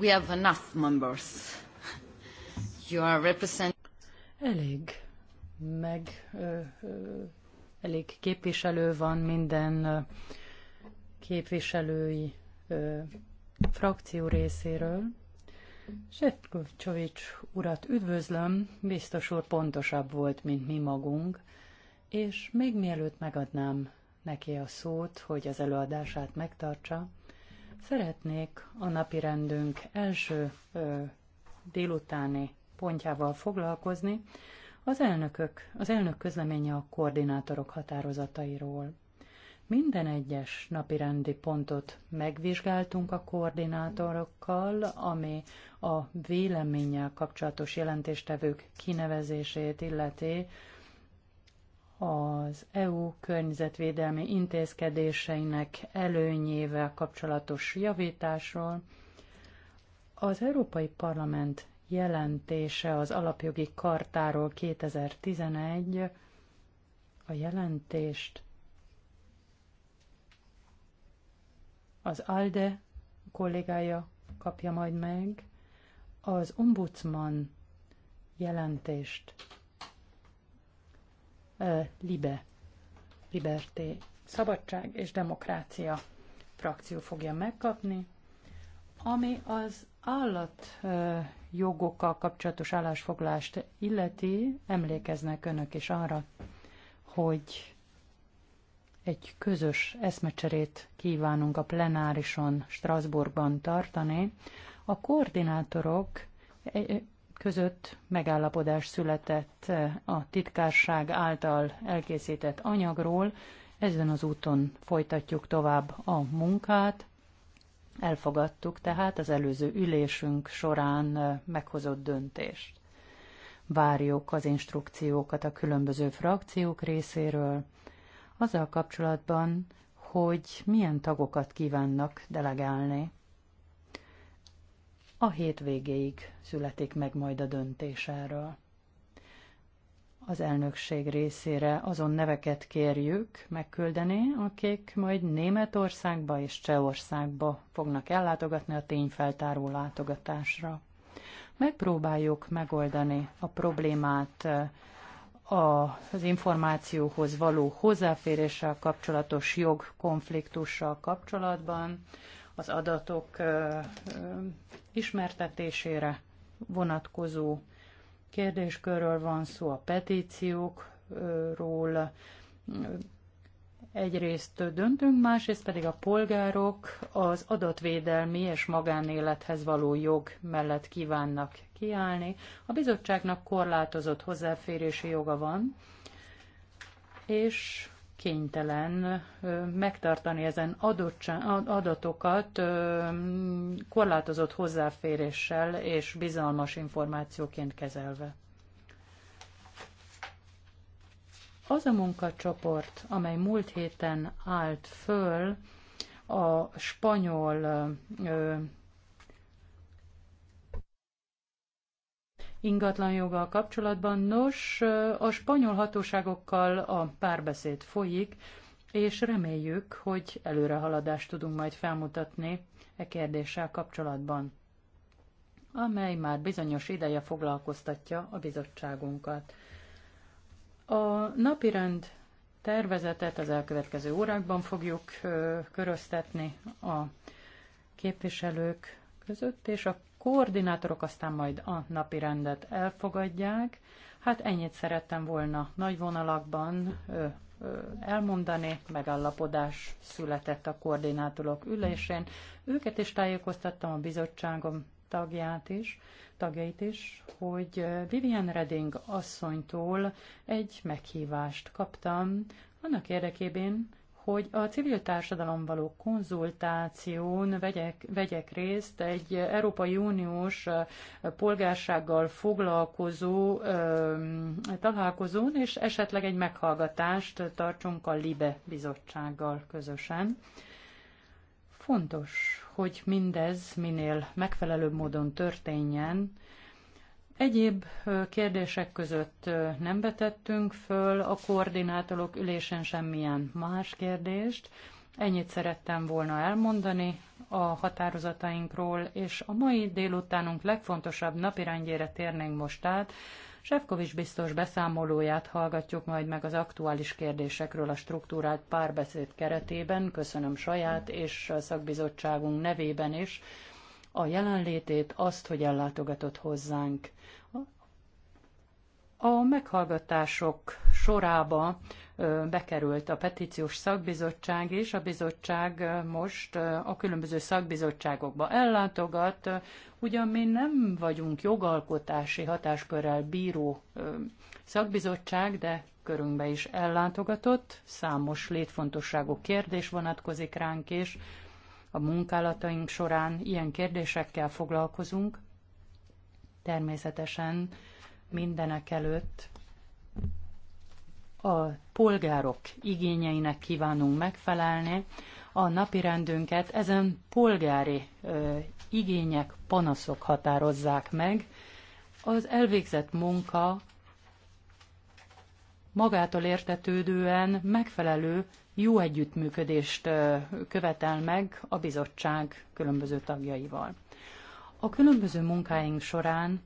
We have enough members. You are represent... Elég meg elég képviselő van minden képviselői frakció részéről. Sefkovics urat üdvözlöm, biztos úr pontosabb volt, mint mi magunk, és még mielőtt megadnám neki a szót, hogy az előadását megtartsa, Szeretnék a napi rendünk első ö, délutáni pontjával foglalkozni, az, elnökök, az elnök közleménye a koordinátorok határozatairól. Minden egyes napirendi pontot megvizsgáltunk a koordinátorokkal, ami a véleménnyel kapcsolatos jelentéstevők kinevezését illeti az EU környezetvédelmi intézkedéseinek előnyével kapcsolatos javításról. Az Európai Parlament jelentése az alapjogi kartáról 2011 a jelentést az ALDE kollégája kapja majd meg, az ombudsman jelentést Libe, Liberté, Szabadság és Demokrácia frakció fogja megkapni, ami az állat jogokkal kapcsolatos állásfoglást illeti, emlékeznek önök is arra, hogy egy közös eszmecserét kívánunk a plenárison Strasbourgban tartani. A koordinátorok között megállapodás született a titkárság által elkészített anyagról. Ezen az úton folytatjuk tovább a munkát. Elfogadtuk tehát az előző ülésünk során meghozott döntést. Várjuk az instrukciókat a különböző frakciók részéről, azzal kapcsolatban, hogy milyen tagokat kívánnak delegálni a hétvégéig születik meg majd a döntés Az elnökség részére azon neveket kérjük megküldeni, akik majd Németországba és Csehországba fognak ellátogatni a tényfeltáró látogatásra. Megpróbáljuk megoldani a problémát az információhoz való hozzáféréssel kapcsolatos jogkonfliktussal kapcsolatban, az adatok ismertetésére vonatkozó kérdéskörről van szó, a petíciókról. Egyrészt döntünk, másrészt pedig a polgárok az adatvédelmi és magánélethez való jog mellett kívánnak kiállni. A bizottságnak korlátozott hozzáférési joga van, és kénytelen megtartani ezen adatokat korlátozott hozzáféréssel és bizalmas információként kezelve. Az a munkacsoport, amely múlt héten állt föl a spanyol ingatlan joggal kapcsolatban. Nos, a spanyol hatóságokkal a párbeszéd folyik, és reméljük, hogy előrehaladást tudunk majd felmutatni e kérdéssel kapcsolatban, amely már bizonyos ideje foglalkoztatja a bizottságunkat. A napirend tervezetet az elkövetkező órákban fogjuk köröztetni a képviselők között, és a koordinátorok aztán majd a napi rendet elfogadják. Hát ennyit szerettem volna nagy vonalakban ö, ö, elmondani, megállapodás született a koordinátorok ülésén. Őket is tájékoztattam, a bizottságom tagját is, tagjait is, hogy Vivian Redding asszonytól egy meghívást kaptam annak érdekében, hogy a civil társadalom való konzultáción vegyek, vegyek részt egy Európai Uniós polgársággal foglalkozó találkozón, és esetleg egy meghallgatást tartsunk a LIBE bizottsággal közösen. Fontos, hogy mindez minél megfelelőbb módon történjen, Egyéb kérdések között nem betettünk föl a koordinátorok ülésen semmilyen más kérdést. Ennyit szerettem volna elmondani a határozatainkról, és a mai délutánunk legfontosabb napirendjére térnénk most át. Sefkovics biztos beszámolóját hallgatjuk majd meg az aktuális kérdésekről a struktúrált párbeszéd keretében. Köszönöm saját és a szakbizottságunk nevében is a jelenlétét, azt, hogy ellátogatott hozzánk. A meghallgatások sorába bekerült a petíciós szakbizottság is. A bizottság most a különböző szakbizottságokba ellátogat. Ugyan mi nem vagyunk jogalkotási hatáskörrel bíró szakbizottság, de körünkbe is ellátogatott. Számos létfontosságú kérdés vonatkozik ránk, és a munkálataink során ilyen kérdésekkel foglalkozunk. Természetesen mindenek előtt a polgárok igényeinek kívánunk megfelelni, a napirendünket ezen polgári ö, igények, panaszok határozzák meg. Az elvégzett munka magától értetődően megfelelő jó együttműködést követel meg a bizottság különböző tagjaival. A különböző munkáink során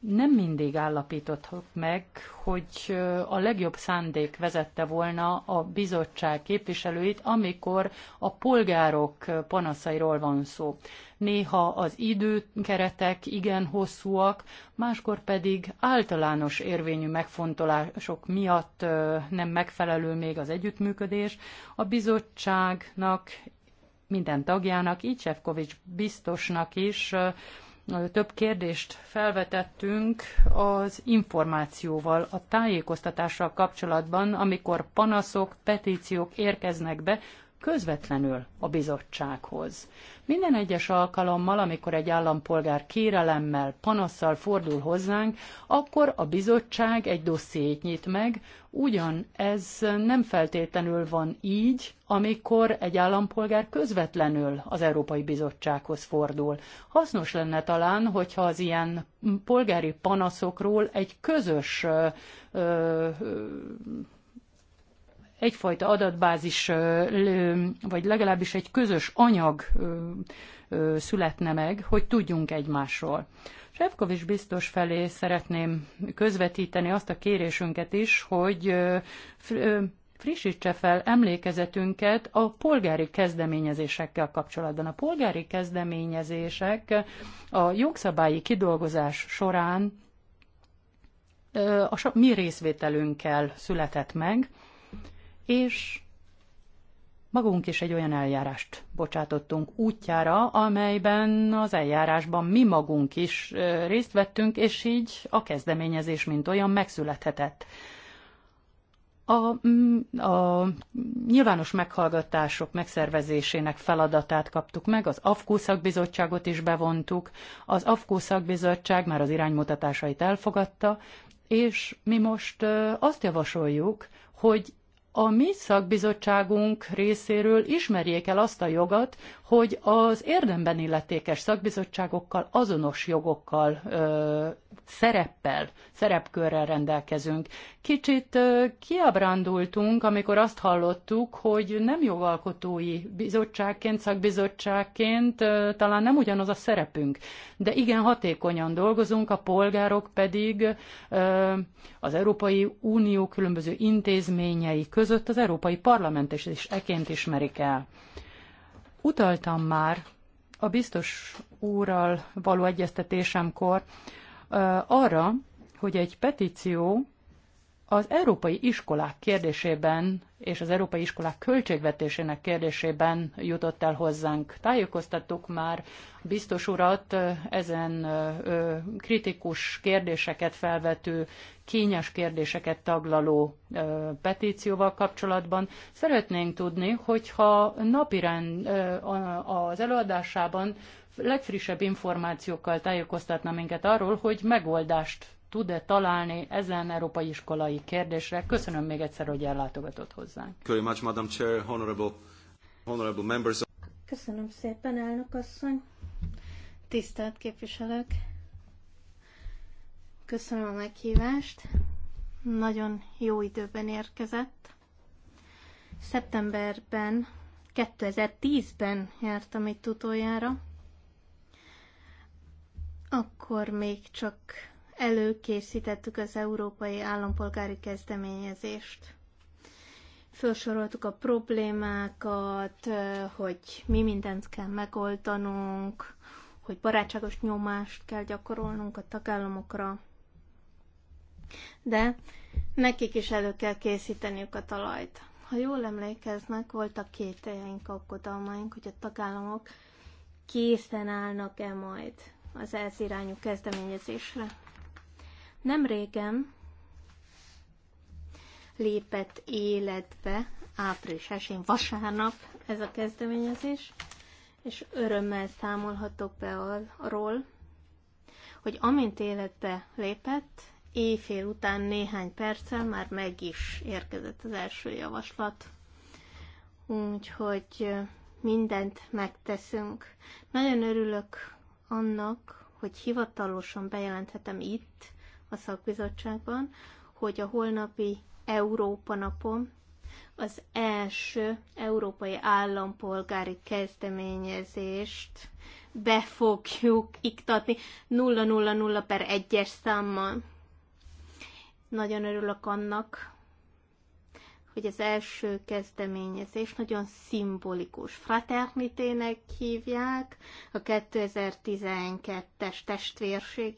nem mindig állapítottuk meg, hogy a legjobb szándék vezette volna a bizottság képviselőit, amikor a polgárok panaszairól van szó. Néha az időkeretek igen hosszúak, máskor pedig általános érvényű megfontolások miatt nem megfelelő még az együttműködés. A bizottságnak, minden tagjának, így Sefkovics biztosnak is több kérdést felvetettünk az információval, a tájékoztatással kapcsolatban, amikor panaszok, petíciók érkeznek be, közvetlenül a bizottsághoz. Minden egyes alkalommal, amikor egy állampolgár kérelemmel, panasszal fordul hozzánk, akkor a bizottság egy dossziét nyit meg, ugyan ez nem feltétlenül van így, amikor egy állampolgár közvetlenül az Európai Bizottsághoz fordul. Hasznos lenne talán, hogyha az ilyen polgári panaszokról egy közös ö, ö, egyfajta adatbázis, vagy legalábbis egy közös anyag születne meg, hogy tudjunk egymásról. Sefkovics biztos felé szeretném közvetíteni azt a kérésünket is, hogy frissítse fel emlékezetünket a polgári kezdeményezésekkel kapcsolatban. A polgári kezdeményezések a jogszabályi kidolgozás során a mi részvételünkkel született meg, és magunk is egy olyan eljárást bocsátottunk útjára, amelyben az eljárásban mi magunk is részt vettünk, és így a kezdeményezés mint olyan megszülethetett. A, mm, a nyilvános meghallgatások megszervezésének feladatát kaptuk meg, az AFKó szakbizottságot is bevontuk, az AFKó szakbizottság már az iránymutatásait elfogadta, és mi most azt javasoljuk, hogy a mi szakbizottságunk részéről ismerjék el azt a jogot, hogy az érdemben illetékes szakbizottságokkal azonos jogokkal, ö, szereppel, szerepkörrel rendelkezünk. Kicsit ö, kiabrándultunk, amikor azt hallottuk, hogy nem jogalkotói bizottságként, szakbizottságként ö, talán nem ugyanaz a szerepünk, de igen hatékonyan dolgozunk, a polgárok pedig ö, az Európai Unió különböző intézményei között az Európai Parlament is, is eként ismerik el. Utaltam már a biztos úrral való egyeztetésemkor arra, hogy egy petíció az európai iskolák kérdésében és az európai iskolák költségvetésének kérdésében jutott el hozzánk. Tájékoztattuk már biztos urat ezen kritikus kérdéseket felvető, kényes kérdéseket taglaló petícióval kapcsolatban. Szeretnénk tudni, hogyha napirend az előadásában legfrissebb információkkal tájékoztatna minket arról, hogy megoldást tud-e találni ezen európai iskolai kérdésre. Köszönöm még egyszer, hogy ellátogatott hozzánk. Köszönöm szépen, elnök asszony. Tisztelt képviselők. Köszönöm a meghívást. Nagyon jó időben érkezett. Szeptemberben, 2010-ben jártam itt utoljára. Akkor még csak előkészítettük az európai állampolgári kezdeményezést. Felsoroltuk a problémákat, hogy mi mindent kell megoldanunk, hogy barátságos nyomást kell gyakorolnunk a tagállamokra. De nekik is elő kell készíteniük a talajt. Ha jól emlékeznek, voltak két helyeink aggodalmaink, hogy a tagállamok készen állnak-e majd az ez irányú kezdeményezésre. Nem régen lépett életbe április 1 vasárnap ez a kezdeményezés, és örömmel számolhatok be arról, hogy amint életbe lépett, éjfél után néhány perccel már meg is érkezett az első javaslat. Úgyhogy mindent megteszünk. Nagyon örülök annak, hogy hivatalosan bejelenthetem itt, a szakbizottságban, hogy a holnapi Európa napon az első európai állampolgári kezdeményezést be fogjuk iktatni 000 per 1-es számmal. Nagyon örülök annak, hogy az első kezdeményezés nagyon szimbolikus. Fraternitének hívják, a 2012-es testvérség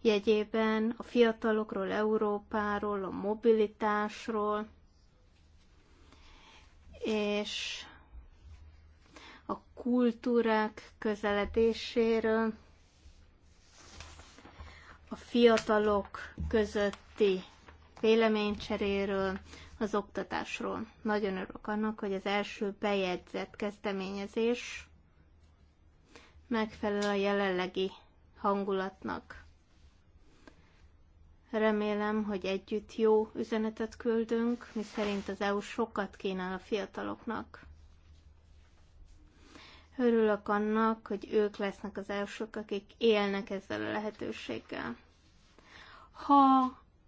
jegyében a fiatalokról, Európáról, a mobilitásról, és a kultúrák közeledéséről, a fiatalok közötti véleménycseréről, az oktatásról. Nagyon örülök annak, hogy az első bejegyzett kezdeményezés megfelel a jelenlegi hangulatnak. Remélem, hogy együtt jó üzenetet küldünk, mi szerint az EU sokat kínál a fiataloknak. Örülök annak, hogy ők lesznek az elsők, akik élnek ezzel a lehetőséggel. Ha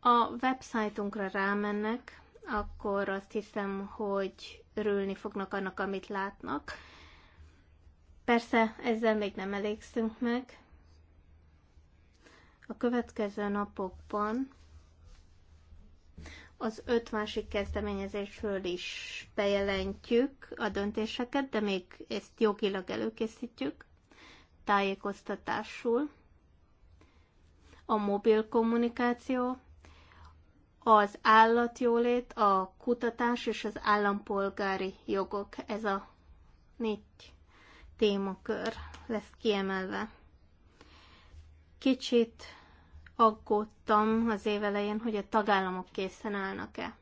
a websájtunkra rámennek, akkor azt hiszem, hogy örülni fognak annak, amit látnak. Persze ezzel még nem elégszünk meg, a következő napokban az öt másik kezdeményezésről is bejelentjük a döntéseket, de még ezt jogilag előkészítjük, tájékoztatásul. A mobil kommunikáció, az állatjólét, a kutatás és az állampolgári jogok. Ez a négy témakör lesz kiemelve. Kicsit aggódtam az évelején, hogy a tagállamok készen állnak-e.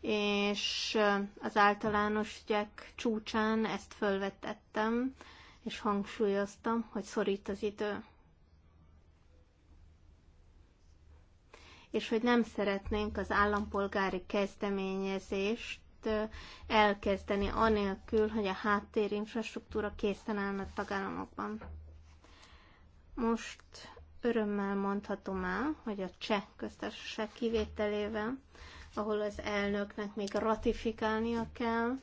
És az általános ügyek csúcsán ezt fölvetettem, és hangsúlyoztam, hogy szorít az idő. És hogy nem szeretnénk az állampolgári kezdeményezést elkezdeni, anélkül, hogy a háttérinfrastruktúra készen állna a tagállamokban. Most örömmel mondhatom el, hogy a cseh köztársaság kivételével, ahol az elnöknek még ratifikálnia kell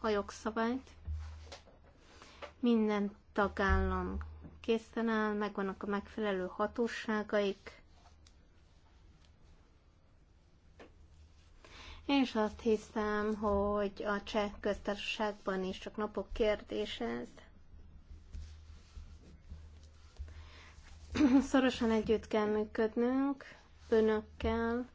a jogszabályt, minden tagállam készen áll, megvannak a megfelelő hatóságaik, És azt hiszem, hogy a cseh köztársaságban is csak napok kérdése ez. Szorosan együtt kell működnünk önökkel,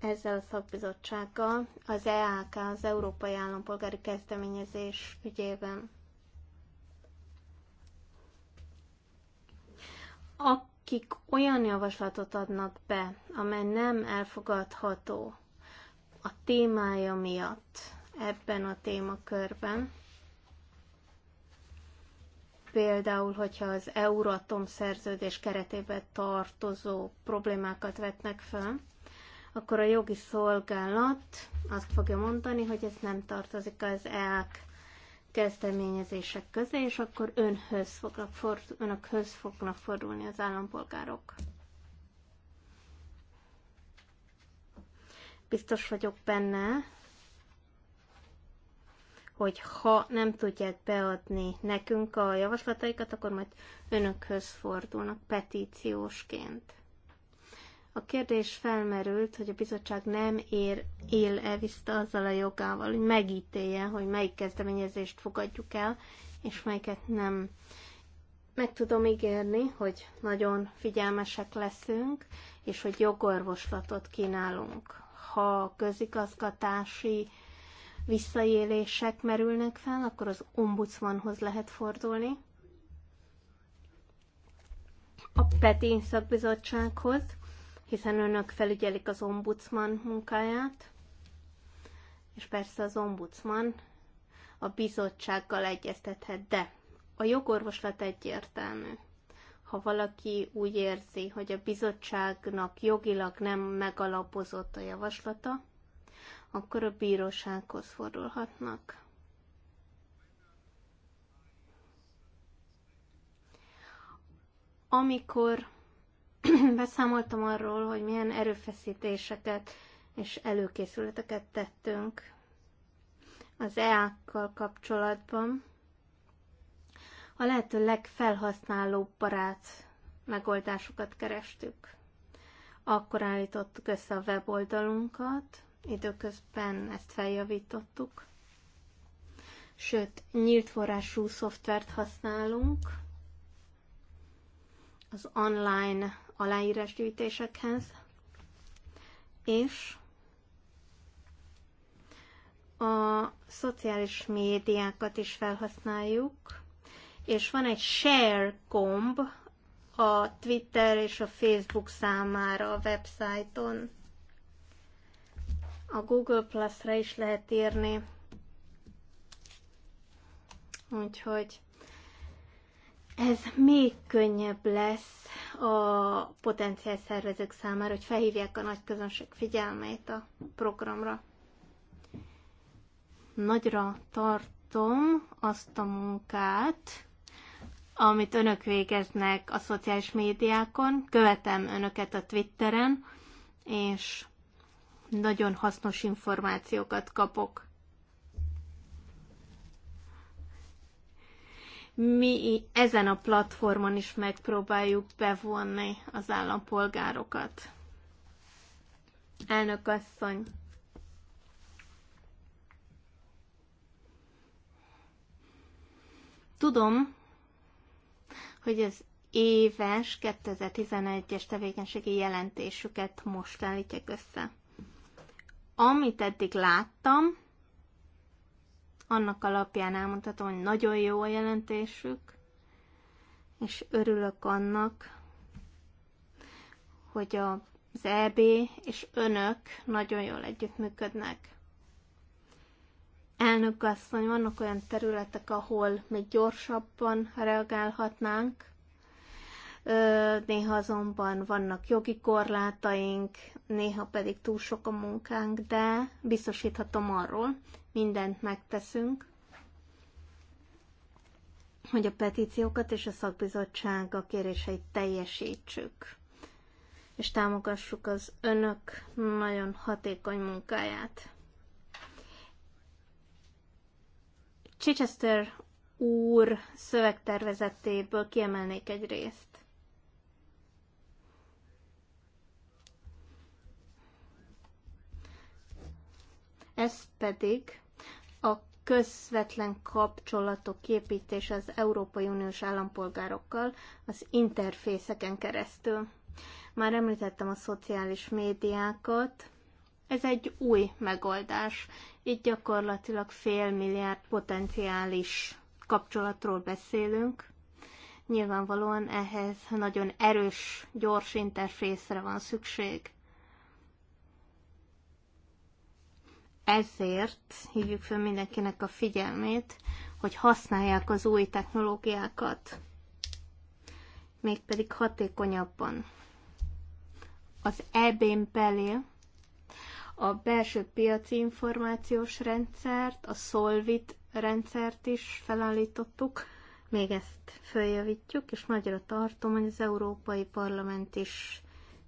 ezzel a szakbizottsággal, az EAK, az Európai Állampolgári Kezdeményezés ügyében. Akik olyan javaslatot adnak be, amely nem elfogadható a témája miatt ebben a témakörben, például, hogyha az Euratom szerződés keretében tartozó problémákat vetnek fel, akkor a jogi szolgálat azt fogja mondani, hogy ez nem tartozik az EAK kezdeményezések közé, és akkor önhöz fognak fordul, önökhöz fognak fordulni az állampolgárok. Biztos vagyok benne, hogy ha nem tudják beadni nekünk a javaslataikat, akkor majd önökhöz fordulnak petíciósként. A kérdés felmerült, hogy a bizottság nem ér, él-e vissza azzal a jogával, hogy megítélje, hogy melyik kezdeményezést fogadjuk el, és melyiket nem. Meg tudom ígérni, hogy nagyon figyelmesek leszünk, és hogy jogorvoslatot kínálunk. Ha közigazgatási visszaélések merülnek fel, akkor az ombudsmanhoz lehet fordulni, a PETI szakbizottsághoz, hiszen önök felügyelik az ombudsman munkáját, és persze az ombudsman a bizottsággal egyeztethet, de a jogorvoslat egyértelmű. Ha valaki úgy érzi, hogy a bizottságnak jogilag nem megalapozott a javaslata, akkor a bírósághoz fordulhatnak. Amikor beszámoltam arról, hogy milyen erőfeszítéseket és előkészületeket tettünk az eák kkal kapcsolatban, a lehető legfelhasználóbb barát megoldásokat kerestük. Akkor állítottuk össze a weboldalunkat, Időközben ezt feljavítottuk. Sőt, nyílt forrású szoftvert használunk az online aláírásgyűjtésekhez, és a szociális médiákat is felhasználjuk, és van egy share gomb a Twitter és a Facebook számára a websájton. A Google Plus-ra is lehet írni. Úgyhogy ez még könnyebb lesz a potenciális szervezők számára, hogy felhívják a nagy közönség figyelmét a programra. Nagyra tartom azt a munkát, amit önök végeznek a szociális médiákon, követem önöket a Twitteren, és nagyon hasznos információkat kapok. Mi ezen a platformon is megpróbáljuk bevonni az állampolgárokat. Elnök asszony, tudom, hogy az éves 2011-es tevékenységi jelentésüket most állítják össze. Amit eddig láttam, annak alapján elmondhatom, hogy nagyon jó a jelentésük, és örülök annak, hogy az EB és önök nagyon jól együttműködnek. Elnök asszony, vannak olyan területek, ahol még gyorsabban reagálhatnánk, néha azonban vannak jogi korlátaink, néha pedig túl sok a munkánk, de biztosíthatom arról, mindent megteszünk, hogy a petíciókat és a szakbizottság a kéréseit teljesítsük, és támogassuk az önök nagyon hatékony munkáját. Chichester úr szövegtervezetéből kiemelnék egy részt. ez pedig a közvetlen kapcsolatok képítése az Európai Uniós állampolgárokkal az interfészeken keresztül. Már említettem a szociális médiákat, ez egy új megoldás. Itt gyakorlatilag fél milliárd potenciális kapcsolatról beszélünk. Nyilvánvalóan ehhez nagyon erős, gyors interfészre van szükség. ezért hívjuk fel mindenkinek a figyelmét, hogy használják az új technológiákat, mégpedig hatékonyabban. Az EB-n belül a belső piaci információs rendszert, a Solvit rendszert is felállítottuk, még ezt följavítjuk, és nagyra tartom, hogy az Európai Parlament is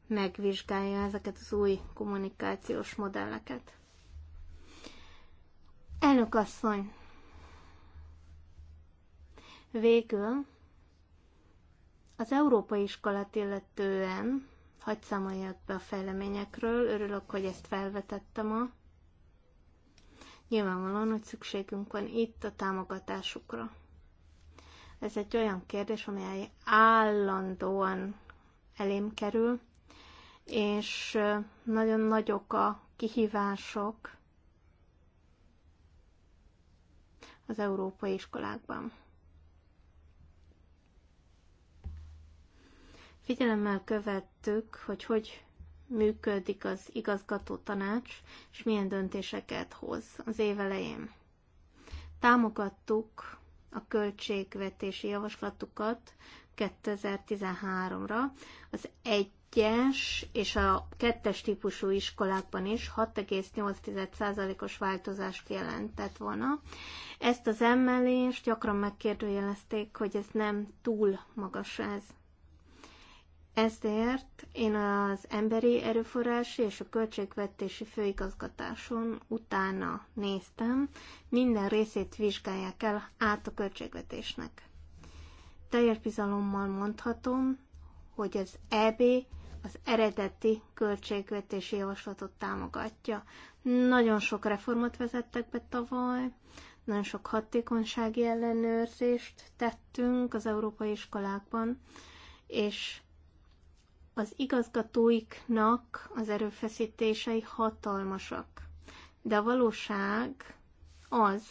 megvizsgálja ezeket az új kommunikációs modelleket. Elnök asszony, végül az európai iskolát illetően hagy számoljak be a fejleményekről, örülök, hogy ezt felvetettem ma. Nyilvánvalóan, hogy szükségünk van itt a támogatásukra. Ez egy olyan kérdés, amely állandóan elém kerül, és nagyon nagyok a kihívások, az európai iskolákban. Figyelemmel követtük, hogy hogy működik az igazgató tanács, és milyen döntéseket hoz az év elején. Támogattuk a költségvetési javaslatukat 2013-ra az egy egyes és a kettes típusú iskolákban is 6,8%-os változást jelentett volna. Ezt az emelést gyakran megkérdőjelezték, hogy ez nem túl magas ez. Ezért én az emberi erőforrási és a költségvetési főigazgatáson utána néztem, minden részét vizsgálják el át a költségvetésnek. Teljes bizalommal mondhatom, hogy az EB az eredeti költségvetési javaslatot támogatja. Nagyon sok reformot vezettek be tavaly, nagyon sok hatékonysági ellenőrzést tettünk az európai iskolákban, és az igazgatóiknak az erőfeszítései hatalmasak. De a valóság az,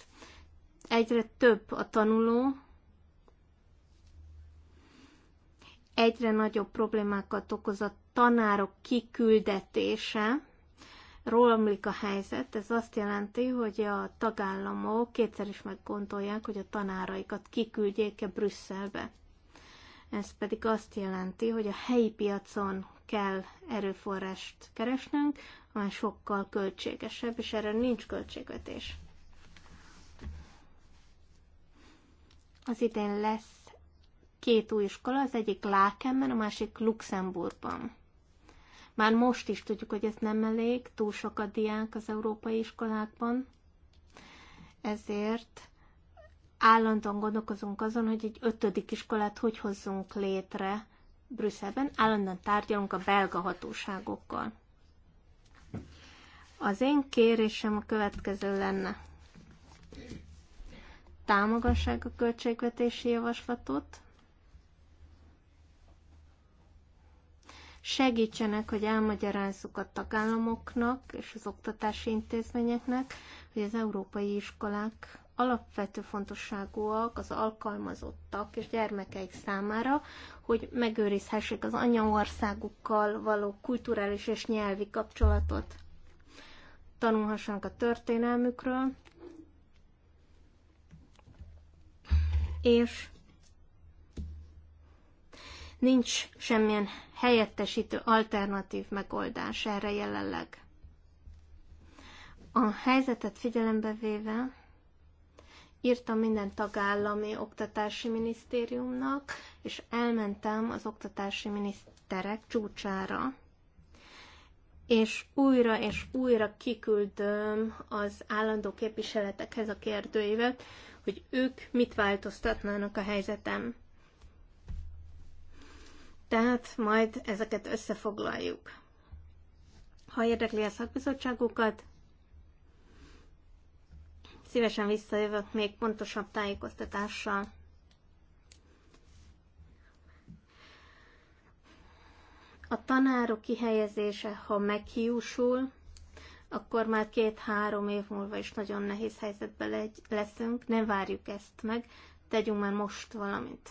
egyre több a tanuló, egyre nagyobb problémákat okoz a tanárok kiküldetése, romlik a helyzet, ez azt jelenti, hogy a tagállamok kétszer is meggondolják, hogy a tanáraikat kiküldjék-e Brüsszelbe. Ez pedig azt jelenti, hogy a helyi piacon kell erőforrást keresnünk, amely sokkal költségesebb, és erre nincs költségvetés. Az idén lesz két új iskola, az egyik Lákenben, a másik Luxemburgban már most is tudjuk, hogy ez nem elég, túl sok a diák az európai iskolákban, ezért állandóan gondolkozunk azon, hogy egy ötödik iskolát hogy hozzunk létre Brüsszelben, állandóan tárgyalunk a belga hatóságokkal. Az én kérésem a következő lenne. Támogassák a költségvetési javaslatot, segítsenek, hogy elmagyarázzuk a tagállamoknak és az oktatási intézményeknek, hogy az európai iskolák alapvető fontosságúak az alkalmazottak és gyermekeik számára, hogy megőrizhessék az anyaországukkal való kulturális és nyelvi kapcsolatot. Tanulhassanak a történelmükről, és Nincs semmilyen helyettesítő alternatív megoldás erre jelenleg. A helyzetet figyelembe véve írtam minden tagállami oktatási minisztériumnak, és elmentem az oktatási miniszterek csúcsára, és újra és újra kiküldöm az állandó képviseletekhez a kérdőívet, hogy ők mit változtatnának a helyzetem. Tehát majd ezeket összefoglaljuk. Ha érdekli a szakbizottságukat, szívesen visszajövök még pontosabb tájékoztatással. A tanárok kihelyezése, ha meghiúsul, akkor már két-három év múlva is nagyon nehéz helyzetben leszünk. Ne várjuk ezt meg, tegyünk már most valamit.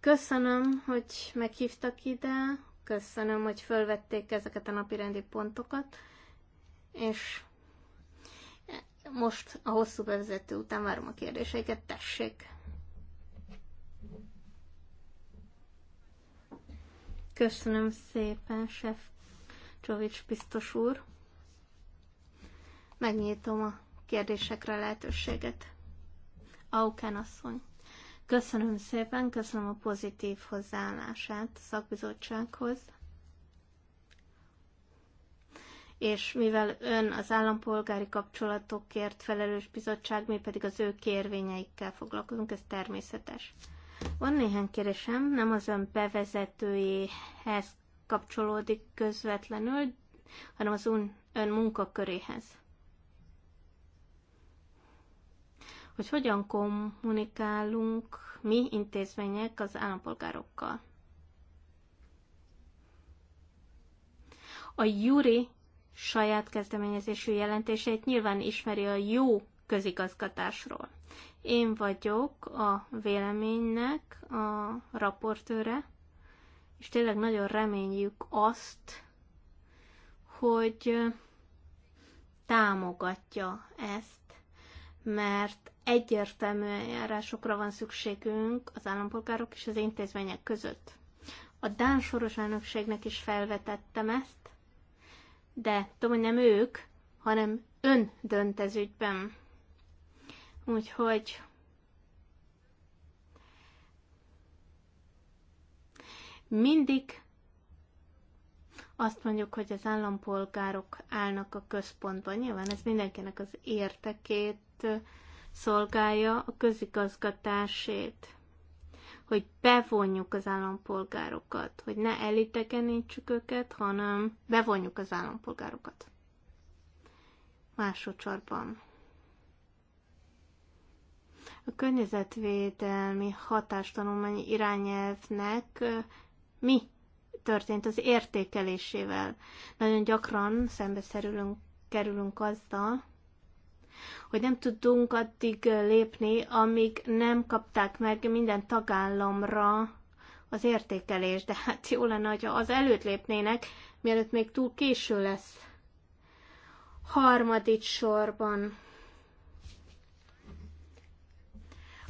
Köszönöm, hogy meghívtak ide, köszönöm, hogy fölvették ezeket a napi rendi pontokat, és most a hosszú bevezető után várom a kérdéseiket, tessék! Köszönöm szépen, Sef Csovics biztos úr. Megnyitom a kérdésekre a lehetőséget. Aukán asszony. Köszönöm szépen, köszönöm a pozitív hozzáállását a szakbizottsághoz. És mivel ön az állampolgári kapcsolatokért felelős bizottság, mi pedig az ő kérvényeikkel foglalkozunk, ez természetes. Van néhány kérésem, nem az ön bevezetőjéhez kapcsolódik közvetlenül, hanem az ön munkaköréhez. hogy hogyan kommunikálunk mi intézmények az állampolgárokkal. A Juri saját kezdeményezésű jelentését nyilván ismeri a jó közigazgatásról. Én vagyok a véleménynek a raportőre, és tényleg nagyon reményjük azt, hogy támogatja ezt mert egyértelmű eljárásokra van szükségünk az állampolgárok és az intézmények között. A Dán soros elnökségnek is felvetettem ezt, de tudom, hogy nem ők, hanem ön dönt ez ügyben. Úgyhogy mindig azt mondjuk, hogy az állampolgárok állnak a központban. Nyilván ez mindenkinek az értekét szolgálja, a közigazgatásét, hogy bevonjuk az állampolgárokat, hogy ne elitegenítsük őket, hanem bevonjuk az állampolgárokat. Másodszorban. A környezetvédelmi hatástanulmányi irányelvnek mi történt az értékelésével. Nagyon gyakran szembeszerülünk, kerülünk azzal, hogy nem tudunk addig lépni, amíg nem kapták meg minden tagállamra az értékelés. De hát jó lenne, hogyha az előtt lépnének, mielőtt még túl késő lesz. Harmadik sorban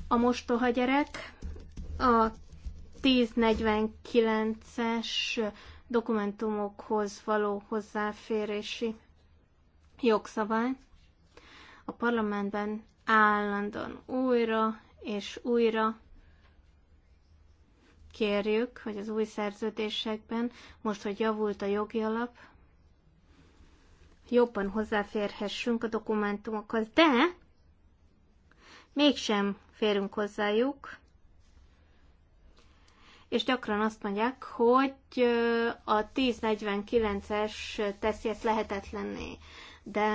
a mostoha gyerek, a 1049-es dokumentumokhoz való hozzáférési jogszabály. A parlamentben állandóan újra és újra kérjük, hogy az új szerződésekben, most, hogy javult a jogi alap, jobban hozzáférhessünk a dokumentumokhoz, de mégsem férünk hozzájuk, és gyakran azt mondják, hogy a 1049-es teszi ezt lehetetlenné. De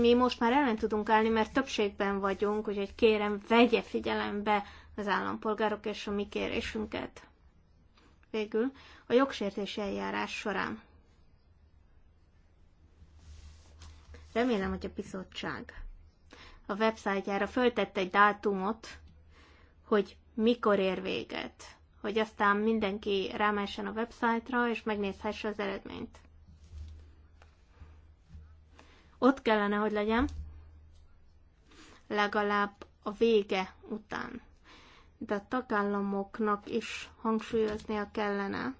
mi most már ellen tudunk állni, mert többségben vagyunk, úgyhogy kérem, vegye figyelembe az állampolgárok és a mi kérésünket. Végül a jogsértési eljárás során. Remélem, hogy a bizottság a websájtjára föltette egy dátumot, hogy mikor ér véget hogy aztán mindenki rámessen a websájtra, és megnézhesse az eredményt. Ott kellene, hogy legyen, legalább a vége után. De a tagállamoknak is hangsúlyoznia kellene,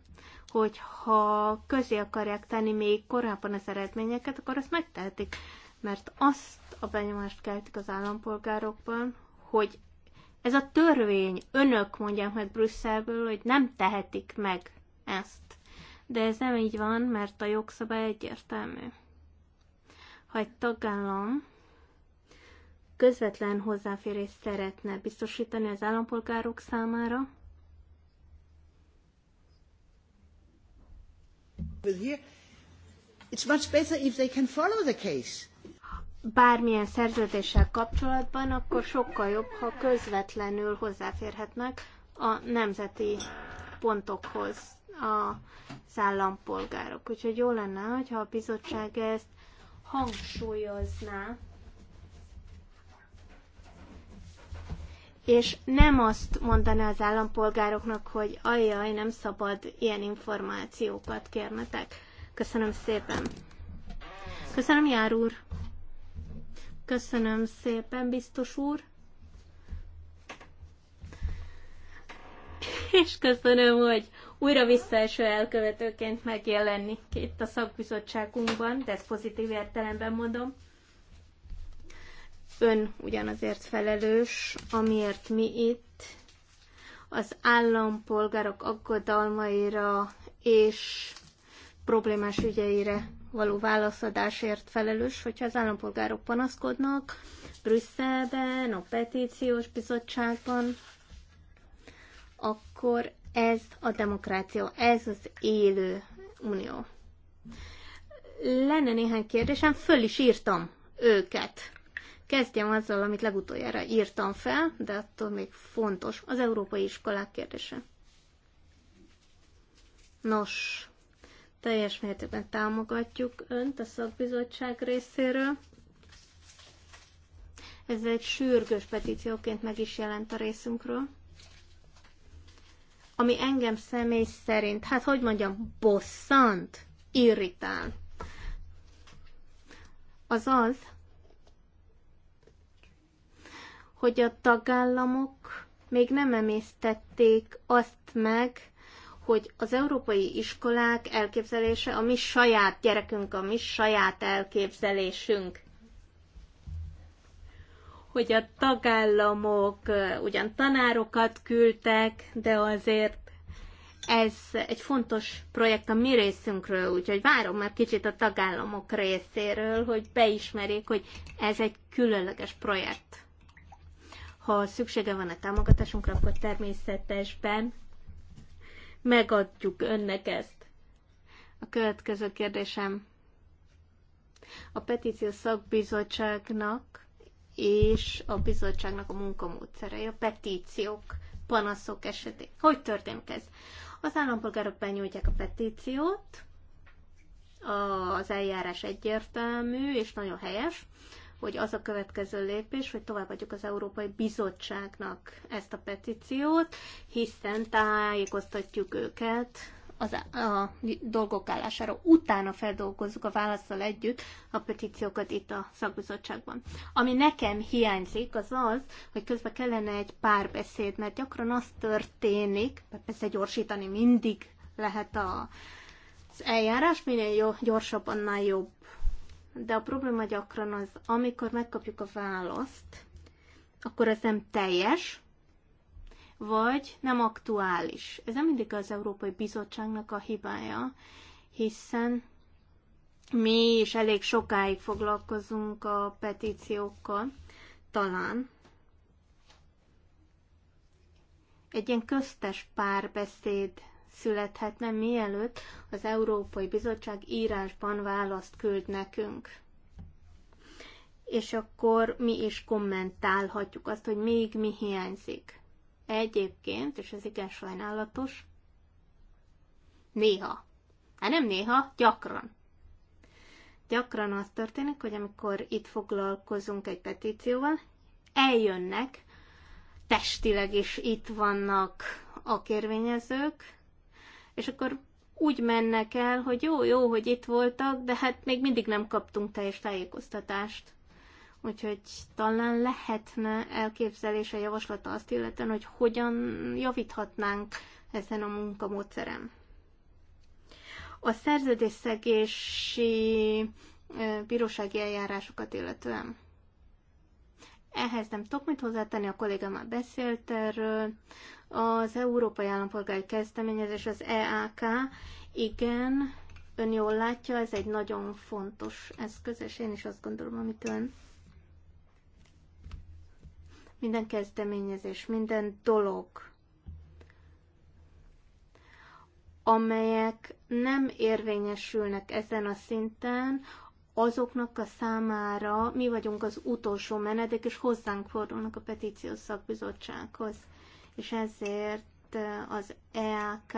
hogy ha közé akarják tenni még korábban az eredményeket, akkor azt megtehetik. Mert azt a benyomást keltik az állampolgárokban, hogy ez a törvény, önök mondják meg Brüsszelből, hogy nem tehetik meg ezt. De ez nem így van, mert a jogszabály egyértelmű. Ha egy tagállam közvetlen hozzáférést szeretne biztosítani az állampolgárok számára, It's much better if they can follow the case bármilyen szerződéssel kapcsolatban, akkor sokkal jobb, ha közvetlenül hozzáférhetnek a nemzeti pontokhoz a állampolgárok. Úgyhogy jó lenne, hogyha a bizottság ezt hangsúlyozná, és nem azt mondaná az állampolgároknak, hogy ajjaj, nem szabad ilyen információkat kérnetek. Köszönöm szépen. Köszönöm, Jár úr. Köszönöm szépen, biztos úr. És köszönöm, hogy újra visszaeső elkövetőként megjelenni itt a szakbizottságunkban, de ezt pozitív értelemben mondom. Ön ugyanazért felelős, amiért mi itt az állampolgárok aggodalmaira és problémás ügyeire való válaszadásért felelős, hogyha az állampolgárok panaszkodnak Brüsszelben, a petíciós bizottságban, akkor ez a demokrácia, ez az élő unió. Lenne néhány kérdésem, föl is írtam őket. Kezdjem azzal, amit legutoljára írtam fel, de attól még fontos, az európai iskolák kérdése. Nos, teljes mértékben támogatjuk Önt a szakbizottság részéről. Ez egy sürgős petícióként meg is jelent a részünkről. Ami engem személy szerint, hát hogy mondjam, bosszant, irritál. Az az, hogy a tagállamok még nem emésztették azt meg, hogy az európai iskolák elképzelése a mi saját gyerekünk, a mi saját elképzelésünk hogy a tagállamok ugyan tanárokat küldtek, de azért ez egy fontos projekt a mi részünkről, úgyhogy várom már kicsit a tagállamok részéről, hogy beismerjék, hogy ez egy különleges projekt. Ha szüksége van a támogatásunkra, akkor természetesen megadjuk önnek ezt. A következő kérdésem. A petíció szakbizottságnak és a bizottságnak a munkamódszerei, a petíciók, panaszok esetén. Hogy történik ez? Az állampolgárok benyújtják a petíciót, az eljárás egyértelmű és nagyon helyes hogy az a következő lépés, hogy továbbadjuk az Európai Bizottságnak ezt a petíciót, hiszen tájékoztatjuk őket az, a dolgok állására. Utána feldolgozzuk a válaszsal együtt a petíciókat itt a szakbizottságban. Ami nekem hiányzik, az az, hogy közben kellene egy párbeszéd, mert gyakran az történik, persze gyorsítani mindig lehet a, az eljárás, minél jó, gyorsabb, annál jobb de a probléma gyakran az, amikor megkapjuk a választ, akkor ez nem teljes, vagy nem aktuális. Ez nem mindig az Európai Bizottságnak a hibája, hiszen mi is elég sokáig foglalkozunk a petíciókkal, talán. Egy ilyen köztes párbeszéd születhetne, mielőtt az Európai Bizottság írásban választ küld nekünk. És akkor mi is kommentálhatjuk azt, hogy még mi hiányzik. Egyébként, és ez igen sajnálatos, néha. Hát nem néha, gyakran. Gyakran az történik, hogy amikor itt foglalkozunk egy petícióval, eljönnek, testileg is itt vannak a kérvényezők, és akkor úgy mennek el, hogy jó, jó, hogy itt voltak, de hát még mindig nem kaptunk teljes tájékoztatást. Úgyhogy talán lehetne elképzelése javaslata azt illetően, hogy hogyan javíthatnánk ezen a munkamódszerem. A szerződésszegési bírósági eljárásokat illetően. Ehhez nem tudok mit hozzátenni, a kolléga már beszélt erről. Az Európai Állampolgári Kezdeményezés, az EAK, igen, ön jól látja, ez egy nagyon fontos eszköz, és én is azt gondolom, amit ön minden kezdeményezés, minden dolog, amelyek nem érvényesülnek ezen a szinten, azoknak a számára mi vagyunk az utolsó menedék, és hozzánk fordulnak a petíciós szakbizottsághoz és ezért az EAK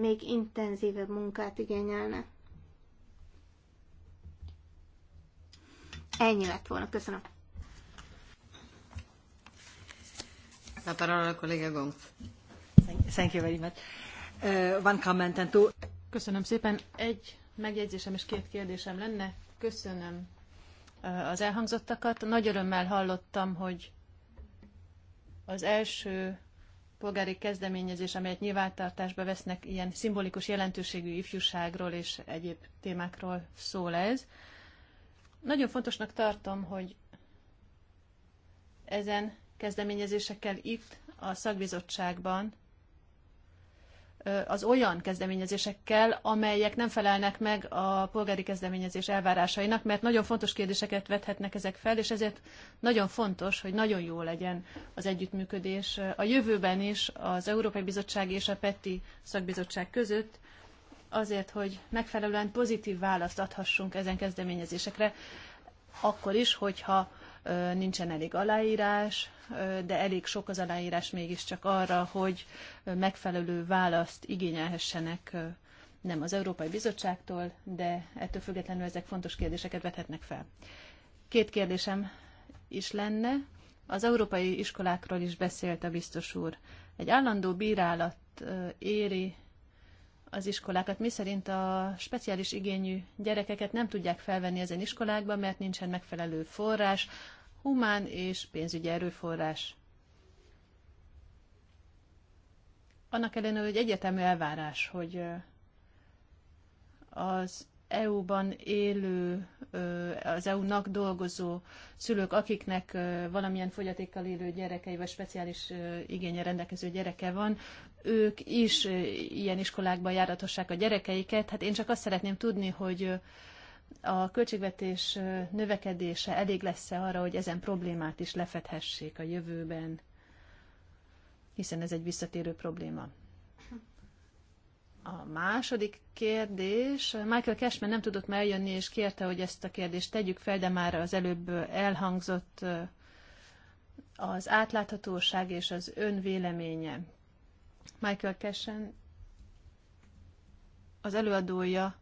még intenzívebb munkát igényelne. Ennyi lett volna. Köszönöm. La parola a kollega Gonf. Thank you very much. Uh, one comment and two. Köszönöm szépen. Egy megjegyzésem és két kérdésem lenne. Köszönöm uh, az elhangzottakat. Nagy örömmel hallottam, hogy az első polgári kezdeményezés, amelyet nyilvántartásba vesznek, ilyen szimbolikus jelentőségű ifjúságról és egyéb témákról szól ez. Nagyon fontosnak tartom, hogy ezen kezdeményezésekkel itt a szakbizottságban az olyan kezdeményezésekkel, amelyek nem felelnek meg a polgári kezdeményezés elvárásainak, mert nagyon fontos kérdéseket vethetnek ezek fel, és ezért nagyon fontos, hogy nagyon jó legyen az együttműködés a jövőben is az Európai Bizottság és a PETI szakbizottság között, azért, hogy megfelelően pozitív választ adhassunk ezen kezdeményezésekre, akkor is, hogyha nincsen elég aláírás, de elég sok az aláírás mégiscsak arra, hogy megfelelő választ igényelhessenek nem az Európai Bizottságtól, de ettől függetlenül ezek fontos kérdéseket vethetnek fel. Két kérdésem is lenne. Az európai iskolákról is beszélt a biztos úr. Egy állandó bírálat éri az iskolákat, mi szerint a speciális igényű gyerekeket nem tudják felvenni ezen iskolákba, mert nincsen megfelelő forrás, humán és pénzügyi erőforrás. Annak ellenőre, hogy egyetemű elvárás, hogy az EU-ban élő, az EU-nak dolgozó szülők, akiknek valamilyen fogyatékkal élő gyerekei vagy speciális igénye rendelkező gyereke van, ők is ilyen iskolákban járathassák a gyerekeiket. Hát én csak azt szeretném tudni, hogy a költségvetés növekedése elég lesz-e arra, hogy ezen problémát is lefedhessék a jövőben, hiszen ez egy visszatérő probléma. A második kérdés, Michael Cashman nem tudott már eljönni, és kérte, hogy ezt a kérdést tegyük fel, de már az előbb elhangzott az átláthatóság és az önvéleménye. Michael Cashman az előadója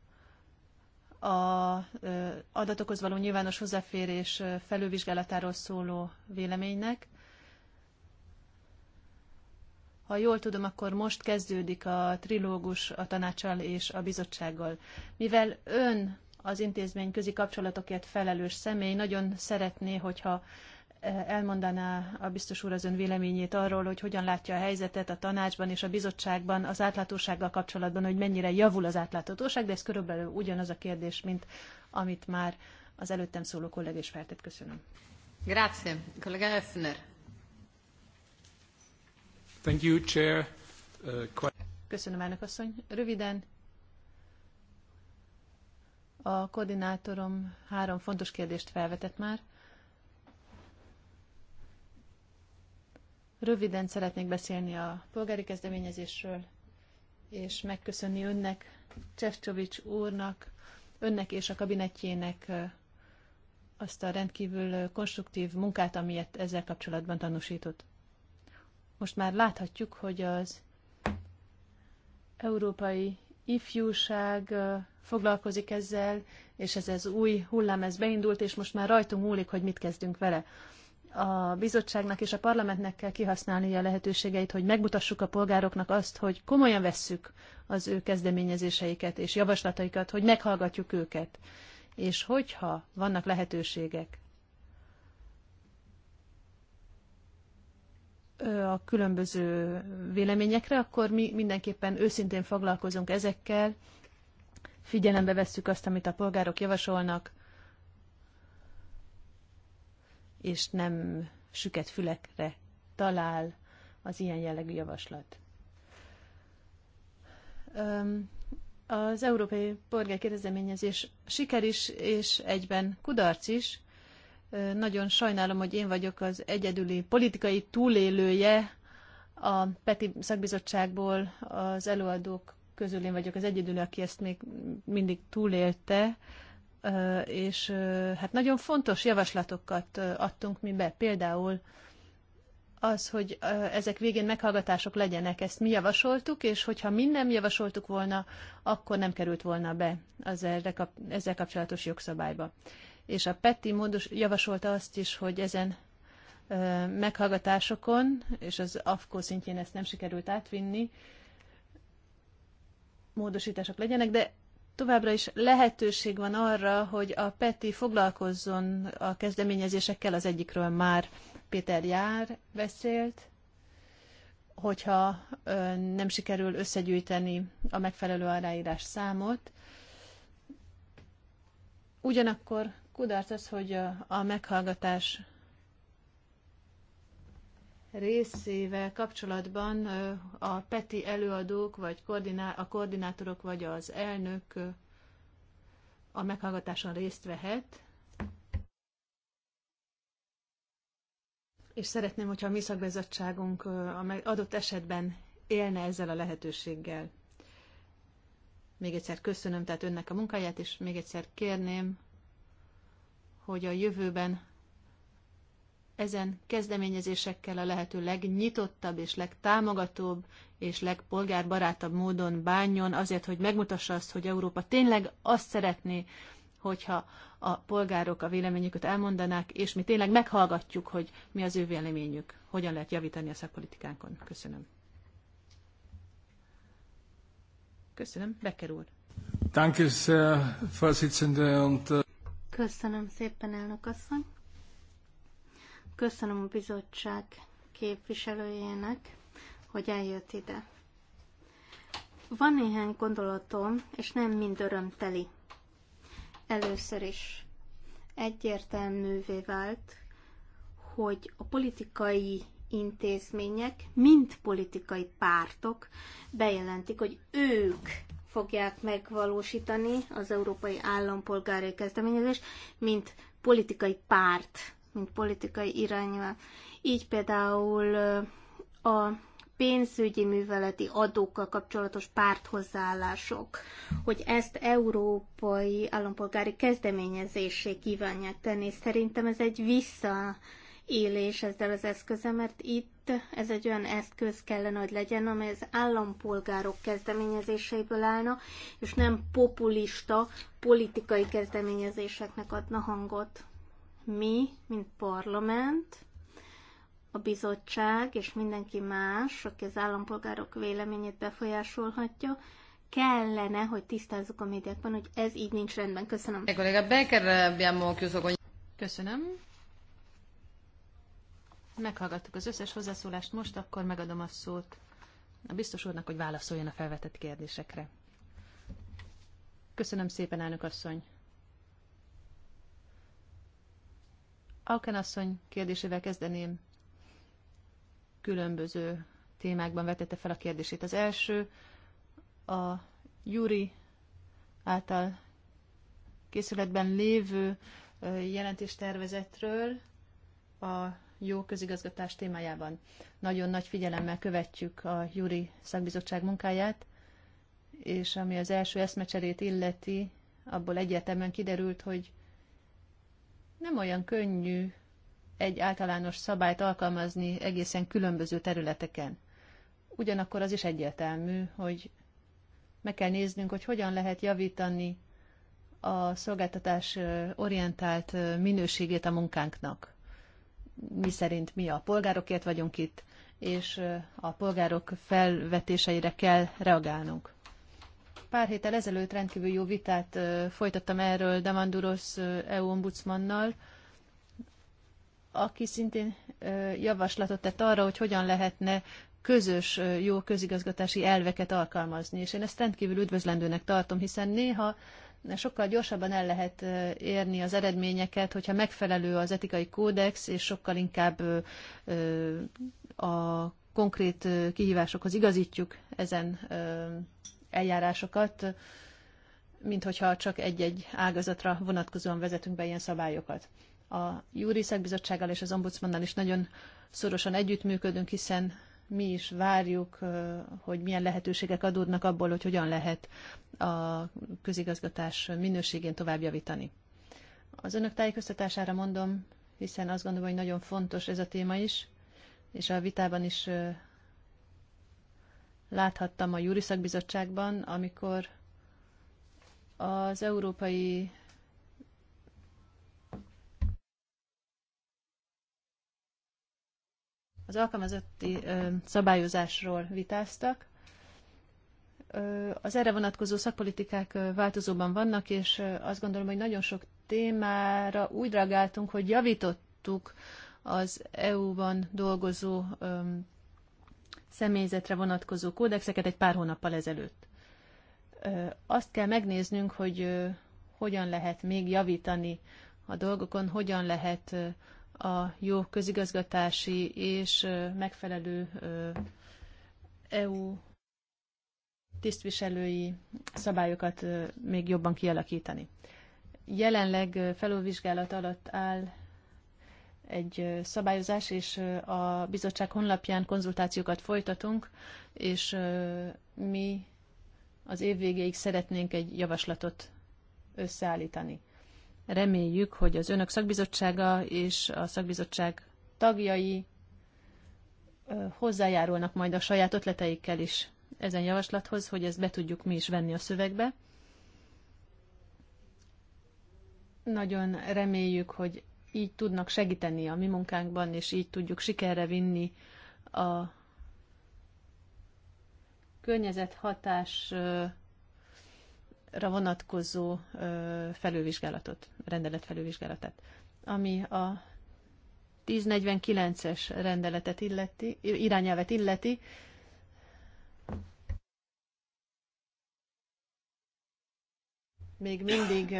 a adatokhoz való nyilvános hozzáférés felülvizsgálatáról szóló véleménynek. Ha jól tudom, akkor most kezdődik a trilógus a tanácsal és a bizottsággal. Mivel ön az intézmény közi kapcsolatokért felelős személy, nagyon szeretné, hogyha e, elmondaná a biztos úr az ön véleményét arról, hogy hogyan látja a helyzetet a tanácsban és a bizottságban az átláthatósággal kapcsolatban, hogy mennyire javul az átláthatóság, de ez körülbelül ugyanaz a kérdés, mint amit már az előttem szóló kollégés feltett. Köszönöm. Grazie. Kollega Öffner. Thank you, Chair. Uh, Köszönöm, elnök asszony. Röviden, a koordinátorom három fontos kérdést felvetett már. Röviden szeretnék beszélni a polgári kezdeményezésről, és megköszönni önnek, Csefcsovics úrnak, önnek és a kabinetjének uh, azt a rendkívül uh, konstruktív munkát, amilyet ezzel kapcsolatban tanúsított. Most már láthatjuk, hogy az európai ifjúság foglalkozik ezzel, és ez az új hullám, ez beindult, és most már rajtunk múlik, hogy mit kezdünk vele. A bizottságnak és a parlamentnek kell kihasználni a lehetőségeit, hogy megmutassuk a polgároknak azt, hogy komolyan vesszük az ő kezdeményezéseiket és javaslataikat, hogy meghallgatjuk őket. És hogyha vannak lehetőségek a különböző véleményekre, akkor mi mindenképpen őszintén foglalkozunk ezekkel, figyelembe vesszük azt, amit a polgárok javasolnak, és nem süket fülekre talál az ilyen jellegű javaslat. Az Európai Polgár Kérdezeményezés siker is, és egyben kudarc is, nagyon sajnálom, hogy én vagyok az egyedüli politikai túlélője a PETI szakbizottságból az előadók közül én vagyok az egyedül, aki ezt még mindig túlélte, és hát nagyon fontos javaslatokat adtunk mi be. Például az, hogy ezek végén meghallgatások legyenek, ezt mi javasoltuk, és hogyha mi nem javasoltuk volna, akkor nem került volna be az erre, ezzel kapcsolatos jogszabályba és a PETI módos javasolta azt is, hogy ezen meghallgatásokon, és az AFKO szintjén ezt nem sikerült átvinni, módosítások legyenek, de továbbra is lehetőség van arra, hogy a PETI foglalkozzon a kezdeményezésekkel, az egyikről már Péter Jár beszélt, hogyha nem sikerül összegyűjteni a megfelelő aláírás számot. Ugyanakkor kudarc az, hogy a, a meghallgatás részével kapcsolatban a PETI előadók, vagy koordiná- a koordinátorok, vagy az elnök a meghallgatáson részt vehet. És szeretném, hogyha a mi szakbizottságunk adott esetben élne ezzel a lehetőséggel. Még egyszer köszönöm tehát önnek a munkáját, és még egyszer kérném, hogy a jövőben ezen kezdeményezésekkel a lehető legnyitottabb és legtámogatóbb és legpolgárbarátabb módon bánjon, azért, hogy megmutassa azt, hogy Európa tényleg azt szeretné, hogyha a polgárok a véleményüket elmondanák, és mi tényleg meghallgatjuk, hogy mi az ő véleményük, hogyan lehet javítani a szakpolitikánkon. Köszönöm. Köszönöm. Becker úr. Danke, Herr Und, Köszönöm szépen, elnök asszony. Köszönöm a bizottság képviselőjének, hogy eljött ide. Van néhány gondolatom, és nem mind örömteli. Először is egyértelművé vált, hogy a politikai intézmények, mint politikai pártok bejelentik, hogy ők fogják megvalósítani az európai állampolgári kezdeményezés, mint politikai párt, mint politikai irányú. Így például a pénzügyi műveleti adókkal kapcsolatos párthozzáállások, hogy ezt európai állampolgári kezdeményezésé kívánják tenni. Szerintem ez egy vissza élés ezzel az eszközzel, mert itt ez egy olyan eszköz kellene, hogy legyen, amely az állampolgárok kezdeményezéseiből állna, és nem populista politikai kezdeményezéseknek adna hangot. Mi, mint parlament, a bizottság és mindenki más, aki az állampolgárok véleményét befolyásolhatja, kellene, hogy tisztázzuk a médiákban, hogy ez így nincs rendben. Köszönöm. Köszönöm. Meghallgattuk az összes hozzászólást, most akkor megadom a szót a biztos úrnak, hogy válaszoljon a felvetett kérdésekre. Köszönöm szépen, elnök asszony. Alken asszony kérdésével kezdeném. Különböző témákban vetette fel a kérdését. Az első a Júri által készületben lévő jelentéstervezetről a jó közigazgatás témájában. Nagyon nagy figyelemmel követjük a Júri szakbizottság munkáját, és ami az első eszmecserét illeti, abból egyértelműen kiderült, hogy nem olyan könnyű egy általános szabályt alkalmazni egészen különböző területeken. Ugyanakkor az is egyértelmű, hogy meg kell néznünk, hogy hogyan lehet javítani a szolgáltatás orientált minőségét a munkánknak mi szerint mi a polgárokért vagyunk itt, és a polgárok felvetéseire kell reagálnunk. Pár héttel ezelőtt rendkívül jó vitát folytattam erről demanduros EU ombudsmannal, aki szintén javaslatot tett arra, hogy hogyan lehetne közös jó közigazgatási elveket alkalmazni. És én ezt rendkívül üdvözlendőnek tartom, hiszen néha sokkal gyorsabban el lehet érni az eredményeket, hogyha megfelelő az etikai kódex, és sokkal inkább a konkrét kihívásokhoz igazítjuk ezen eljárásokat, mint hogyha csak egy-egy ágazatra vonatkozóan vezetünk be ilyen szabályokat. A Júri Szakbizottsággal és az Ombudsmannal is nagyon szorosan együttműködünk, hiszen mi is várjuk, hogy milyen lehetőségek adódnak abból, hogy hogyan lehet a közigazgatás minőségén tovább javítani. Az önök tájékoztatására mondom, hiszen azt gondolom, hogy nagyon fontos ez a téma is, és a vitában is láthattam a Júri Szakbizottságban, amikor az Európai Az alkalmazotti szabályozásról vitáztak. Az erre vonatkozó szakpolitikák változóban vannak, és azt gondolom, hogy nagyon sok témára úgy reagáltunk, hogy javítottuk az EU-ban dolgozó személyzetre vonatkozó kódexeket egy pár hónappal ezelőtt. Azt kell megnéznünk, hogy hogyan lehet még javítani a dolgokon, hogyan lehet a jó közigazgatási és megfelelő EU tisztviselői szabályokat még jobban kialakítani. Jelenleg felülvizsgálat alatt áll egy szabályozás, és a bizottság honlapján konzultációkat folytatunk, és mi az év végéig szeretnénk egy javaslatot összeállítani. Reméljük, hogy az önök szakbizottsága és a szakbizottság tagjai hozzájárulnak majd a saját ötleteikkel is ezen javaslathoz, hogy ezt be tudjuk mi is venni a szövegbe. Nagyon reméljük, hogy így tudnak segíteni a mi munkánkban, és így tudjuk sikerre vinni a környezethatás hatás vonatkozó felülvizsgálatot, rendelet felülvizsgálatát, ami a 1049-es rendeletet illeti, irányelvet illeti, még mindig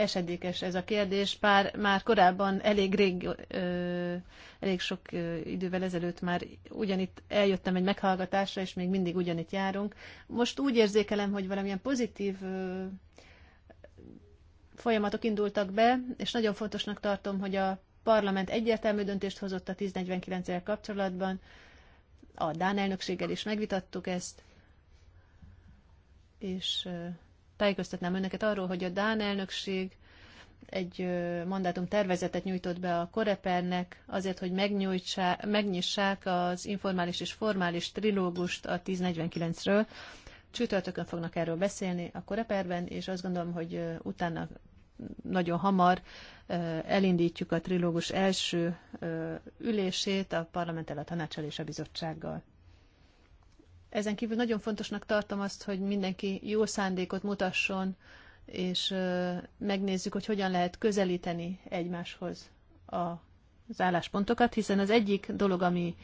esedékes ez a kérdés. Pár már korábban elég rég, ö, elég sok ö, idővel ezelőtt már ugyanitt eljöttem egy meghallgatásra, és még mindig ugyanitt járunk. Most úgy érzékelem, hogy valamilyen pozitív ö, folyamatok indultak be, és nagyon fontosnak tartom, hogy a parlament egyértelmű döntést hozott a 1049-el kapcsolatban. A Dán elnökséggel is megvitattuk ezt, és tájékoztatnám önöket arról, hogy a Dán elnökség egy mandátum tervezetet nyújtott be a Korepernek azért, hogy megnyissák az informális és formális trilógust a 1049-ről. Csütörtökön fognak erről beszélni a Koreperben, és azt gondolom, hogy utána nagyon hamar elindítjuk a trilógus első ülését a parlamenttel, a tanácsal és a bizottsággal. Ezen kívül nagyon fontosnak tartom azt, hogy mindenki jó szándékot mutasson, és megnézzük, hogy hogyan lehet közelíteni egymáshoz az álláspontokat, hiszen az egyik dolog, ami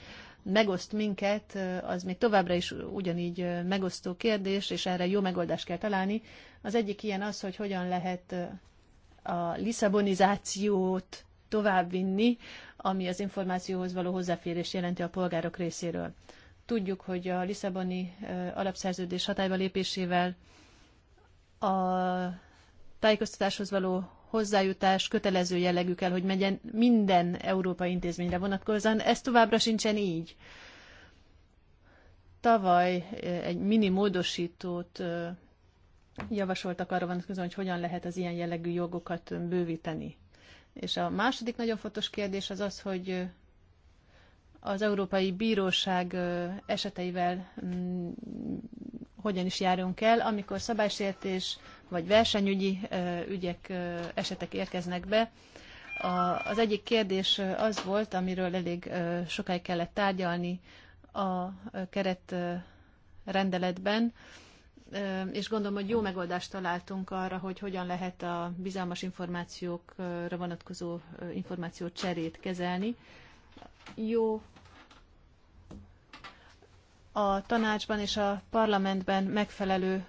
megoszt minket, az még továbbra is ugyanígy megosztó kérdés, és erre jó megoldást kell találni. Az egyik ilyen az, hogy hogyan lehet a liszabonizációt továbbvinni, ami az információhoz való hozzáférés jelenti a polgárok részéről. Tudjuk, hogy a Lisszaboni alapszerződés hatályba lépésével a tájékoztatáshoz való hozzájutás kötelező jellegű kell, hogy megyen minden európai intézményre vonatkozóan. Ez továbbra sincsen így. Tavaly egy mini módosítót javasoltak arra vonatkozóan, hogy hogyan lehet az ilyen jellegű jogokat bővíteni. És a második nagyon fontos kérdés az az, hogy az Európai Bíróság eseteivel mm, hogyan is járunk el, amikor szabálysértés vagy versenyügyi ügyek, esetek érkeznek be. Az egyik kérdés az volt, amiről elég sokáig kellett tárgyalni a keret rendeletben, és gondolom, hogy jó megoldást találtunk arra, hogy hogyan lehet a bizalmas információkra vonatkozó információ cserét kezelni. Jó a tanácsban és a parlamentben megfelelő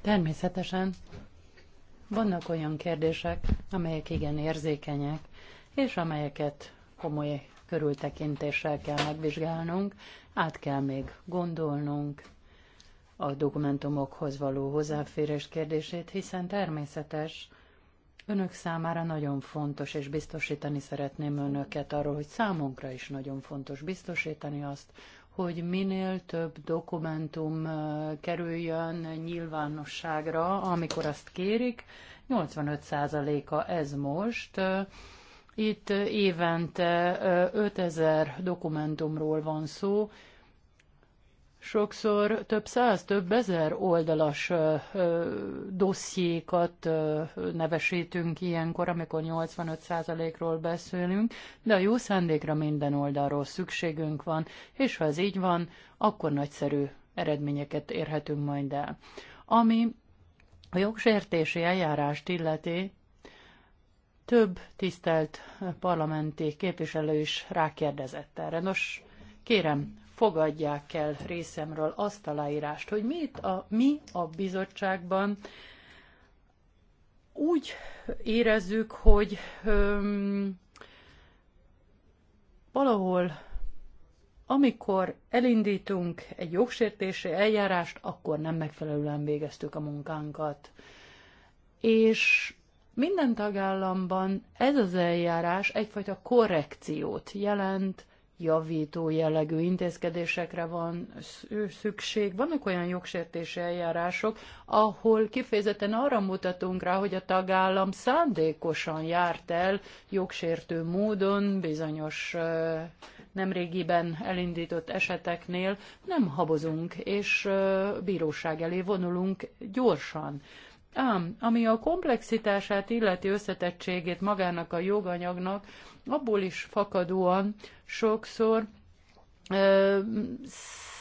Természetesen vannak olyan kérdések, amelyek igen érzékenyek, és amelyeket komoly körültekintéssel kell megvizsgálnunk, át kell még gondolnunk a dokumentumokhoz való hozzáférés kérdését, hiszen természetes, önök számára nagyon fontos, és biztosítani szeretném önöket arról, hogy számunkra is nagyon fontos biztosítani azt, hogy minél több dokumentum kerüljön nyilvánosságra, amikor azt kérik. 85%-a ez most. Itt évente 5000 dokumentumról van szó, sokszor több száz, több ezer oldalas ö, ö, dossziékat ö, nevesítünk ilyenkor, amikor 85%-ról beszélünk, de a jó szándékra minden oldalról szükségünk van, és ha ez így van, akkor nagyszerű eredményeket érhetünk majd el. Ami a jogsértési eljárást illeti, több tisztelt parlamenti képviselő is rákérdezett erre. Nos, kérem, fogadják el részemről azt a leírást, hogy mit a, mi a bizottságban úgy érezzük, hogy öm, valahol amikor elindítunk egy jogsértési eljárást, akkor nem megfelelően végeztük a munkánkat. És minden tagállamban ez az eljárás egyfajta korrekciót jelent javító jellegű intézkedésekre van szükség. Vannak olyan jogsértési eljárások, ahol kifejezetten arra mutatunk rá, hogy a tagállam szándékosan járt el jogsértő módon bizonyos nemrégiben elindított eseteknél nem habozunk, és bíróság elé vonulunk gyorsan. Ám, ami a komplexitását illeti összetettségét magának a joganyagnak, abból is fakadóan sokszor ö,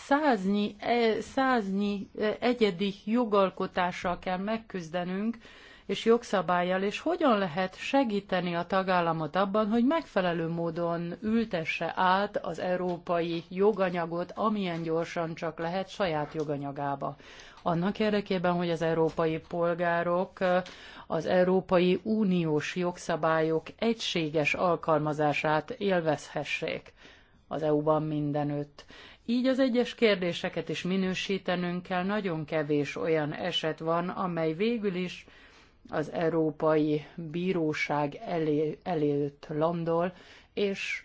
száznyi, e, száznyi egyedi jogalkotással kell megküzdenünk, és jogszabályjal, és hogyan lehet segíteni a tagállamot abban, hogy megfelelő módon ültesse át az európai joganyagot, amilyen gyorsan csak lehet saját joganyagába annak érdekében, hogy az európai polgárok az Európai Uniós jogszabályok egységes alkalmazását élvezhessék az EU-ban mindenütt. Így az egyes kérdéseket is minősítenünk kell, nagyon kevés olyan eset van, amely végül is az Európai Bíróság elé, előtt landol, és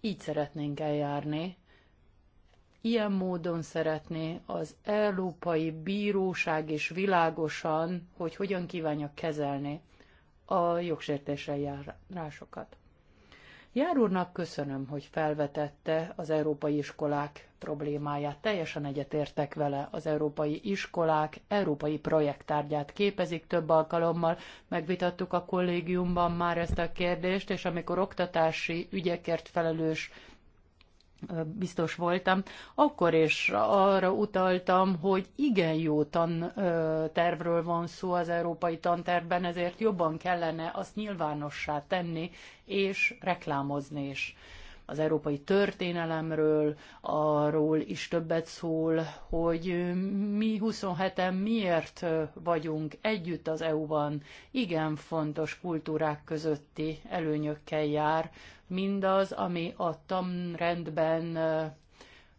így szeretnénk eljárni ilyen módon szeretné az Európai Bíróság is világosan, hogy hogyan kívánja kezelni a jogsértéssel járásokat. Jár úrnak köszönöm, hogy felvetette az európai iskolák problémáját. Teljesen egyetértek vele. Az európai iskolák európai projekttárgyát képezik több alkalommal. Megvitattuk a kollégiumban már ezt a kérdést, és amikor oktatási ügyekért felelős biztos voltam, akkor is arra utaltam, hogy igen jó tantervről van szó az európai tantervben, ezért jobban kellene azt nyilvánossá tenni és reklámozni is az európai történelemről, arról is többet szól, hogy mi 27-en miért vagyunk együtt az EU-ban. Igen fontos kultúrák közötti előnyökkel jár mindaz, ami a tanrendben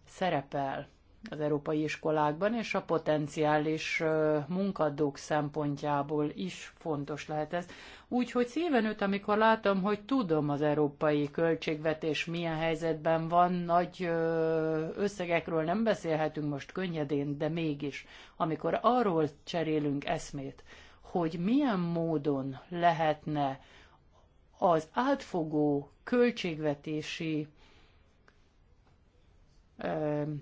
szerepel az európai iskolákban, és a potenciális munkadók szempontjából is fontos lehet ez. Úgyhogy szíven őt, amikor látom, hogy tudom az európai költségvetés milyen helyzetben van, nagy összegekről nem beszélhetünk most könnyedén, de mégis, amikor arról cserélünk eszmét, hogy milyen módon lehetne az átfogó költségvetési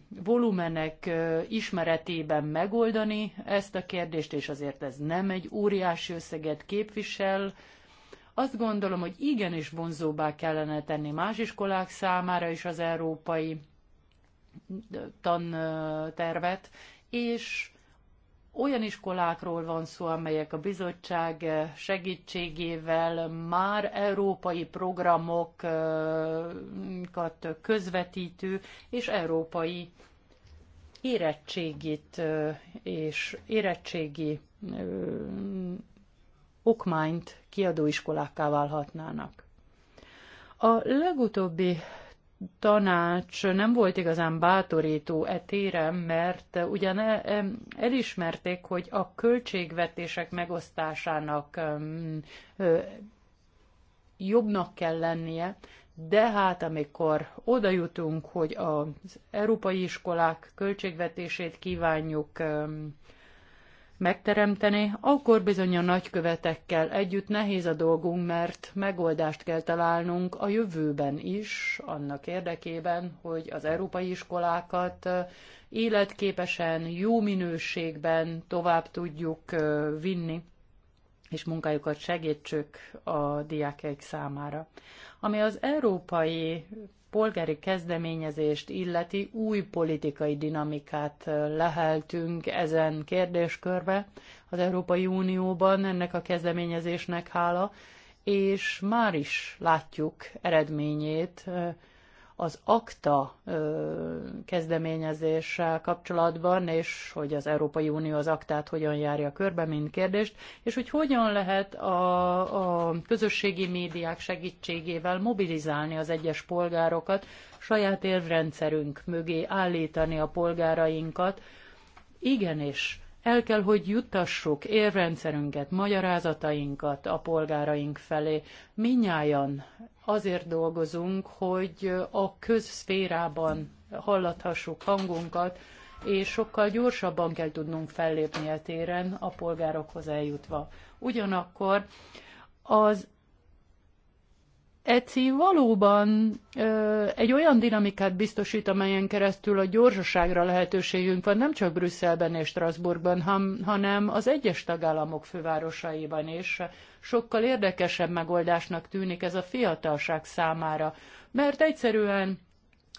volumenek ismeretében megoldani ezt a kérdést, és azért ez nem egy óriási összeget képvisel. Azt gondolom, hogy igenis vonzóbbá kellene tenni más iskolák számára is az európai tantervet, és olyan iskolákról van szó, amelyek a bizottság segítségével már európai programokat közvetítő és európai érettségit és érettségi okmányt kiadó iskolákká válhatnának. A legutóbbi tanács nem volt igazán bátorító e téren, mert ugyan e, e, elismerték, hogy a költségvetések megosztásának jobbnak kell lennie, de hát amikor oda jutunk, hogy az európai iskolák költségvetését kívánjuk megteremteni, akkor bizony a nagykövetekkel együtt nehéz a dolgunk, mert megoldást kell találnunk a jövőben is, annak érdekében, hogy az európai iskolákat életképesen, jó minőségben tovább tudjuk vinni és munkájukat segítsük a diákjaik számára. Ami az európai polgári kezdeményezést illeti, új politikai dinamikát leheltünk ezen kérdéskörbe az Európai Unióban ennek a kezdeményezésnek hála, és már is látjuk eredményét az akta kezdeményezéssel kapcsolatban, és hogy az Európai Unió az aktát hogyan járja körbe, mint kérdést, és hogy hogyan lehet a, a közösségi médiák segítségével mobilizálni az egyes polgárokat, saját érvrendszerünk mögé állítani a polgárainkat, igenis el kell, hogy juttassuk érrendszerünket, magyarázatainkat a polgáraink felé. Minnyáján azért dolgozunk, hogy a közszférában hallathassuk hangunkat, és sokkal gyorsabban kell tudnunk fellépni a e téren a polgárokhoz eljutva. Ugyanakkor az ECI valóban ö, egy olyan dinamikát biztosít, amelyen keresztül a gyorsaságra lehetőségünk van nem csak Brüsszelben és Strasbourgban, ham, hanem az egyes tagállamok fővárosaiban is. Sokkal érdekesebb megoldásnak tűnik ez a fiatalság számára, mert egyszerűen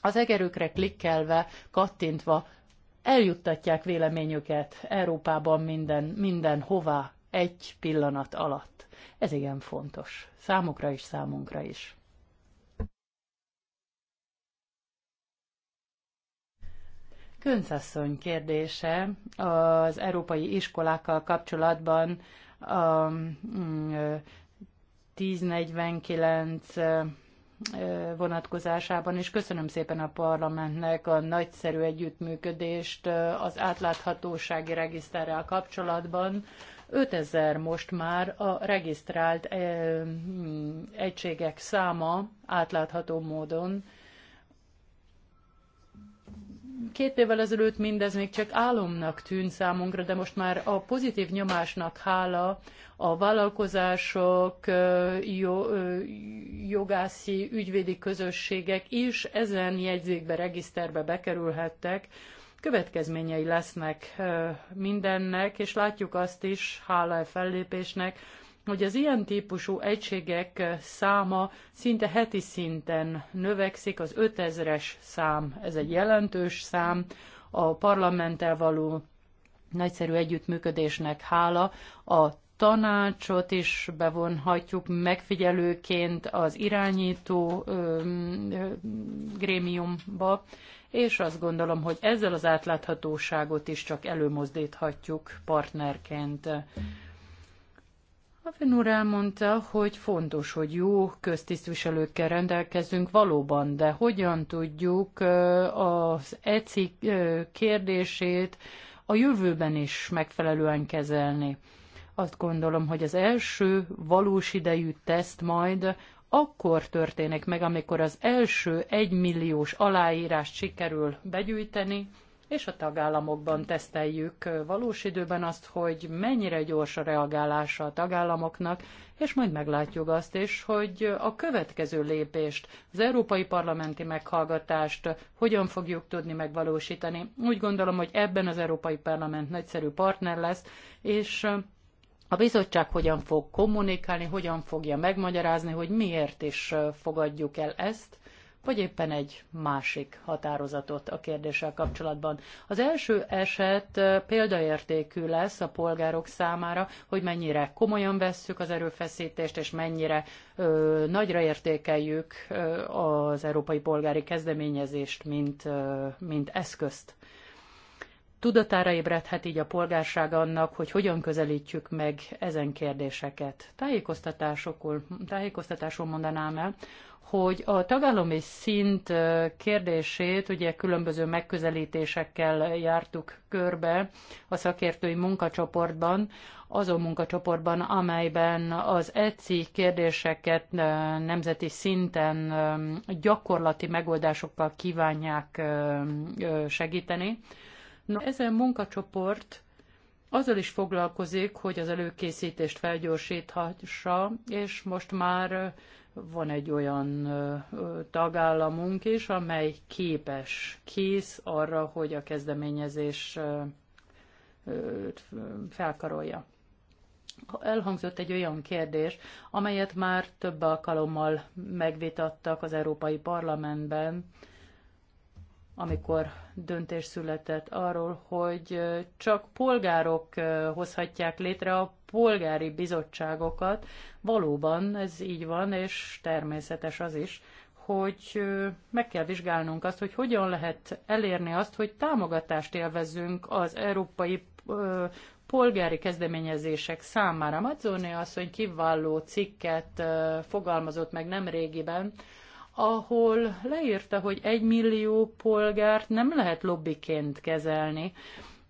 az egerőkre klikkelve, kattintva eljuttatják véleményüket Európában minden, minden hová egy pillanat alatt. Ez igen fontos. Számukra is, számunkra is. Könczasszony kérdése az európai iskolákkal kapcsolatban a 1049 mm, vonatkozásában, és köszönöm szépen a parlamentnek a nagyszerű együttműködést az átláthatósági regiszterrel kapcsolatban, 5000 most már a regisztrált eh, egységek száma átlátható módon. Két évvel ezelőtt mindez még csak álomnak tűnt számunkra, de most már a pozitív nyomásnak hála a vállalkozások, eh, eh, jogászi, ügyvédi közösségek is ezen jegyzékbe, regiszterbe bekerülhettek, következményei lesznek mindennek, és látjuk azt is, hála a fellépésnek, hogy az ilyen típusú egységek száma szinte heti szinten növekszik, az 5000-es szám, ez egy jelentős szám, a parlamenttel való nagyszerű együttműködésnek hála, a tanácsot is bevonhatjuk megfigyelőként az irányító ö, ö, grémiumba, és azt gondolom, hogy ezzel az átláthatóságot is csak előmozdíthatjuk partnerként. A úr elmondta, hogy fontos, hogy jó köztisztviselőkkel rendelkezünk valóban, de hogyan tudjuk az ECI kérdését a jövőben is megfelelően kezelni. Azt gondolom, hogy az első valós idejű teszt majd akkor történik meg, amikor az első egymilliós aláírást sikerül begyűjteni, és a tagállamokban teszteljük valós időben azt, hogy mennyire gyors a reagálása a tagállamoknak, és majd meglátjuk azt is, hogy a következő lépést, az európai parlamenti meghallgatást hogyan fogjuk tudni megvalósítani. Úgy gondolom, hogy ebben az európai parlament nagyszerű partner lesz, és a bizottság hogyan fog kommunikálni, hogyan fogja megmagyarázni, hogy miért is fogadjuk el ezt, vagy éppen egy másik határozatot a kérdéssel kapcsolatban. Az első eset példaértékű lesz a polgárok számára, hogy mennyire komolyan vesszük az erőfeszítést, és mennyire ö, nagyra értékeljük ö, az európai polgári kezdeményezést, mint, ö, mint eszközt tudatára ébredhet így a polgárság annak, hogy hogyan közelítjük meg ezen kérdéseket. Tájékoztatásokul, tájékoztatásul mondanám el, hogy a tagállami szint kérdését ugye különböző megközelítésekkel jártuk körbe a szakértői munkacsoportban, azon munkacsoportban, amelyben az ECI kérdéseket nemzeti szinten gyakorlati megoldásokkal kívánják segíteni. Na, ezen munkacsoport azzal is foglalkozik, hogy az előkészítést felgyorsíthassa, és most már van egy olyan tagállamunk is, amely képes, kész arra, hogy a kezdeményezés felkarolja. Elhangzott egy olyan kérdés, amelyet már több alkalommal megvitattak az Európai Parlamentben, amikor döntés született arról, hogy csak polgárok hozhatják létre a polgári bizottságokat. Valóban ez így van, és természetes az is, hogy meg kell vizsgálnunk azt, hogy hogyan lehet elérni azt, hogy támogatást élvezünk az európai polgári kezdeményezések számára. Mazzoni asszony kiváló cikket fogalmazott meg nem régiben ahol leírta, hogy egy millió polgárt nem lehet lobbiként kezelni,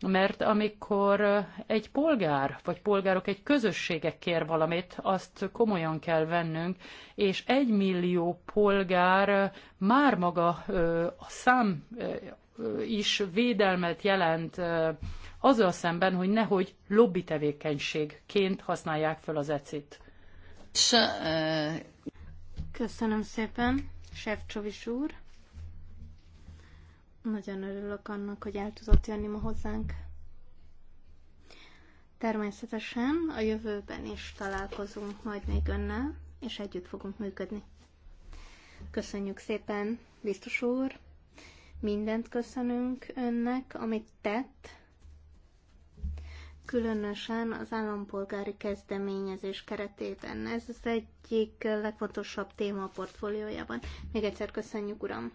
mert amikor egy polgár vagy polgárok egy közössége kér valamit, azt komolyan kell vennünk, és egy millió polgár már maga a szám is védelmet jelent azzal szemben, hogy nehogy lobby tevékenységként használják fel az ecit. Köszönöm szépen. Sefcsovics úr. Nagyon örülök annak, hogy el tudott jönni ma hozzánk. Természetesen a jövőben is találkozunk majd még önnel, és együtt fogunk működni. Köszönjük szépen, biztos úr! Mindent köszönünk önnek, amit tett, különösen az állampolgári kezdeményezés keretében. Ez az egyik legfontosabb téma a portfóliójában. Még egyszer köszönjük, uram!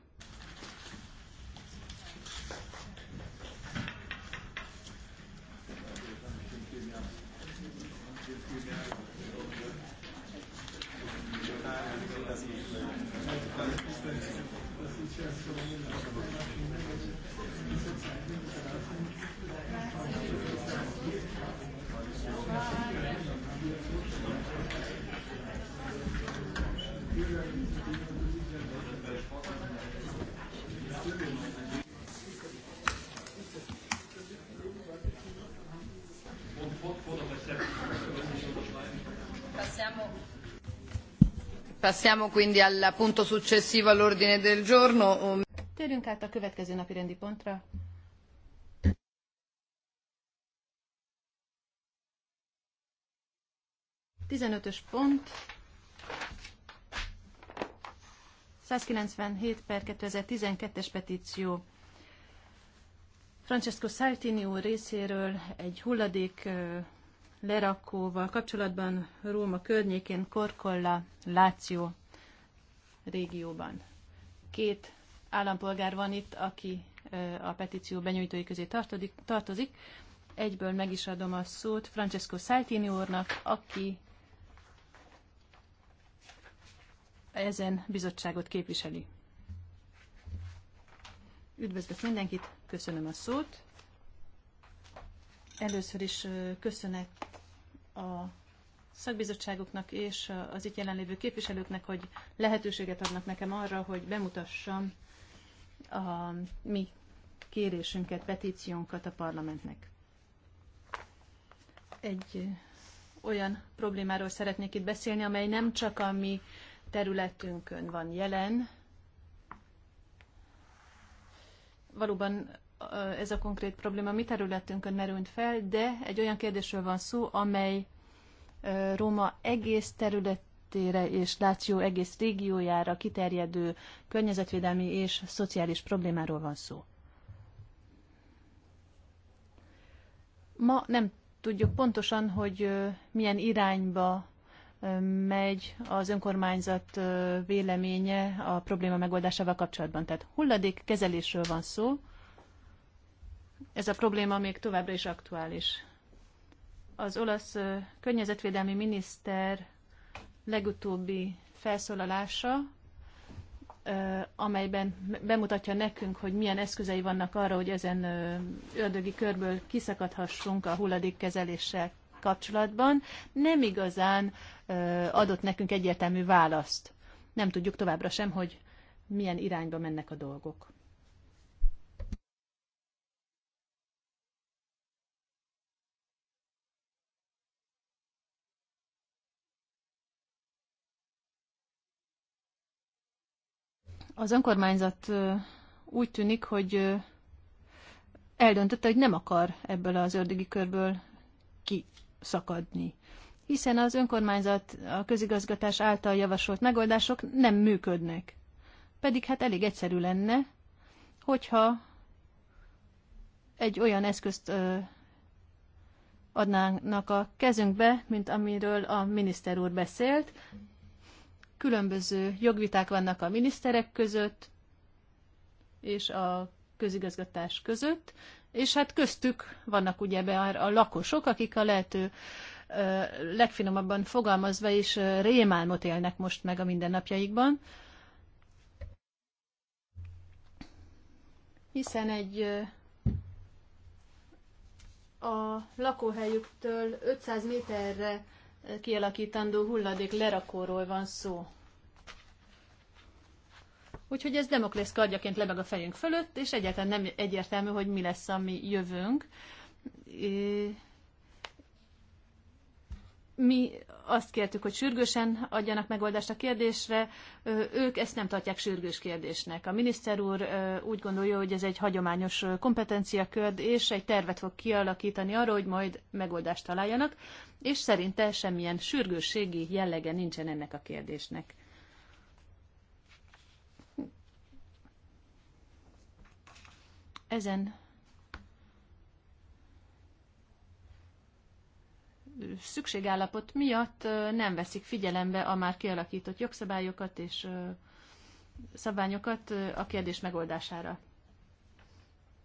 Passiamo quindi al punto successivo all'ordine del giorno. Térjünk át a következő napi rendi pontra. Tizenötös pont. 197 per 2012-es petíció. Francesco Saltini úr részéről egy hulladék lerakóval kapcsolatban Róma környékén, Korkolla, Láció régióban. Két állampolgár van itt, aki a petíció benyújtói közé tartozik. Egyből meg is adom a szót Francesco Saltini úrnak, aki ezen bizottságot képviseli. Üdvözlök mindenkit, köszönöm a szót. Először is köszönet a szakbizottságoknak és az itt jelenlévő képviselőknek, hogy lehetőséget adnak nekem arra, hogy bemutassam a mi kérésünket, petíciónkat a parlamentnek. Egy olyan problémáról szeretnék itt beszélni, amely nem csak a mi területünkön van jelen, valóban ez a konkrét probléma mi területünkön merült fel, de egy olyan kérdésről van szó, amely Róma egész területére és Láció egész régiójára kiterjedő környezetvédelmi és szociális problémáról van szó. Ma nem tudjuk pontosan, hogy milyen irányba megy az önkormányzat véleménye a probléma megoldásával kapcsolatban. Tehát kezelésről van szó, ez a probléma még továbbra is aktuális. Az olasz környezetvédelmi miniszter legutóbbi felszólalása, amelyben bemutatja nekünk, hogy milyen eszközei vannak arra, hogy ezen ördögi körből kiszakadhassunk a hulladékkezeléssel kapcsolatban, nem igazán adott nekünk egyértelmű választ. Nem tudjuk továbbra sem, hogy milyen irányba mennek a dolgok. az önkormányzat úgy tűnik, hogy eldöntötte, hogy nem akar ebből az ördögi körből kiszakadni. Hiszen az önkormányzat, a közigazgatás által javasolt megoldások nem működnek. Pedig hát elég egyszerű lenne, hogyha egy olyan eszközt adnának a kezünkbe, mint amiről a miniszter úr beszélt, Különböző jogviták vannak a miniszterek között és a közigazgatás között, és hát köztük vannak ugye be a lakosok, akik a lehető legfinomabban fogalmazva is rémálmot élnek most meg a mindennapjaikban. Hiszen egy a lakóhelyüktől 500 méterre kialakítandó hulladék lerakóról van szó. Úgyhogy ez demoklész kardjaként lebeg a fejünk fölött, és egyáltalán nem egyértelmű, hogy mi lesz a mi jövőnk mi azt kértük, hogy sürgősen adjanak megoldást a kérdésre, ők ezt nem tartják sürgős kérdésnek. A miniszter úr úgy gondolja, hogy ez egy hagyományos kompetenciakörd, és egy tervet fog kialakítani arra, hogy majd megoldást találjanak, és szerinte semmilyen sürgősségi jellege nincsen ennek a kérdésnek. Ezen szükségállapot miatt nem veszik figyelembe a már kialakított jogszabályokat és szabványokat a kérdés megoldására.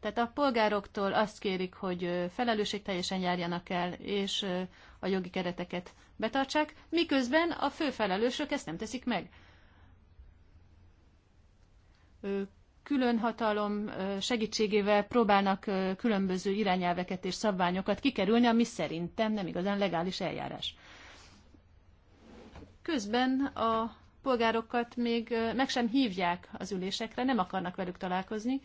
Tehát a polgároktól azt kérik, hogy felelősségteljesen járjanak el, és a jogi kereteket betartsák, miközben a főfelelősök ezt nem teszik meg külön hatalom segítségével próbálnak különböző irányelveket és szabványokat kikerülni, ami szerintem nem igazán legális eljárás. Közben a polgárokat még meg sem hívják az ülésekre, nem akarnak velük találkozni.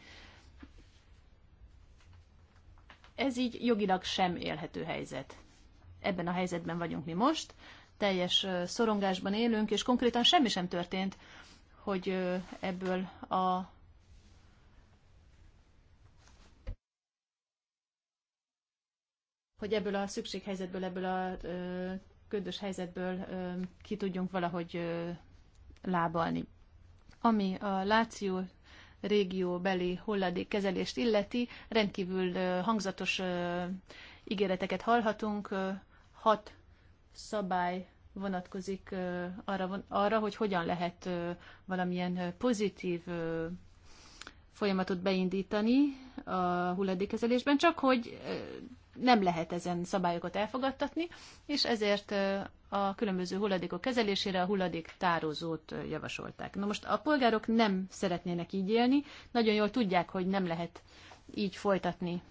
Ez így jogilag sem élhető helyzet. Ebben a helyzetben vagyunk mi most, teljes szorongásban élünk, és konkrétan semmi sem történt, hogy ebből a hogy ebből a szükséghelyzetből, ebből a ö, ködös helyzetből ö, ki tudjunk valahogy ö, lábalni. Ami a Láció régióbeli hulladékkezelést illeti, rendkívül ö, hangzatos ö, ígéreteket hallhatunk. Ö, hat szabály vonatkozik ö, arra, arra, hogy hogyan lehet ö, valamilyen pozitív ö, folyamatot beindítani a hulladékkezelésben, csak hogy nem lehet ezen szabályokat elfogadtatni, és ezért a különböző hulladékok kezelésére a hulladék tározót javasolták. Na most a polgárok nem szeretnének így élni, nagyon jól tudják, hogy nem lehet így folytatni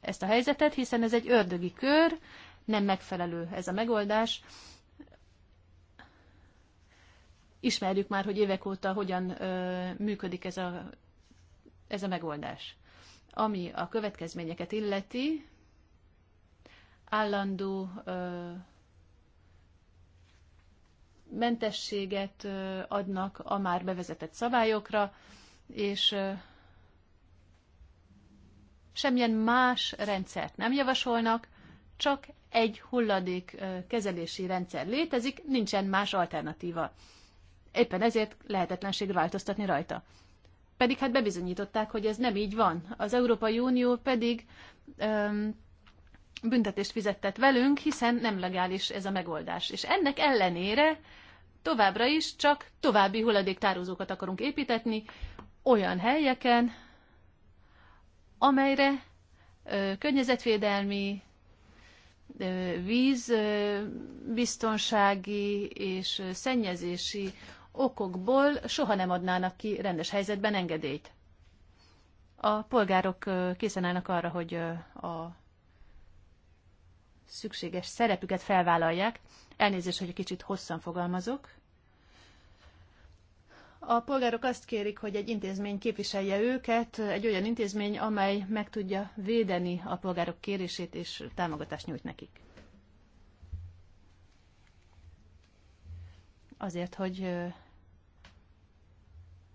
ezt a helyzetet, hiszen ez egy ördögi kör, nem megfelelő ez a megoldás. Ismerjük már, hogy évek óta hogyan működik ez a, ez a megoldás. Ami a következményeket illeti, állandó ö, mentességet ö, adnak a már bevezetett szabályokra, és ö, semmilyen más rendszert nem javasolnak, csak egy hulladék kezelési rendszer létezik, nincsen más alternatíva. Éppen ezért lehetetlenségre változtatni rajta pedig hát bebizonyították, hogy ez nem így van. Az Európai Unió pedig öm, büntetést fizettet velünk, hiszen nem legális ez a megoldás. És ennek ellenére továbbra is csak további hulladéktározókat akarunk építetni olyan helyeken, amelyre ö, környezetvédelmi, ö, biztonsági és szennyezési okokból soha nem adnának ki rendes helyzetben engedélyt. A polgárok készen állnak arra, hogy a szükséges szerepüket felvállalják. Elnézést, hogy egy kicsit hosszan fogalmazok. A polgárok azt kérik, hogy egy intézmény képviselje őket, egy olyan intézmény, amely meg tudja védeni a polgárok kérését és támogatást nyújt nekik. Azért, hogy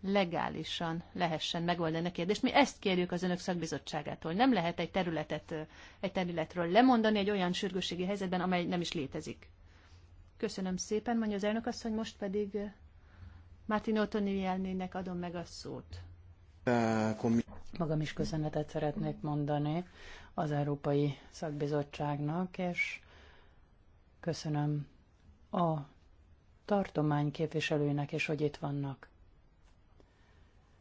legálisan lehessen megoldani a kérdést. Mi ezt kérjük az önök szakbizottságától. Nem lehet egy területet, egy területről lemondani egy olyan sürgősségi helyzetben, amely nem is létezik. Köszönöm szépen, mondja az elnök asszony, most pedig Martin Otonielnének adom meg a szót. Magam is köszönetet szeretnék mondani az Európai Szakbizottságnak, és köszönöm a tartomány képviselőinek is, hogy itt vannak.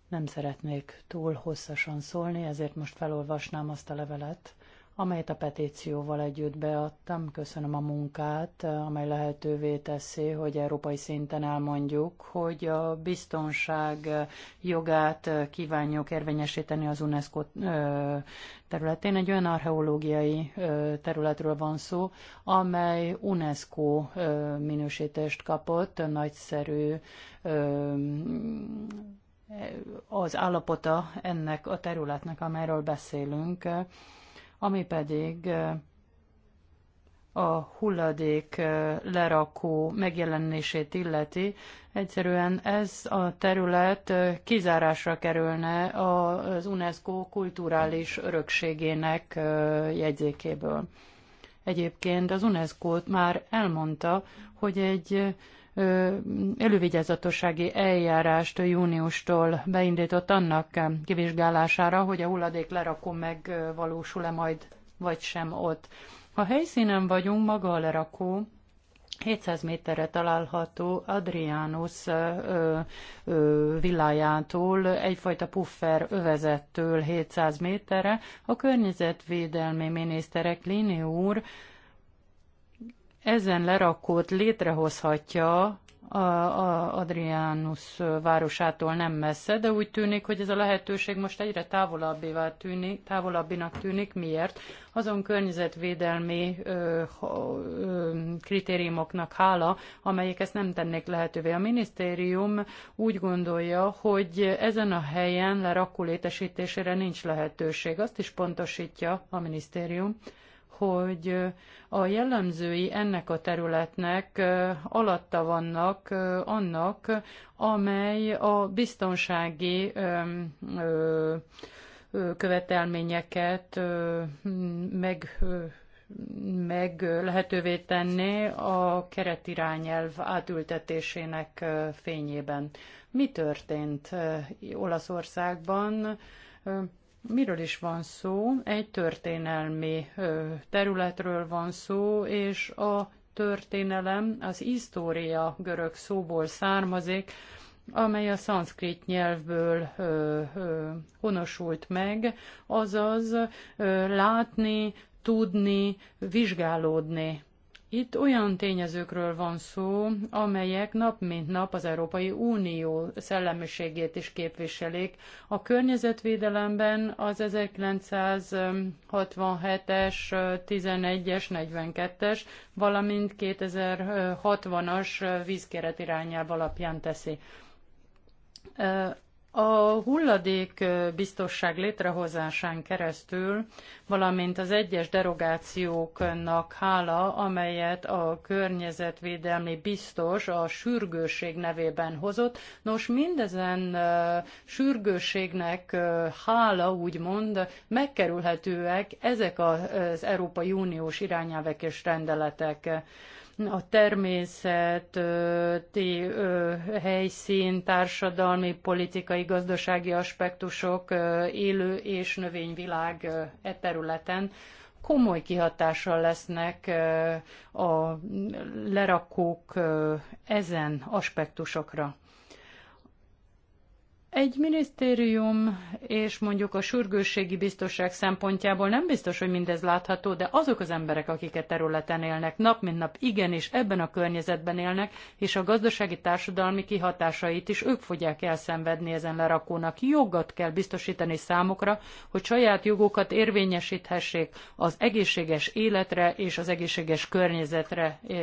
Nem szeretnék túl hosszasan szólni, ezért most felolvasnám azt a levelet, amelyet a petícióval együtt beadtam. Köszönöm a munkát, amely lehetővé teszi, hogy európai szinten elmondjuk, hogy a biztonság jogát kívánjuk érvényesíteni az UNESCO területén. Egy olyan archeológiai területről van szó, amely UNESCO minősítést kapott, nagyszerű az állapota ennek a területnek, amelyről beszélünk, ami pedig a hulladék lerakó megjelenését illeti. Egyszerűen ez a terület kizárásra kerülne az UNESCO kulturális örökségének jegyzékéből. Egyébként az UNESCO már elmondta, hogy egy elővigyázatossági eljárást júniustól beindított annak kivizsgálására, hogy a hulladék lerakó megvalósul-e majd vagy sem ott. A helyszínen vagyunk, maga a lerakó 700 méterre található Adrianus ö, ö, villájától, egyfajta puffer övezettől 700 méterre. A környezetvédelmi miniszterek Lini úr ezen lerakót létrehozhatja a, a Adrianus városától nem messze, de úgy tűnik, hogy ez a lehetőség most egyre tűnik, távolabbinak tűnik. Miért? Azon környezetvédelmi ö, ö, kritériumoknak hála, amelyek ezt nem tennék lehetővé. A minisztérium úgy gondolja, hogy ezen a helyen lerakó létesítésére nincs lehetőség. Azt is pontosítja a minisztérium, hogy a jellemzői ennek a területnek alatta vannak annak, amely a biztonsági követelményeket meg meg lehetővé tenni a keretirányelv átültetésének fényében. Mi történt Olaszországban? Miről is van szó? Egy történelmi területről van szó, és a történelem, az história görög szóból származik, amely a szanszkrit nyelvből ö, ö, honosult meg, azaz ö, látni, tudni, vizsgálódni itt olyan tényezőkről van szó, amelyek nap mint nap az Európai Unió szellemiségét is képviselik. A környezetvédelemben az 1967-es, 11-es, 42-es, valamint 2060-as vízkeret irányelv alapján teszi a hulladék biztosság létrehozásán keresztül, valamint az egyes derogációknak hála, amelyet a környezetvédelmi biztos a sürgőség nevében hozott. Nos, mindezen sürgőségnek hála, úgymond, megkerülhetőek ezek az Európai Uniós irányelvek és rendeletek a természeti helyszín, társadalmi, politikai, gazdasági aspektusok élő és növényvilág e területen komoly kihatással lesznek a lerakók ezen aspektusokra. Egy minisztérium és mondjuk a sürgősségi biztonság szempontjából nem biztos, hogy mindez látható, de azok az emberek, akik a e területen élnek, nap mint nap igenis ebben a környezetben élnek, és a gazdasági társadalmi kihatásait is ők fogják elszenvedni ezen lerakónak. Jogot kell biztosítani számukra, hogy saját jogokat érvényesíthessék az egészséges életre és az egészséges környezetre. Ö,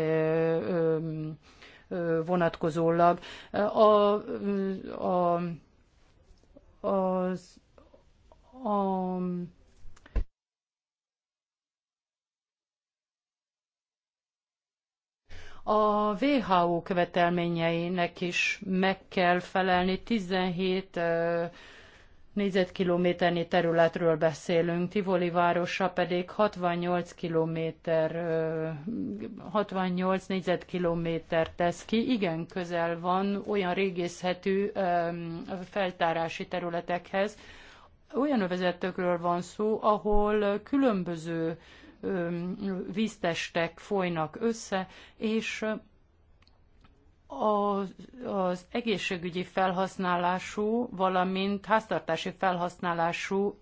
ö, vonatkozólag. A, a az a A WHO követelményeinek is meg kell felelni. 17 négyzetkilométernyi területről beszélünk, Tivoli városa pedig 68 kilométer, 68 négyzetkilométer tesz ki. Igen, közel van olyan régészhető feltárási területekhez. Olyan övezetekről van szó, ahol különböző víztestek folynak össze, és az, egészségügyi felhasználású, valamint háztartási felhasználású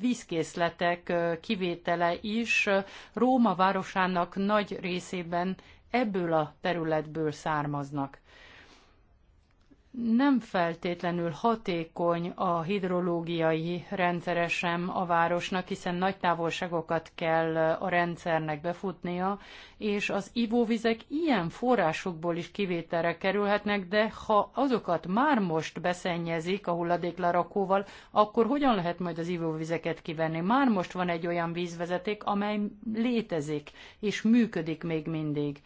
vízkészletek kivétele is Róma városának nagy részében ebből a területből származnak nem feltétlenül hatékony a hidrológiai rendszere sem a városnak, hiszen nagy távolságokat kell a rendszernek befutnia, és az ivóvizek ilyen forrásokból is kivételre kerülhetnek, de ha azokat már most beszennyezik a hulladéklerakóval, akkor hogyan lehet majd az ivóvizeket kivenni? Már most van egy olyan vízvezeték, amely létezik és működik még mindig.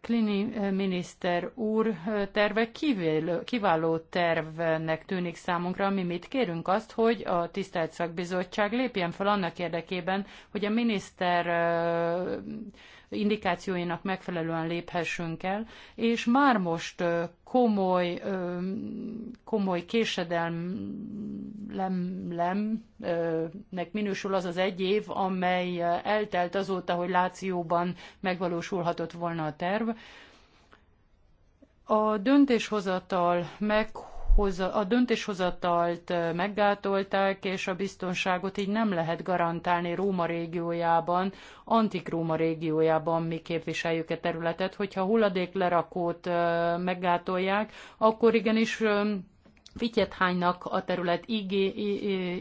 Klini eh, miniszter úr eh, terve kiváló, kiváló tervnek tűnik számunkra, mi mit kérünk azt, hogy a tisztelt szakbizottság lépjen fel annak érdekében, hogy a miniszter eh, indikációinak megfelelően léphessünk el, és már most komoly, komoly késedelemnek minősül az az egy év, amely eltelt azóta, hogy Lációban megvalósulhatott volna a terv. A döntéshozatal meg a döntéshozatalt meggátolták, és a biztonságot így nem lehet garantálni Róma régiójában, antik Róma régiójában mi képviseljük e területet, hogyha hulladék lerakót meggátolják, akkor igenis fityet hánynak a terület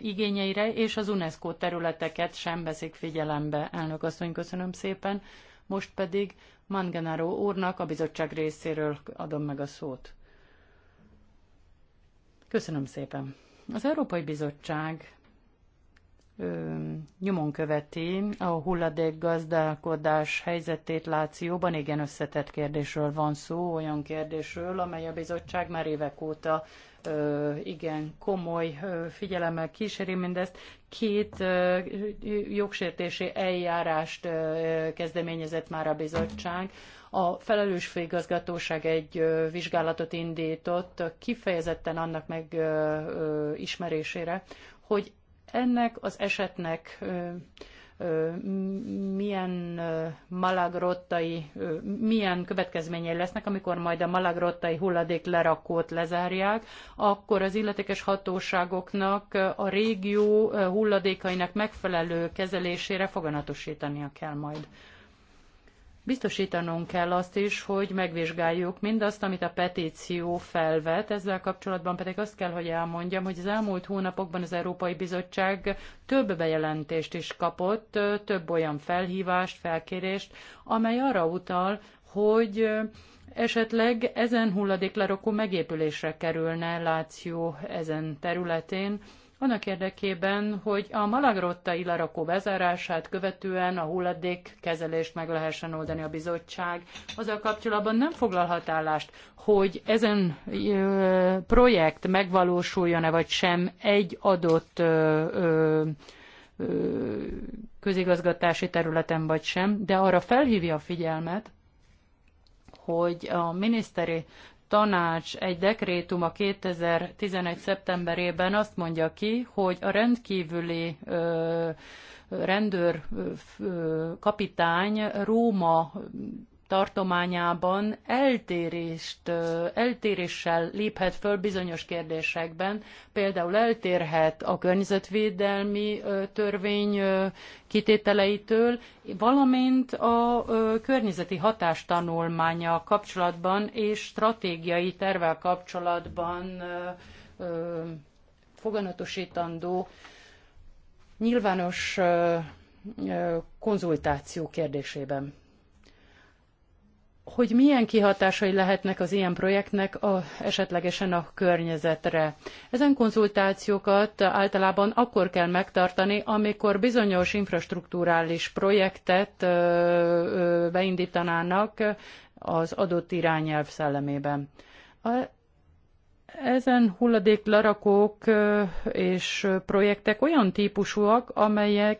igényeire, és az UNESCO területeket sem veszik figyelembe. Elnök asszony, köszönöm szépen. Most pedig Mangenaro úrnak a bizottság részéről adom meg a szót. Köszönöm szépen. Az Európai Bizottság ö, nyomon követi a hulladékgazdálkodás helyzetét Lációban. Igen, összetett kérdésről van szó, olyan kérdésről, amely a bizottság már évek óta ö, igen komoly ö, figyelemmel kíséri mindezt. Két ö, jogsértési eljárást ö, kezdeményezett már a bizottság a felelős főigazgatóság egy vizsgálatot indított kifejezetten annak megismerésére, hogy ennek az esetnek milyen malagrottai, milyen következményei lesznek, amikor majd a malagrottai hulladék lerakót lezárják, akkor az illetékes hatóságoknak a régió hulladékainak megfelelő kezelésére foganatosítania kell majd Biztosítanunk kell azt is, hogy megvizsgáljuk mindazt, amit a petíció felvet, ezzel kapcsolatban pedig azt kell, hogy elmondjam, hogy az elmúlt hónapokban az Európai Bizottság több bejelentést is kapott, több olyan felhívást, felkérést, amely arra utal, hogy esetleg ezen hulladéklerakó megépülésre kerülne Láció ezen területén, annak érdekében, hogy a Malagrotta ilarakó bezárását követően a hulladék kezelést meg lehessen oldani a bizottság. Azzal kapcsolatban nem foglalhat állást, hogy ezen ö, projekt megvalósuljon-e vagy sem egy adott ö, ö, közigazgatási területen vagy sem, de arra felhívja a figyelmet, hogy a miniszteri tanács egy dekrétum a 2011. szeptemberében azt mondja ki, hogy a rendkívüli rendőr kapitány Róma tartományában eltérést, eltéréssel léphet föl bizonyos kérdésekben, például eltérhet a környezetvédelmi törvény kitételeitől, valamint a környezeti hatástanulmánya kapcsolatban és stratégiai tervel kapcsolatban foganatosítandó nyilvános konzultáció kérdésében hogy milyen kihatásai lehetnek az ilyen projektnek a, esetlegesen a környezetre. Ezen konzultációkat általában akkor kell megtartani, amikor bizonyos infrastruktúrális projektet ö, ö, beindítanának az adott irányelv szellemében. A, ezen hulladék és projektek olyan típusúak, amelyek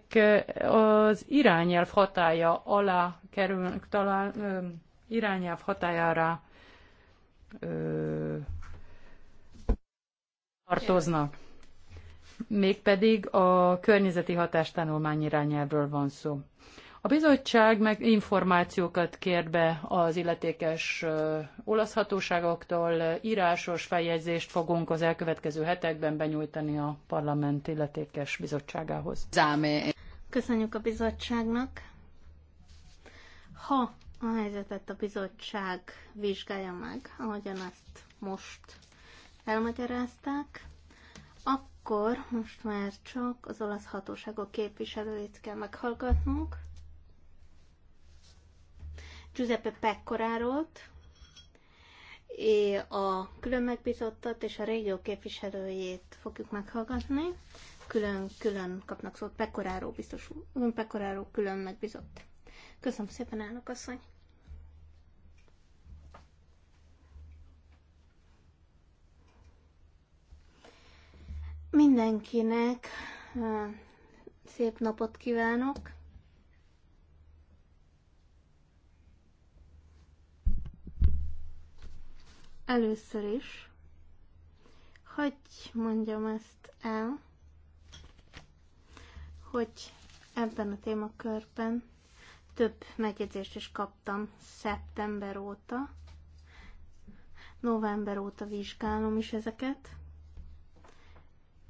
az irányelv hatája alá kerülnek, talán irányelv hatájára ö, tartoznak. Mégpedig a környezeti hatástanulmány irányelvről van szó. A bizottság meg információkat kér be az illetékes olasz hatóságoktól, írásos feljegyzést fogunk az elkövetkező hetekben benyújtani a parlament illetékes bizottságához. Köszönjük a bizottságnak. Ha a helyzetet a bizottság vizsgálja meg, ahogyan ezt most elmagyarázták, akkor most már csak az olasz hatóságok képviselőit kell meghallgatnunk. Giuseppe Pekkorárót, a külön megbizottat és a régió képviselőjét fogjuk meghallgatni. Külön-külön kapnak szót Pekkoráró biztos, Pekkoráró külön megbizott. Köszönöm szépen, elnök asszony. Mindenkinek szép napot kívánok. Először is, hogy mondjam ezt el, hogy ebben a témakörben több megjegyzést is kaptam szeptember óta. November óta vizsgálom is ezeket.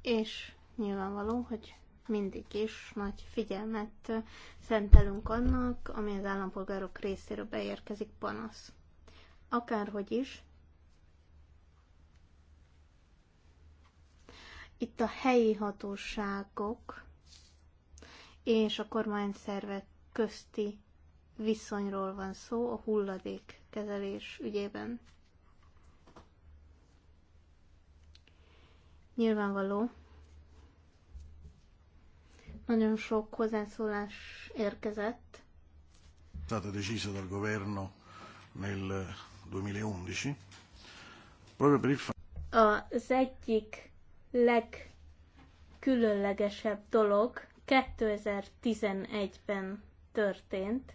És nyilvánvaló, hogy mindig is nagy figyelmet szentelünk annak, ami az állampolgárok részéről beérkezik panasz. Akárhogy is, itt a helyi hatóságok és a szervet közti viszonyról van szó a hulladékkezelés ügyében. Nyilvánvaló, nagyon sok hozzászólás érkezett. Stata decisa dal governo nel 2011 eh, az egyik legkülönlegesebb dolog 2011-ben történt,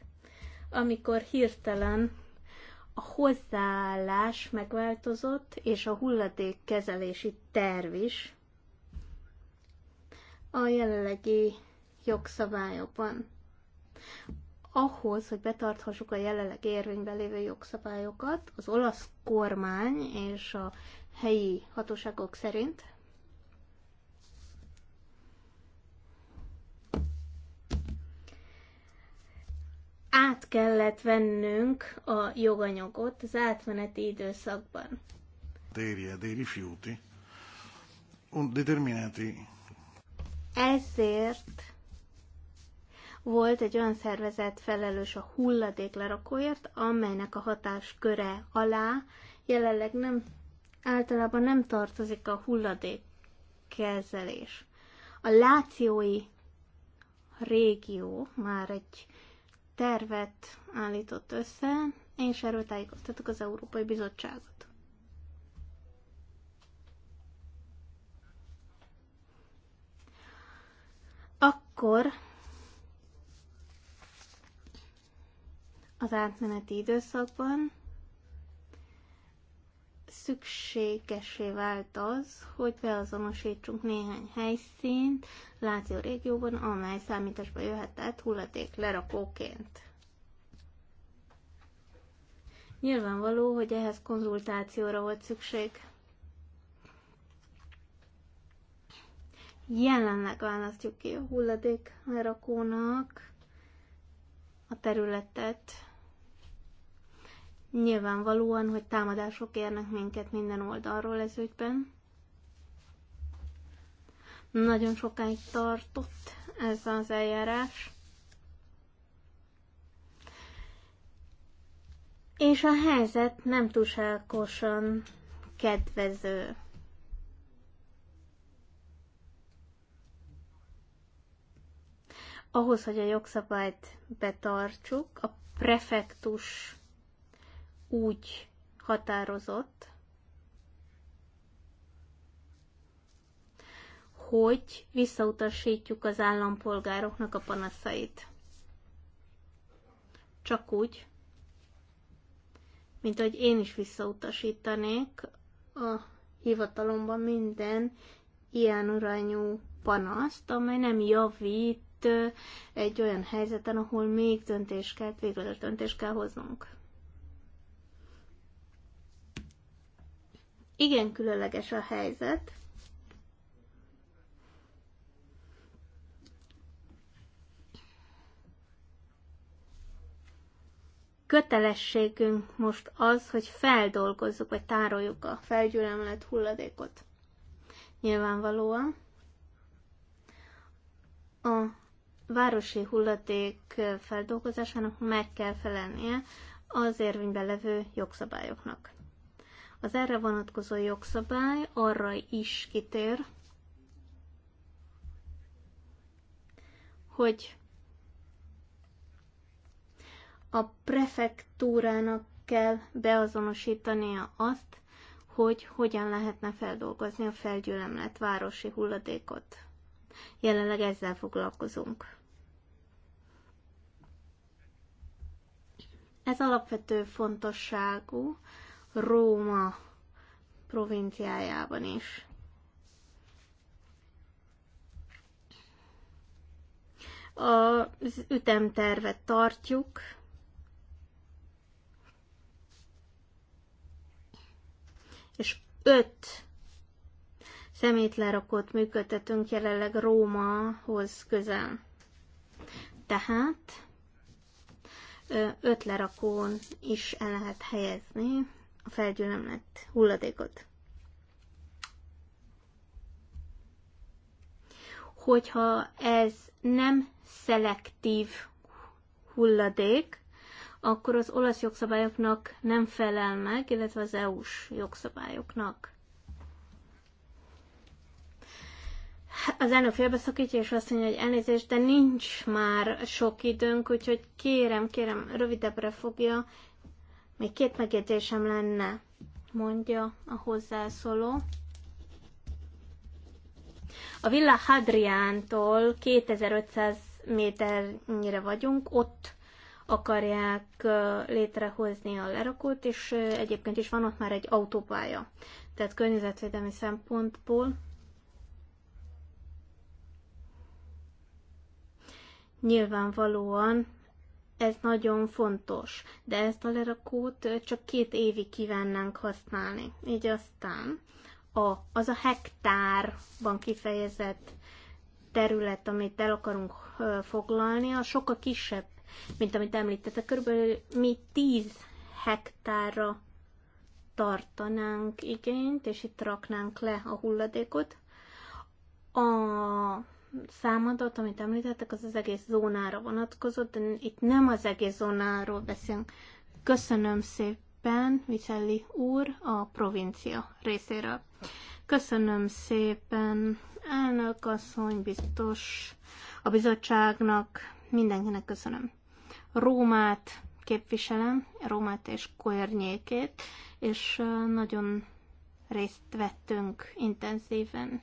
amikor hirtelen a hozzáállás megváltozott, és a hulladékkezelési terv is a jelenlegi jogszabályokban. Ahhoz, hogy betarthassuk a jelenleg érvényben lévő jogszabályokat, az olasz kormány és a helyi hatóságok szerint át kellett vennünk a joganyagot az átmeneti időszakban. Térje dei rifiuti un determinati. Ezért volt egy olyan szervezet felelős a lerakóért, amelynek a hatásköre alá jelenleg nem, általában nem tartozik a hulladék kezelés. A lációi régió már egy tervet állított össze, és erről tájékoztattuk az Európai Bizottságot. Akkor az átmeneti időszakban szükségesé vált az, hogy beazonosítsunk néhány helyszínt Láció régióban, amely számításba jöhetett hulladék lerakóként. Nyilvánvaló, hogy ehhez konzultációra volt szükség. Jelenleg választjuk ki a hulladék lerakónak a területet, Nyilvánvalóan, hogy támadások érnek minket minden oldalról ez ügyben. Nagyon sokáig tartott ez az eljárás. És a helyzet nem túlságosan kedvező. Ahhoz, hogy a jogszabályt betartsuk, a prefektus úgy határozott, hogy visszautasítjuk az állampolgároknak a panaszait. Csak úgy, mint hogy én is visszautasítanék a hivatalomban minden ilyen urányú panaszt, amely nem javít egy olyan helyzeten, ahol még döntés kell, végleges döntés kell hoznunk. Igen különleges a helyzet. Kötelességünk most az, hogy feldolgozzuk, vagy tároljuk a felgyülemlett hulladékot. Nyilvánvalóan a városi hulladék feldolgozásának meg kell felelnie az érvényben levő jogszabályoknak. Az erre vonatkozó jogszabály arra is kitér, hogy a prefektúrának kell beazonosítania azt, hogy hogyan lehetne feldolgozni a felgyűlemlet városi hulladékot. Jelenleg ezzel foglalkozunk. Ez alapvető fontosságú, Róma provinciájában is. Az ütemtervet tartjuk. És öt szemétlerakót működtetünk jelenleg Rómahoz közel. Tehát öt lerakón is el lehet helyezni a felgyülemlett hulladékot. Hogyha ez nem szelektív hulladék, akkor az olasz jogszabályoknak nem felel meg, illetve az EU-s jogszabályoknak. Az elnök félbeszakítja, és azt mondja, hogy elnézést, de nincs már sok időnk, úgyhogy kérem, kérem, rövidebbre fogja, még két megjegyzésem lenne, mondja a hozzászóló. A Villa Hadriántól 2500 méternyire vagyunk, ott akarják létrehozni a lerakót, és egyébként is van ott már egy autópálya. Tehát környezetvédelmi szempontból nyilvánvalóan ez nagyon fontos, de ezt a lerakót csak két évig kívánnánk használni. Így aztán a, az a hektárban kifejezett terület, amit el akarunk foglalni, a sokkal kisebb, mint amit említettek. Körülbelül mi 10 hektárra tartanánk igényt, és itt raknánk le a hulladékot. A számadat, amit említettek, az az egész zónára vonatkozott, de itt nem az egész zónáról beszélünk. Köszönöm szépen, Vicelli úr, a provincia részéről. Köszönöm szépen, elnök asszony, biztos a bizottságnak, mindenkinek köszönöm. Rómát képviselem, Rómát és környékét, és nagyon részt vettünk intenzíven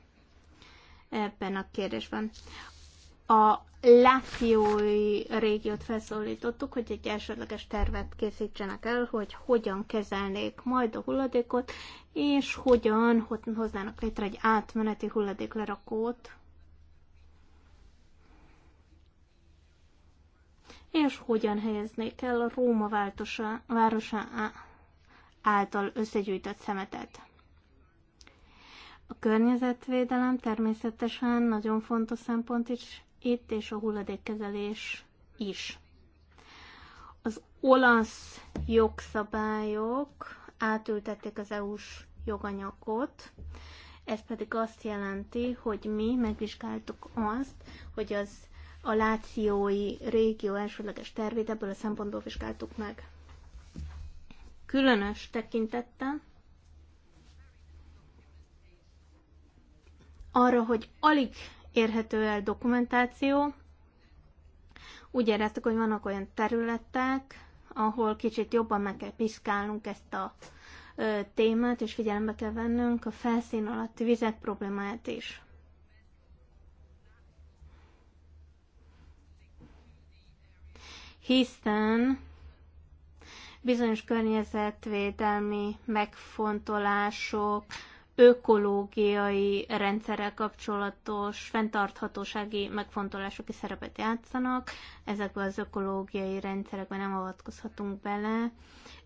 ebben a kérdésben. A Lációi régiót felszólítottuk, hogy egy elsődleges tervet készítsenek el, hogy hogyan kezelnék majd a hulladékot, és hogyan hoznának létre egy átmeneti hulladéklerakót, és hogyan helyeznék el a Róma városa által összegyűjtött szemetet. A környezetvédelem természetesen nagyon fontos szempont is itt, és a hulladékkezelés is. Az olasz jogszabályok átültették az EU-s joganyagot, ez pedig azt jelenti, hogy mi megvizsgáltuk azt, hogy az a lációi régió elsőleges tervét ebből a szempontból vizsgáltuk meg. Különös tekintettel arra, hogy alig érhető el dokumentáció. Úgy éreztük, hogy vannak olyan területek, ahol kicsit jobban meg kell piszkálnunk ezt a ö, témát, és figyelembe kell vennünk a felszín alatti vizek problémáját is. Hiszen bizonyos környezetvédelmi megfontolások, ökológiai rendszerrel kapcsolatos fenntarthatósági megfontolások is szerepet játszanak. Ezekben az ökológiai rendszerekben nem avatkozhatunk bele,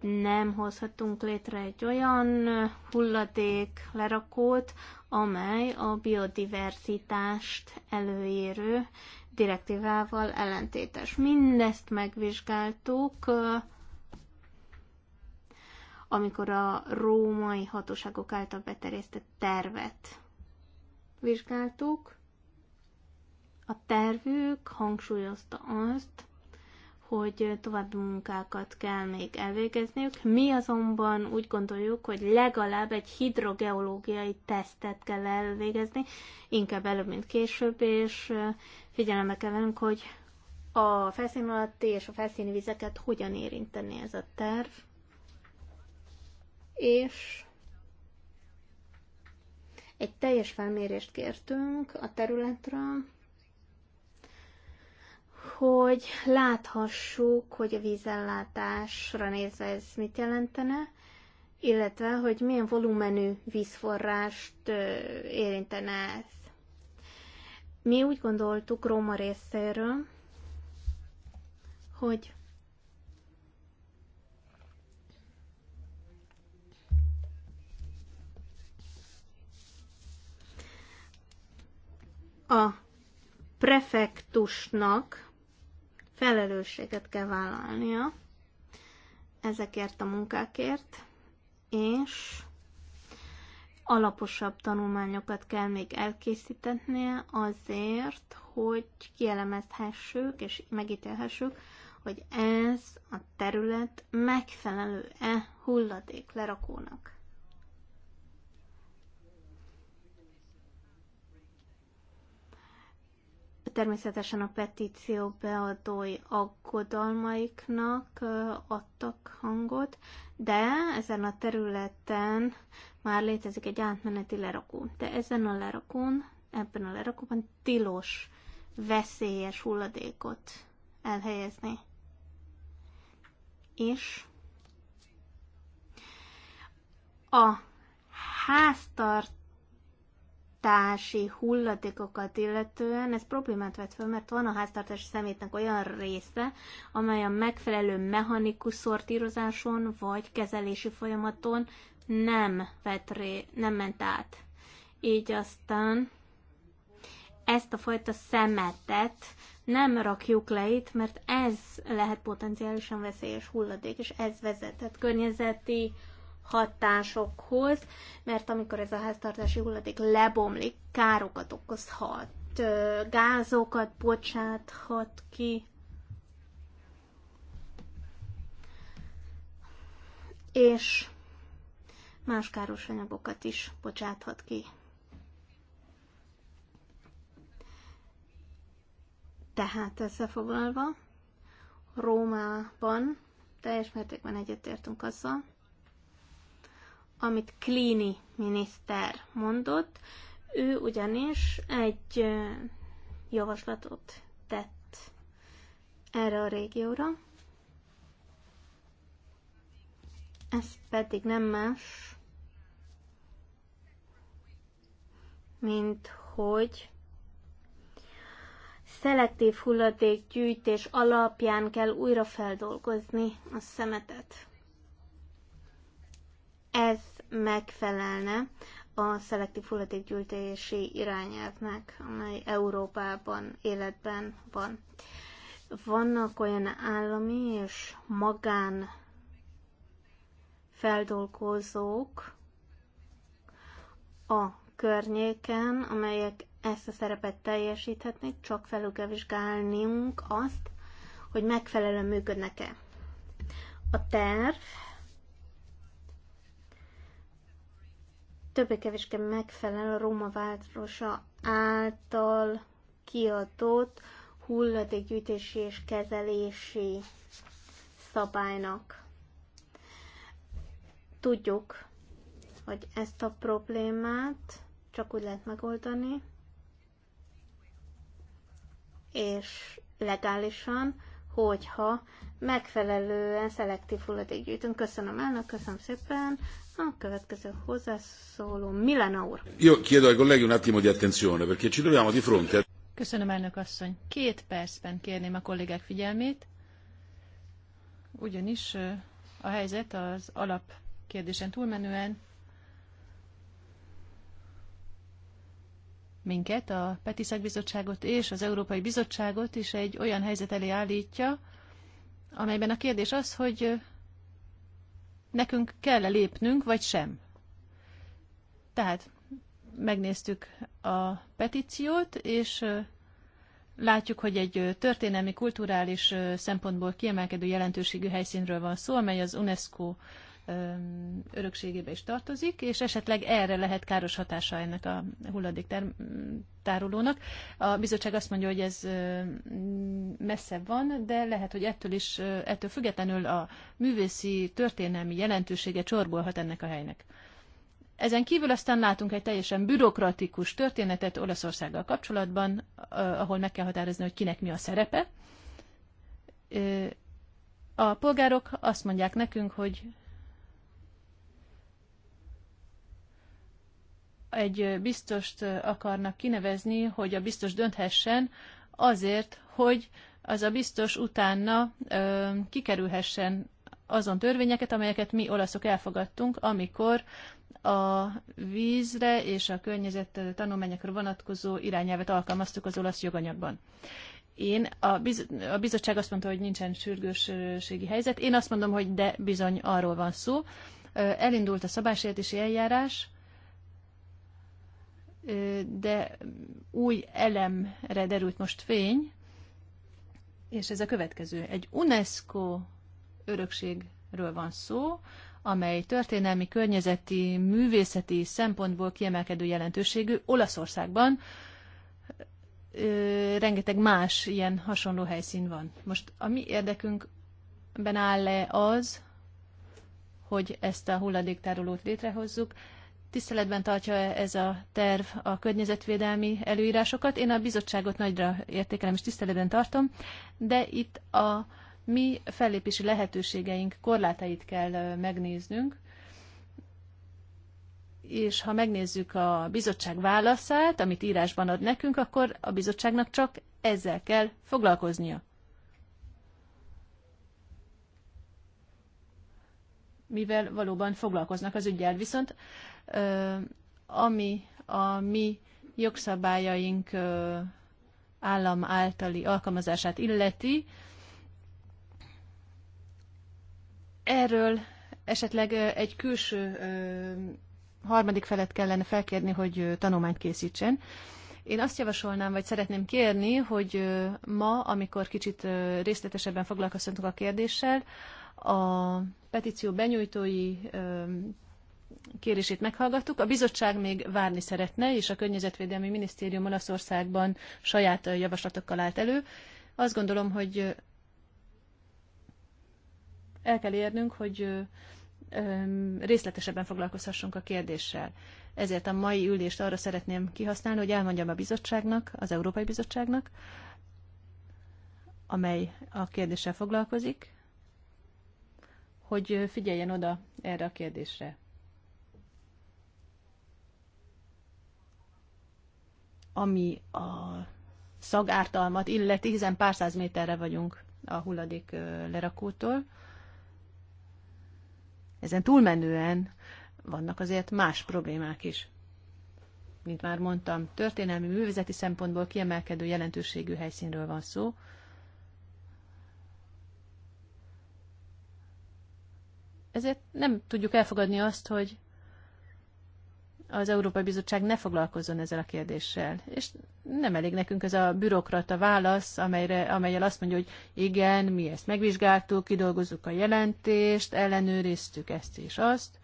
nem hozhatunk létre egy olyan hulladék lerakót, amely a biodiverzitást előírő direktívával ellentétes. Mindezt megvizsgáltuk, amikor a római hatóságok által beterjesztett tervet vizsgáltuk. A tervük hangsúlyozta azt, hogy további munkákat kell még elvégezniük. Mi azonban úgy gondoljuk, hogy legalább egy hidrogeológiai tesztet kell elvégezni, inkább előbb, mint később, és figyelembe kell vennünk, hogy a felszín alatti és a felszíni vizeket hogyan érinteni ez a terv és egy teljes felmérést kértünk a területről, hogy láthassuk, hogy a vízellátásra nézve ez mit jelentene, illetve hogy milyen volumenű vízforrást érintene ez. Mi úgy gondoltuk Róma részéről, hogy a prefektusnak felelősséget kell vállalnia ezekért a munkákért, és alaposabb tanulmányokat kell még elkészítenie azért, hogy kielemezhessük és megítélhessük, hogy ez a terület megfelelő-e hulladék lerakónak. természetesen a petíció beadói aggodalmaiknak adtak hangot, de ezen a területen már létezik egy átmeneti lerakó. De ezen a lerakón, ebben a lerakóban tilos veszélyes hulladékot elhelyezni. És a háztart háztartási hulladékokat illetően ez problémát vet fel, mert van a háztartási szemétnek olyan része, amely a megfelelő mechanikus szortírozáson vagy kezelési folyamaton nem, vett ré, nem ment át. Így aztán ezt a fajta szemetet nem rakjuk le itt, mert ez lehet potenciálisan veszélyes hulladék, és ez vezetett környezeti hatásokhoz, mert amikor ez a háztartási hulladék lebomlik, károkat okozhat, gázokat bocsáthat ki, és más káros anyagokat is bocsáthat ki. Tehát összefoglalva, Rómában teljes mértékben egyetértünk azzal, amit Klini miniszter mondott. Ő ugyanis egy javaslatot tett erre a régióra. Ez pedig nem más, mint hogy szelektív hulladékgyűjtés alapján kell újra feldolgozni a szemetet ez megfelelne a szelektív hulladékgyűjtési irányelvnek, amely Európában életben van. Vannak olyan állami és magán feldolgozók a környéken, amelyek ezt a szerepet teljesíthetnék, csak felül kell vizsgálnunk azt, hogy megfelelően működnek-e. A terv többé-kevésbé megfelel a Róma városa által kiadott hulladékgyűjtési és kezelési szabálynak. Tudjuk, hogy ezt a problémát csak úgy lehet megoldani, és legálisan, hogyha megfelelően szelektív hulladék gyűjtünk. Köszönöm elnök, köszönöm szépen. A következő hozzászóló Milena úr. Io chiedo ai colleghi un attimo di attenzione, perché ci troviamo di fronte. Köszönöm, elnök asszony. Két percben kérném a kollégák figyelmét, ugyanis a helyzet az alap kérdésen túlmenően minket, a Peti Bizottságot és az Európai Bizottságot is egy olyan helyzet elé állítja, amelyben a kérdés az, hogy nekünk kell -e lépnünk, vagy sem. Tehát megnéztük a petíciót, és látjuk, hogy egy történelmi, kulturális szempontból kiemelkedő jelentőségű helyszínről van szó, amely az UNESCO örökségébe is tartozik, és esetleg erre lehet káros hatása ennek a hulladék tárolónak. A bizottság azt mondja, hogy ez messze van, de lehet, hogy ettől is, ettől függetlenül a művészi történelmi jelentősége csorbolhat ennek a helynek. Ezen kívül aztán látunk egy teljesen bürokratikus történetet Olaszországgal kapcsolatban, ahol meg kell határozni, hogy kinek mi a szerepe. A polgárok azt mondják nekünk, hogy egy biztost akarnak kinevezni, hogy a biztos dönthessen azért, hogy az a biztos utána ö, kikerülhessen azon törvényeket, amelyeket mi olaszok elfogadtunk, amikor a vízre és a környezet tanulmányokra vonatkozó irányelvet alkalmaztuk az olasz joganyagban. Én, a, biz, a bizottság azt mondta, hogy nincsen sürgősségi helyzet, én azt mondom, hogy de bizony arról van szó. Elindult a szabásértési eljárás, de új elemre derült most fény, és ez a következő. Egy UNESCO örökségről van szó, amely történelmi, környezeti, művészeti szempontból kiemelkedő jelentőségű Olaszországban. Ö, rengeteg más ilyen hasonló helyszín van. Most a mi érdekünkben áll le az, hogy ezt a hulladéktárolót létrehozzuk, tiszteletben tartja -e ez a terv a környezetvédelmi előírásokat. Én a bizottságot nagyra értékelem és tiszteletben tartom, de itt a mi fellépési lehetőségeink korlátait kell megnéznünk, és ha megnézzük a bizottság válaszát, amit írásban ad nekünk, akkor a bizottságnak csak ezzel kell foglalkoznia. mivel valóban foglalkoznak az ügyel. Viszont ami a mi jogszabályaink állam általi alkalmazását illeti, erről esetleg egy külső harmadik felet kellene felkérni, hogy tanulmányt készítsen. Én azt javasolnám, vagy szeretném kérni, hogy ma, amikor kicsit részletesebben foglalkoztunk a kérdéssel, a petíció benyújtói kérését meghallgattuk. A bizottság még várni szeretne, és a Környezetvédelmi Minisztérium Olaszországban saját javaslatokkal állt elő. Azt gondolom, hogy el kell érnünk, hogy részletesebben foglalkozhassunk a kérdéssel. Ezért a mai ülést arra szeretném kihasználni, hogy elmondjam a bizottságnak, az Európai Bizottságnak, amely a kérdéssel foglalkozik, hogy figyeljen oda erre a kérdésre. Ami a szagártalmat illeti, hiszen pár száz méterre vagyunk a hulladék lerakótól. Ezen túlmenően vannak azért más problémák is. Mint már mondtam, történelmi művészeti szempontból kiemelkedő jelentőségű helyszínről van szó, Ezért nem tudjuk elfogadni azt, hogy az Európai Bizottság ne foglalkozzon ezzel a kérdéssel. És nem elég nekünk ez a bürokrata válasz, amelyre, amelyel azt mondja, hogy igen, mi ezt megvizsgáltuk, kidolgozzuk a jelentést, ellenőriztük ezt és azt.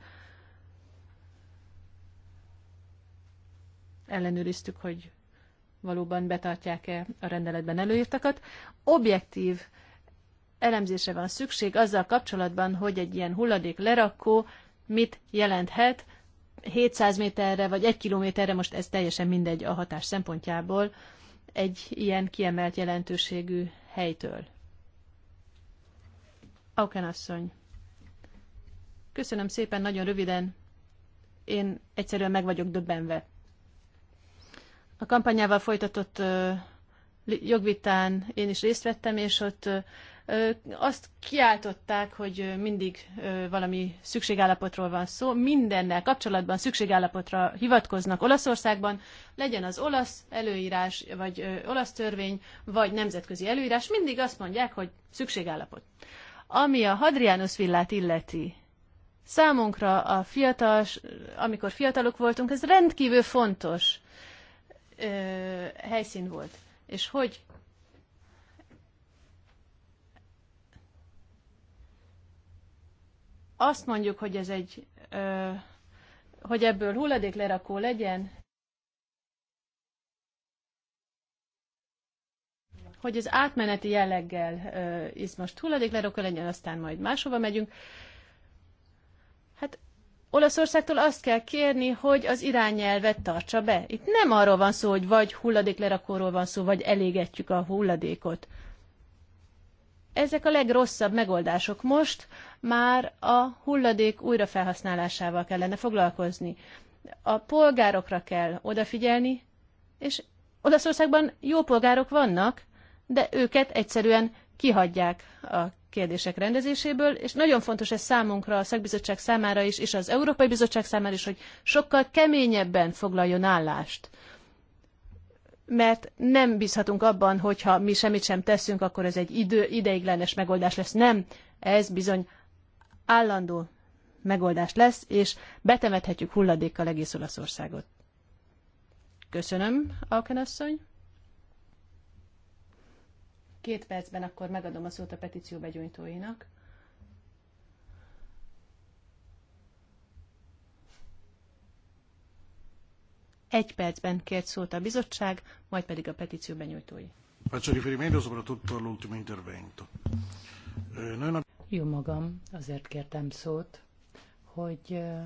Ellenőriztük, hogy valóban betartják-e a rendeletben előírtakat. Objektív elemzésre van szükség azzal kapcsolatban, hogy egy ilyen hulladék lerakó mit jelenthet 700 méterre vagy 1 kilométerre, most ez teljesen mindegy a hatás szempontjából, egy ilyen kiemelt jelentőségű helytől. Auken asszony. Köszönöm szépen, nagyon röviden. Én egyszerűen meg vagyok döbbenve. A kampányával folytatott jogvitán én is részt vettem, és ott azt kiáltották, hogy mindig valami szükségállapotról van szó, mindennel kapcsolatban szükségállapotra hivatkoznak Olaszországban, legyen az olasz előírás, vagy olasz törvény, vagy nemzetközi előírás, mindig azt mondják, hogy szükségállapot. Ami a Hadrianus villát illeti, számunkra a fiatal, amikor fiatalok voltunk, ez rendkívül fontos helyszín volt. És hogy azt mondjuk, hogy ez egy, ö, hogy ebből hulladéklerakó legyen, hogy ez átmeneti jelleggel ö, is most hulladéklerakó legyen, aztán majd máshova megyünk. Hát Olaszországtól azt kell kérni, hogy az irányelvet tartsa be. Itt nem arról van szó, hogy vagy hulladéklerakóról van szó, vagy elégetjük a hulladékot. Ezek a legrosszabb megoldások most, már a hulladék újrafelhasználásával kellene foglalkozni. A polgárokra kell odafigyelni, és Olaszországban jó polgárok vannak, de őket egyszerűen kihagyják a kérdések rendezéséből, és nagyon fontos ez számunkra, a szakbizottság számára is, és az Európai Bizottság számára is, hogy sokkal keményebben foglaljon állást mert nem bízhatunk abban, hogyha mi semmit sem teszünk, akkor ez egy idő, ideiglenes megoldás lesz. Nem, ez bizony állandó megoldás lesz, és betemethetjük hulladékkal egész Olaszországot. Köszönöm, Alkenasszony. Két percben akkor megadom a szót a petíció begyújtóinak. Egy percben kért szót a bizottság, majd pedig a petíció benyújtói. Eh, Jó magam, azért kértem szót, hogy eh,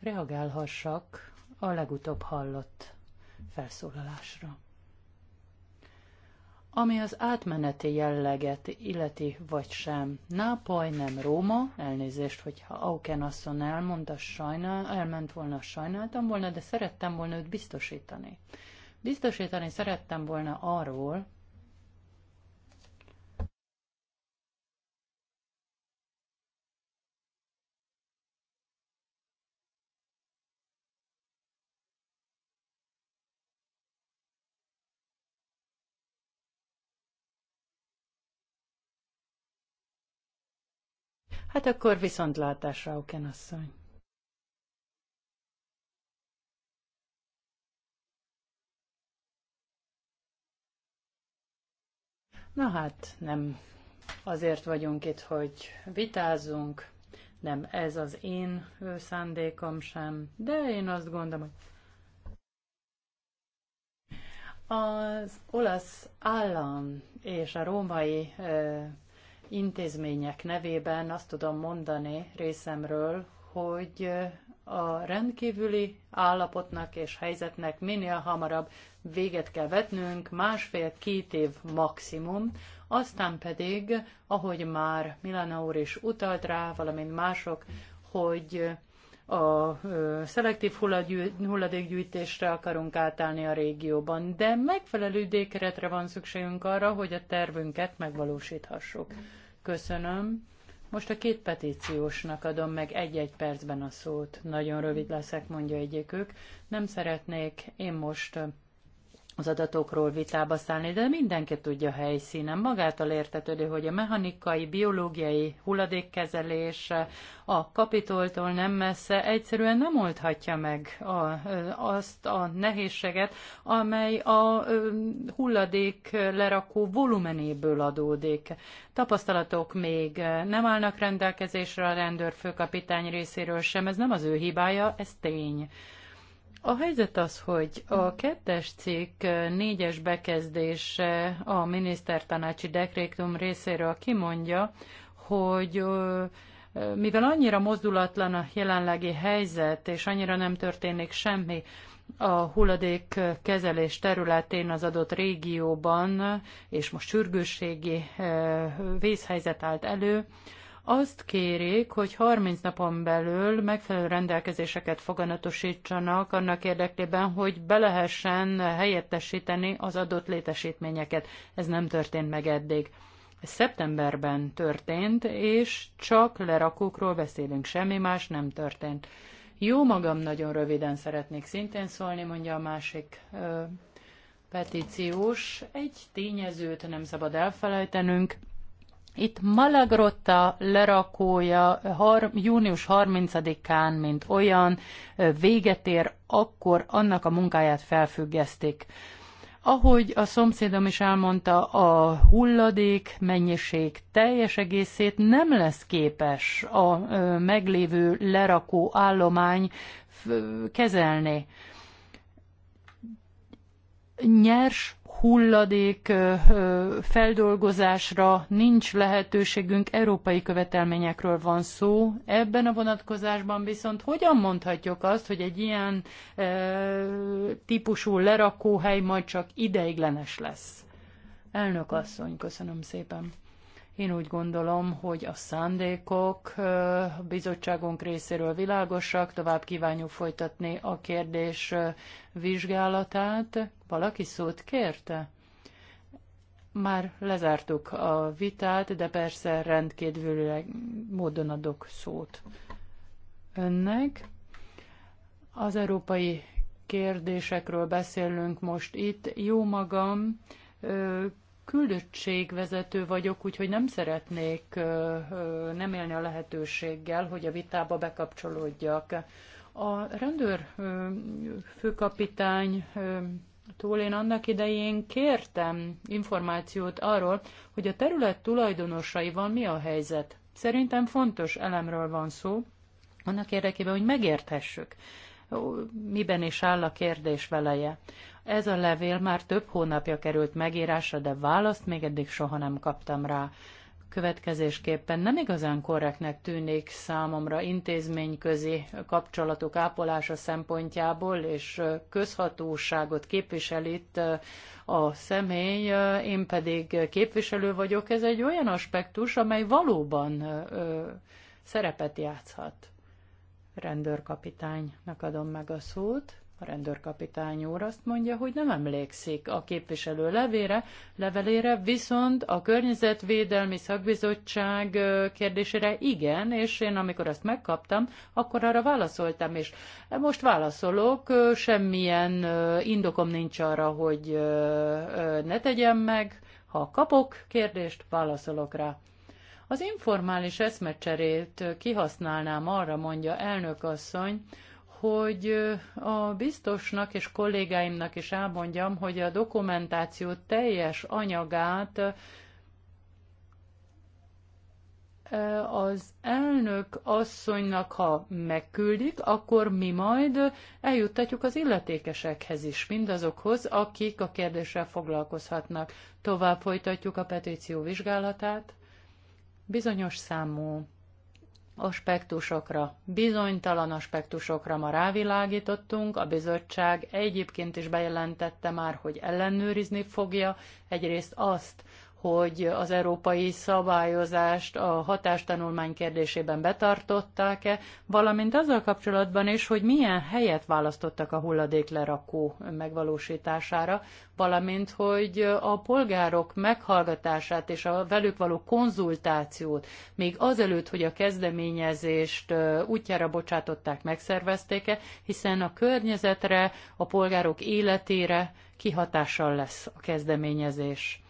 reagálhassak a legutóbb hallott felszólalásra ami az átmeneti jelleget illeti vagy sem. Nápoly nem Róma, elnézést, hogyha Auken asszon elmondta, sajnál, elment volna, sajnáltam volna, de szerettem volna őt biztosítani. Biztosítani szerettem volna arról, Hát akkor viszontlátásra, Oken asszony. Na hát, nem azért vagyunk itt, hogy vitázzunk, nem ez az én szándékom sem, de én azt gondolom, hogy az olasz állam és a római intézmények nevében azt tudom mondani részemről, hogy a rendkívüli állapotnak és helyzetnek minél hamarabb véget kell vetnünk, másfél-két év maximum, aztán pedig, ahogy már Milana úr is utalt rá, valamint mások, hogy a szelektív hulladékgyűjtésre akarunk átállni a régióban, de megfelelő dékeretre van szükségünk arra, hogy a tervünket megvalósíthassuk. Köszönöm. Most a két petíciósnak adom meg egy-egy percben a szót. Nagyon rövid leszek, mondja egyikük. Nem szeretnék én most az adatokról vitába szállni, de mindenki tudja helyszínen. Magától értetődő, hogy a mechanikai, biológiai hulladékkezelés a kapitoltól nem messze egyszerűen nem oldhatja meg a, azt a nehézséget, amely a hulladék lerakó volumenéből adódik. Tapasztalatok még nem állnak rendelkezésre a rendőrfőkapitány részéről sem, ez nem az ő hibája, ez tény. A helyzet az, hogy a kettes cikk eh, négyes bekezdése a minisztertanácsi dekrétum részéről kimondja, hogy mivel annyira mozdulatlan a jelenlegi helyzet, és annyira nem történik semmi a hulladék kezelés területén az adott régióban, és most sürgősségi eh, vészhelyzet állt elő, azt kérik, hogy 30 napon belül megfelelő rendelkezéseket foganatosítsanak annak érdekében, hogy belehessen helyettesíteni az adott létesítményeket. Ez nem történt meg eddig. Ez szeptemberben történt, és csak lerakókról beszélünk, semmi más nem történt. Jó magam, nagyon röviden szeretnék szintén szólni, mondja a másik ö, petíciós. Egy tényezőt nem szabad elfelejtenünk, itt Malagrotta lerakója június 30-án, mint olyan véget ér, akkor annak a munkáját felfüggesztik. Ahogy a szomszédom is elmondta, a hulladék mennyiség teljes egészét nem lesz képes a meglévő lerakó állomány kezelni. Nyers hulladék feldolgozásra nincs lehetőségünk, európai követelményekről van szó. Ebben a vonatkozásban viszont hogyan mondhatjuk azt, hogy egy ilyen típusú lerakóhely majd csak ideiglenes lesz? Elnök asszony, köszönöm szépen. Én úgy gondolom, hogy a szándékok a bizottságunk részéről világosak, tovább kívánjuk folytatni a kérdés vizsgálatát. Valaki szót kérte? Már lezártuk a vitát, de persze rendkívül módon adok szót önnek. Az európai kérdésekről beszélünk most itt. Jó magam, küldöttségvezető vagyok, úgyhogy nem szeretnék nem élni a lehetőséggel, hogy a vitába bekapcsolódjak. A rendőr főkapitány túl én annak idején kértem információt arról, hogy a terület tulajdonosaival mi a helyzet. Szerintem fontos elemről van szó, annak érdekében, hogy megérthessük miben is áll a kérdés veleje. Ez a levél már több hónapja került megírásra, de választ még eddig soha nem kaptam rá. Következésképpen nem igazán korrektnek tűnik számomra intézményközi kapcsolatok ápolása szempontjából, és közhatóságot képvisel itt a személy, én pedig képviselő vagyok. Ez egy olyan aspektus, amely valóban szerepet játszhat rendőrkapitánynak adom meg a szót. A rendőrkapitány úr azt mondja, hogy nem emlékszik a képviselő levére, levelére, viszont a környezetvédelmi szakbizottság kérdésére igen, és én amikor azt megkaptam, akkor arra válaszoltam, és most válaszolok, semmilyen indokom nincs arra, hogy ne tegyem meg, ha kapok kérdést, válaszolok rá. Az informális eszmecserét kihasználnám arra, mondja elnök asszony, hogy a biztosnak és kollégáimnak is elmondjam, hogy a dokumentáció teljes anyagát az elnök asszonynak, ha megküldik, akkor mi majd eljuttatjuk az illetékesekhez is, mindazokhoz, akik a kérdéssel foglalkozhatnak. Tovább folytatjuk a petíció vizsgálatát bizonyos számú aspektusokra, bizonytalan aspektusokra ma rávilágítottunk, a bizottság egyébként is bejelentette már, hogy ellenőrizni fogja egyrészt azt, hogy az európai szabályozást a hatástanulmány kérdésében betartották-e, valamint azzal kapcsolatban is, hogy milyen helyet választottak a hulladéklerakó megvalósítására, valamint hogy a polgárok meghallgatását és a velük való konzultációt még azelőtt, hogy a kezdeményezést útjára bocsátották, megszervezték-e, hiszen a környezetre, a polgárok életére kihatással lesz a kezdeményezés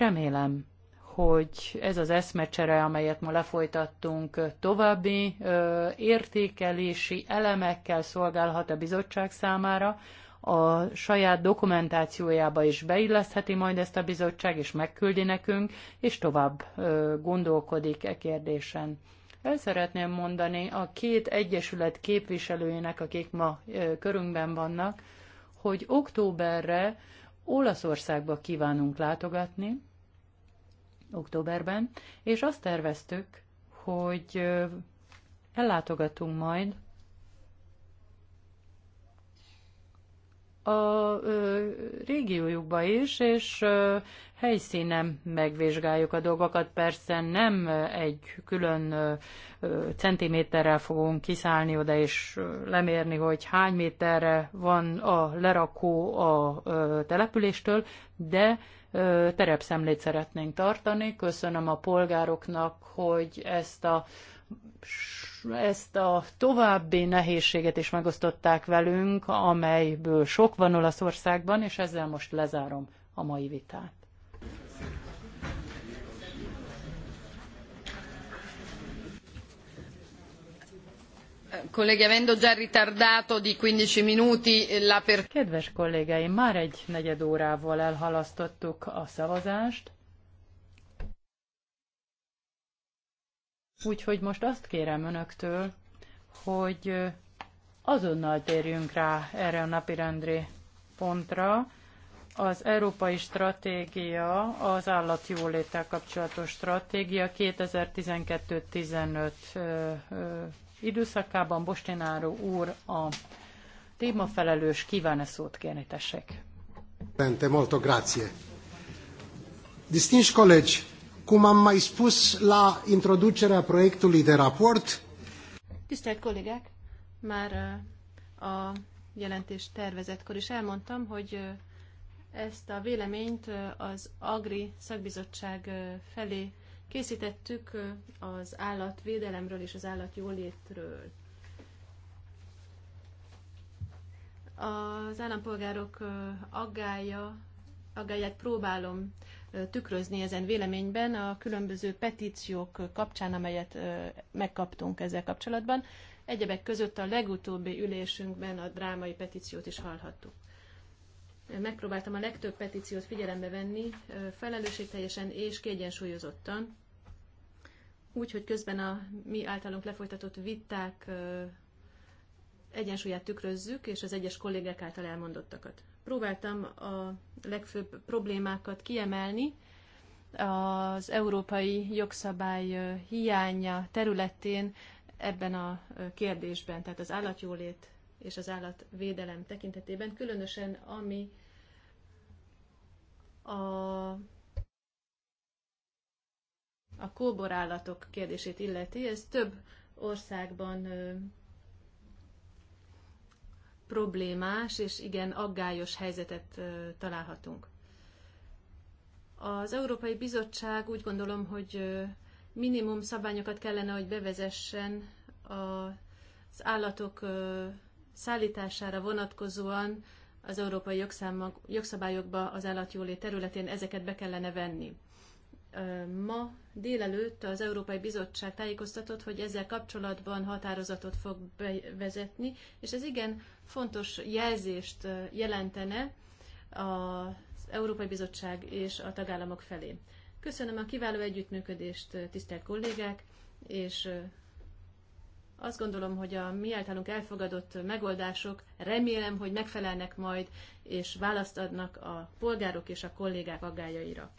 Remélem, hogy ez az eszmecsere, amelyet ma lefolytattunk, további ö, értékelési elemekkel szolgálhat a bizottság számára, a saját dokumentációjába is beillesztheti majd ezt a bizottság, és megküldi nekünk, és tovább ö, gondolkodik e kérdésen. El szeretném mondani a két egyesület képviselőjének, akik ma ö, körünkben vannak, hogy októberre Olaszországba kívánunk látogatni, októberben, és azt terveztük, hogy ellátogatunk majd a régiójukba is, és helyszínen megvizsgáljuk a dolgokat. Persze nem egy külön centiméterrel fogunk kiszállni oda és lemérni, hogy hány méterre van a lerakó a településtől, de terepszemlét szeretnénk tartani. Köszönöm a polgároknak, hogy ezt a ezt a további nehézséget is megosztották velünk, amelyből sok van Olaszországban, és ezzel most lezárom a mai vitát. Colleghi, avendo già ritardato di 15 minuti eh, la per... Kedves kollégáim, már egy negyed órával elhalasztottuk a szavazást. Úgyhogy most azt kérem önöktől, hogy azonnal térjünk rá erre a napirendi pontra. Az Európai Stratégia, az állatjóléttel kapcsolatos stratégia 2012-15 időszakában. Bostináró úr, a témafelelős kíván-e szót kérni, tessék. Bente, molto grazie. Distinși colegi, cum am mai spus la introducerea proiectului de raport, Tisztelt kollégák, már eh, a jelentés tervezetkor is elmondtam, hogy eh, ezt a véleményt eh, az Agri szakbizottság felé Készítettük az állatvédelemről és az állatjólétről. Az állampolgárok aggája, aggáját próbálom tükrözni ezen véleményben a különböző petíciók kapcsán, amelyet megkaptunk ezzel kapcsolatban. Egyebek között a legutóbbi ülésünkben a drámai petíciót is hallhattuk megpróbáltam a legtöbb petíciót figyelembe venni, felelősségteljesen és kiegyensúlyozottan, úgy, hogy közben a mi általunk lefolytatott viták egyensúlyát tükrözzük, és az egyes kollégák által elmondottakat. Próbáltam a legfőbb problémákat kiemelni, az európai jogszabály hiánya területén ebben a kérdésben, tehát az állatjólét és az állatvédelem tekintetében, különösen ami a, a kóborállatok kérdését illeti, ez több országban ö, problémás és igen aggályos helyzetet ö, találhatunk. Az Európai Bizottság úgy gondolom, hogy ö, minimum szabványokat kellene, hogy bevezessen a, az állatok ö, szállítására vonatkozóan az európai jogszabályokba az állatjólé területén ezeket be kellene venni. Ma délelőtt az Európai Bizottság tájékoztatott, hogy ezzel kapcsolatban határozatot fog bevezetni, és ez igen fontos jelzést jelentene az Európai Bizottság és a tagállamok felé. Köszönöm a kiváló együttműködést, tisztelt kollégák, és azt gondolom, hogy a mi általunk elfogadott megoldások remélem, hogy megfelelnek majd, és választ adnak a polgárok és a kollégák aggájaira.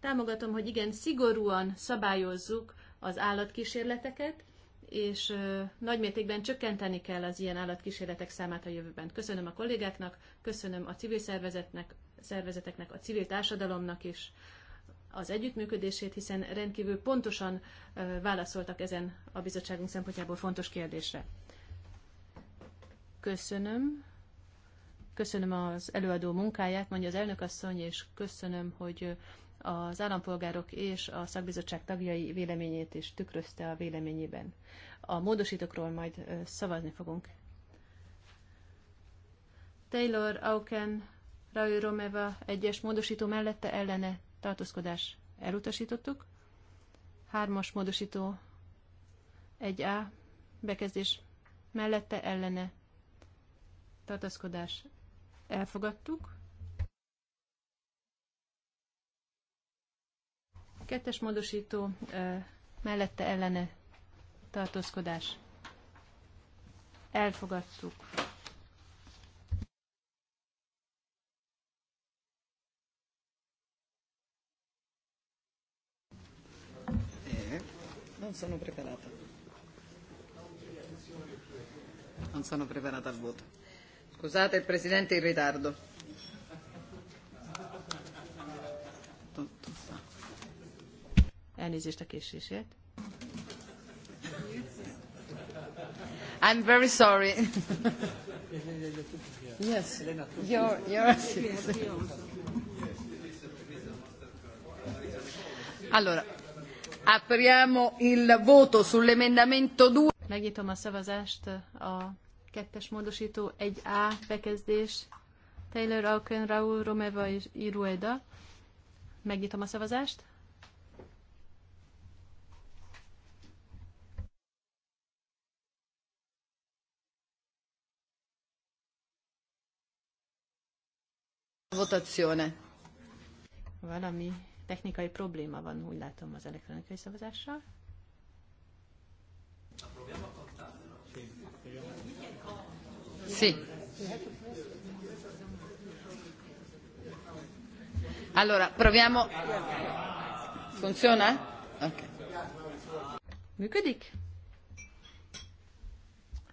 Támogatom, hogy igen, szigorúan szabályozzuk az állatkísérleteket, és nagymértékben csökkenteni kell az ilyen állatkísérletek számát a jövőben. Köszönöm a kollégáknak, köszönöm a civil szervezetnek, szervezeteknek, a civil társadalomnak is, az együttműködését, hiszen rendkívül pontosan válaszoltak ezen a bizottságunk szempontjából fontos kérdésre. Köszönöm. Köszönöm az előadó munkáját, mondja az elnök asszony, és köszönöm, hogy az állampolgárok és a szakbizottság tagjai véleményét is tükrözte a véleményében. A módosítokról majd szavazni fogunk. Taylor, Auken, Raúl Romeva egyes módosító mellette ellene tartózkodás elutasítottuk. Hármas módosító 1A bekezdés mellette ellene tartózkodás elfogadtuk. Kettes módosító mellette ellene tartózkodás elfogadtuk. non sono preparata. Non sono preparata al voto. Scusate il Presidente in ritardo. Elnézést a késésért. I'm very sorry. yes, your, your you're... Allora, Apriamo il voto sull'emendamento 2. Megnyitom a szavazást a kettes módosító 1A bekezdés Taylor Auken, Raúl Romeva és Irueda. Megnyitom a szavazást. Votazione. Valami technikai probléma van, úgy látom, az elektronikai szavazással. Sí. Allora, proviamo. Funziona? Okay. Működik?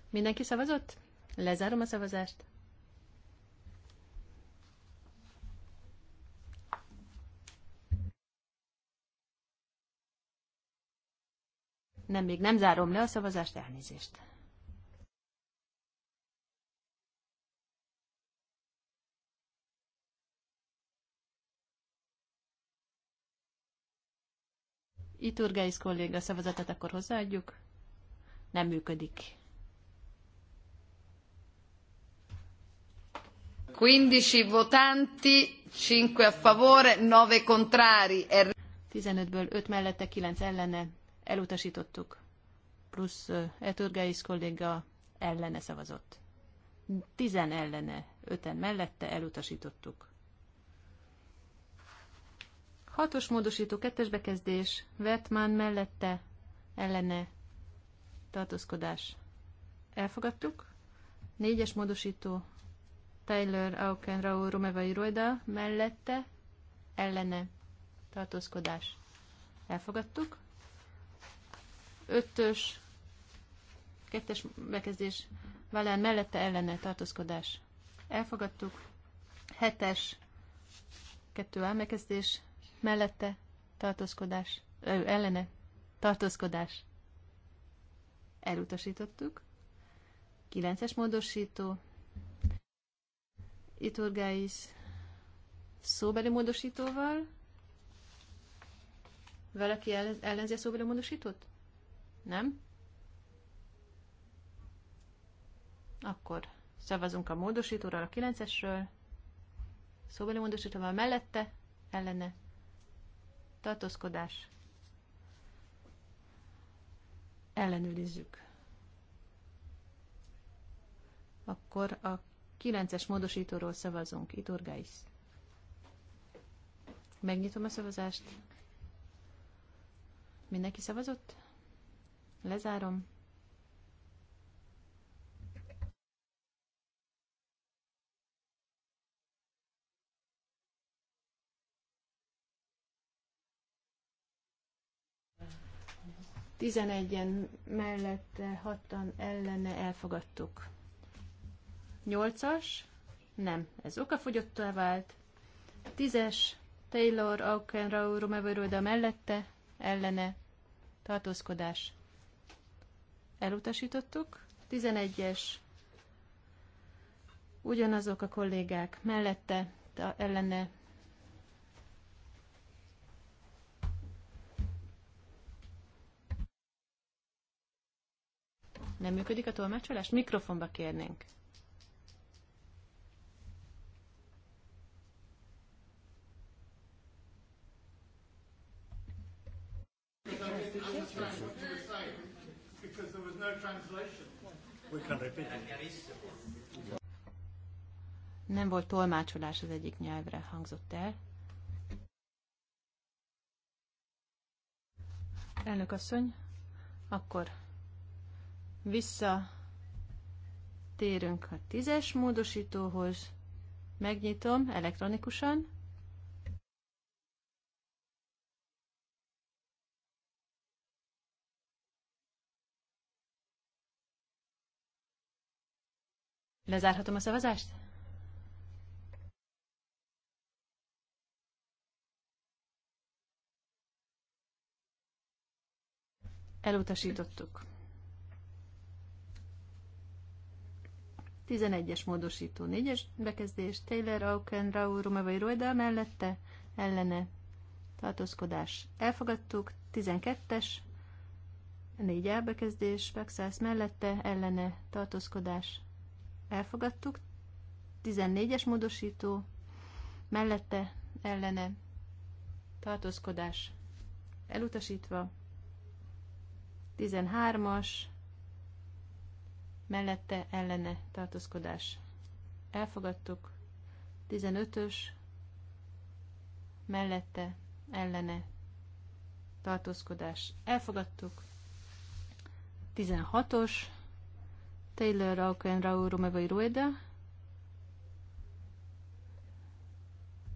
Mindenki szavazott? Lezárom a szavazást. Nem, még nem zárom le a szavazást, elnézést. Iturgeis kolléga szavazatát akkor hozzáadjuk. Nem működik. Quindici votanti, 5 a favore, 9 contrari. 15-ből er- 5 mellette, 9 ellene elutasítottuk, plusz Eturgeis kolléga ellene szavazott. Tizen ellene, öten mellette elutasítottuk. Hatos módosító kettes bekezdés, Vertman mellette, ellene, tartózkodás. Elfogadtuk. Négyes módosító, Taylor, Auken, Raúl, Romeva, Iroida, mellette, ellene, tartózkodás. Elfogadtuk. Ötös, kettes bekezdés, vállán mellette ellene tartózkodás. Elfogadtuk. Hetes, kettő elmekezdés, mellette tartózkodás, ö, ellene tartózkodás. Elutasítottuk. Kilences módosító. Iturgáis szóbeli módosítóval. Valaki ellenzi a szóbeli módosítót? Nem? Akkor szavazunk a módosítóról, a 9-esről. Szóbeli van mellette, ellene. Tartózkodás. Ellenőrizzük. Akkor a 9-es módosítóról szavazunk. Iturgáis. Megnyitom a szavazást. Mindenki szavazott? Lezárom. Tizenegyen mellette, hatan ellene elfogadtuk. Nyolcas? Nem, ez okafogyottá vált. Tízes, Taylor, Aukenrau, Romevöröda mellette, ellene, tartózkodás, elutasítottuk. 11-es ugyanazok a kollégák mellette, ellene Nem működik a tolmácsolás? Mikrofonba kérnénk. Nem volt tolmácsolás az egyik nyelvre, hangzott el. Elnök asszony, akkor vissza térünk a tízes módosítóhoz. Megnyitom elektronikusan. Lezárhatom a szavazást? Elutasítottuk. 11-es módosító, 4-es bekezdés, Taylor, Auken, Raúl, Rau, vagy Rojda mellette, ellene, tartózkodás. Elfogadtuk, 12-es, 4 elbekezdés, Vexász mellette, ellene, tartózkodás elfogadtuk. 14-es módosító mellette ellene tartózkodás elutasítva. 13-as mellette ellene tartózkodás elfogadtuk. 15-ös mellette ellene tartózkodás elfogadtuk. 16-os Taylor Auken Raúl Romeva Rueda.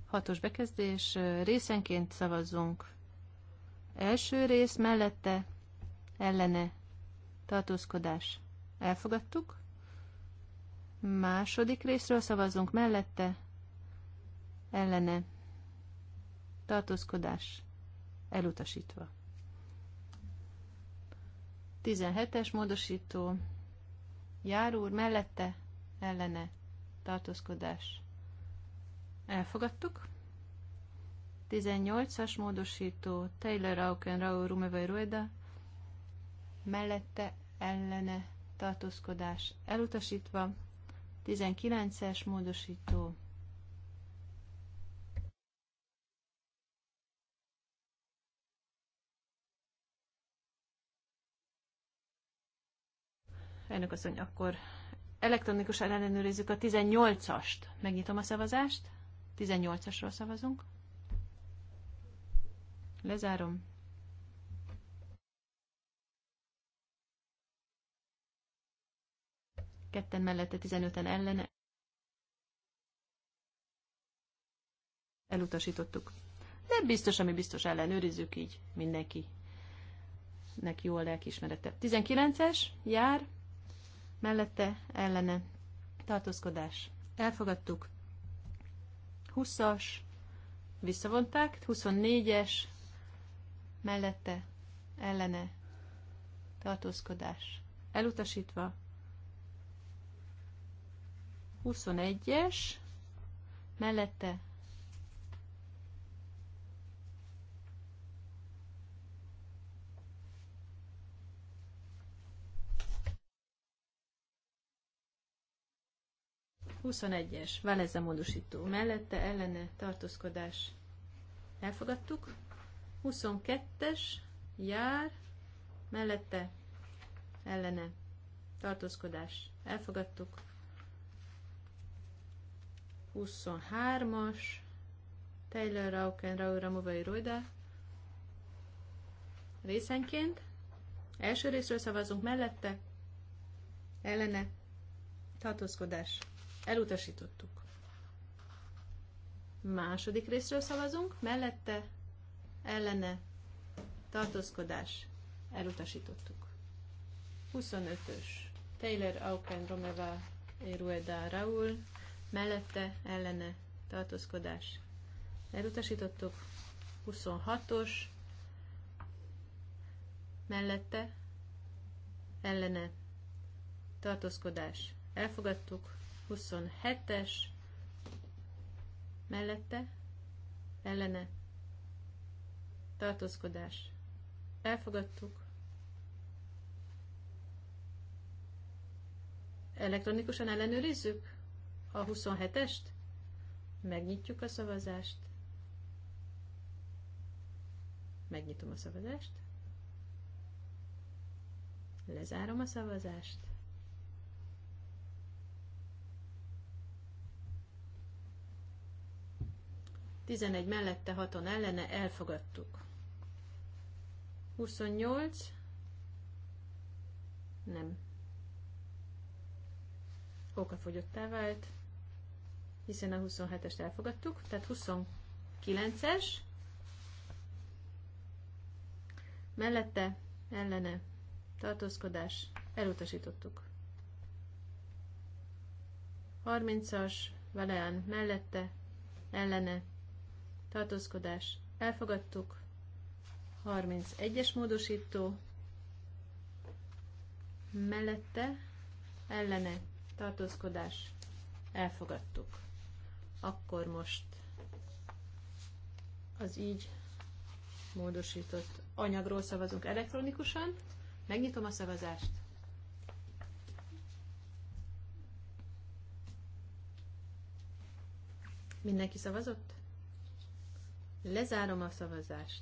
Hatos bekezdés, részenként szavazzunk. Első rész mellette ellene tartózkodás. Elfogadtuk. Második részről szavazzunk mellette ellene tartózkodás elutasítva. 17-es módosító Jár úr mellette, ellene, tartózkodás. Elfogadtuk. 18-as módosító Taylor Auken Raúl Rumevai Rueda mellette ellene tartózkodás elutasítva. 19-es módosító Elnök asszony, akkor elektronikusan ellenőrizzük a 18-ast. Megnyitom a szavazást. 18-asról szavazunk. Lezárom. Ketten mellette 15-en ellene. Elutasítottuk. De biztos, ami biztos ellenőrizzük, így mindenki nek jó a lelkiismerete. 19-es, jár, mellette ellene tartózkodás. Elfogadtuk. 20-as, visszavonták, 24-es, mellette ellene tartózkodás. Elutasítva. 21-es, mellette 21-es Valeza módosító mellette ellene tartózkodás elfogadtuk. 22-es jár mellette ellene tartózkodás elfogadtuk. 23-as Taylor Rauken Raura Movai Roida részenként. Első részről szavazunk mellette, ellene, tartózkodás Elutasítottuk. Második részről szavazunk, mellette, ellene, tartózkodás, elutasítottuk. 25-ös. Taylor Auken Romeva Rueda Raúl, mellette, ellene, tartózkodás, elutasítottuk. 26-os, mellette, ellene, tartózkodás, elfogadtuk. 27-es mellette ellene tartózkodás. Elfogadtuk. Elektronikusan ellenőrizzük a 27-est. Megnyitjuk a szavazást. Megnyitom a szavazást. Lezárom a szavazást. 11 mellette, 6-on ellene elfogadtuk. 28. Nem. Okafogyottá vált, hiszen a 27-est elfogadtuk, tehát 29-es. Mellette, ellene, tartózkodás, elutasítottuk. 30-as, velean mellette, ellene, tartózkodás, elfogadtuk. 31-es módosító, mellette, ellene, tartózkodás, elfogadtuk. Akkor most az így módosított anyagról szavazunk elektronikusan. Megnyitom a szavazást. Mindenki szavazott? Lezárom a szavazást.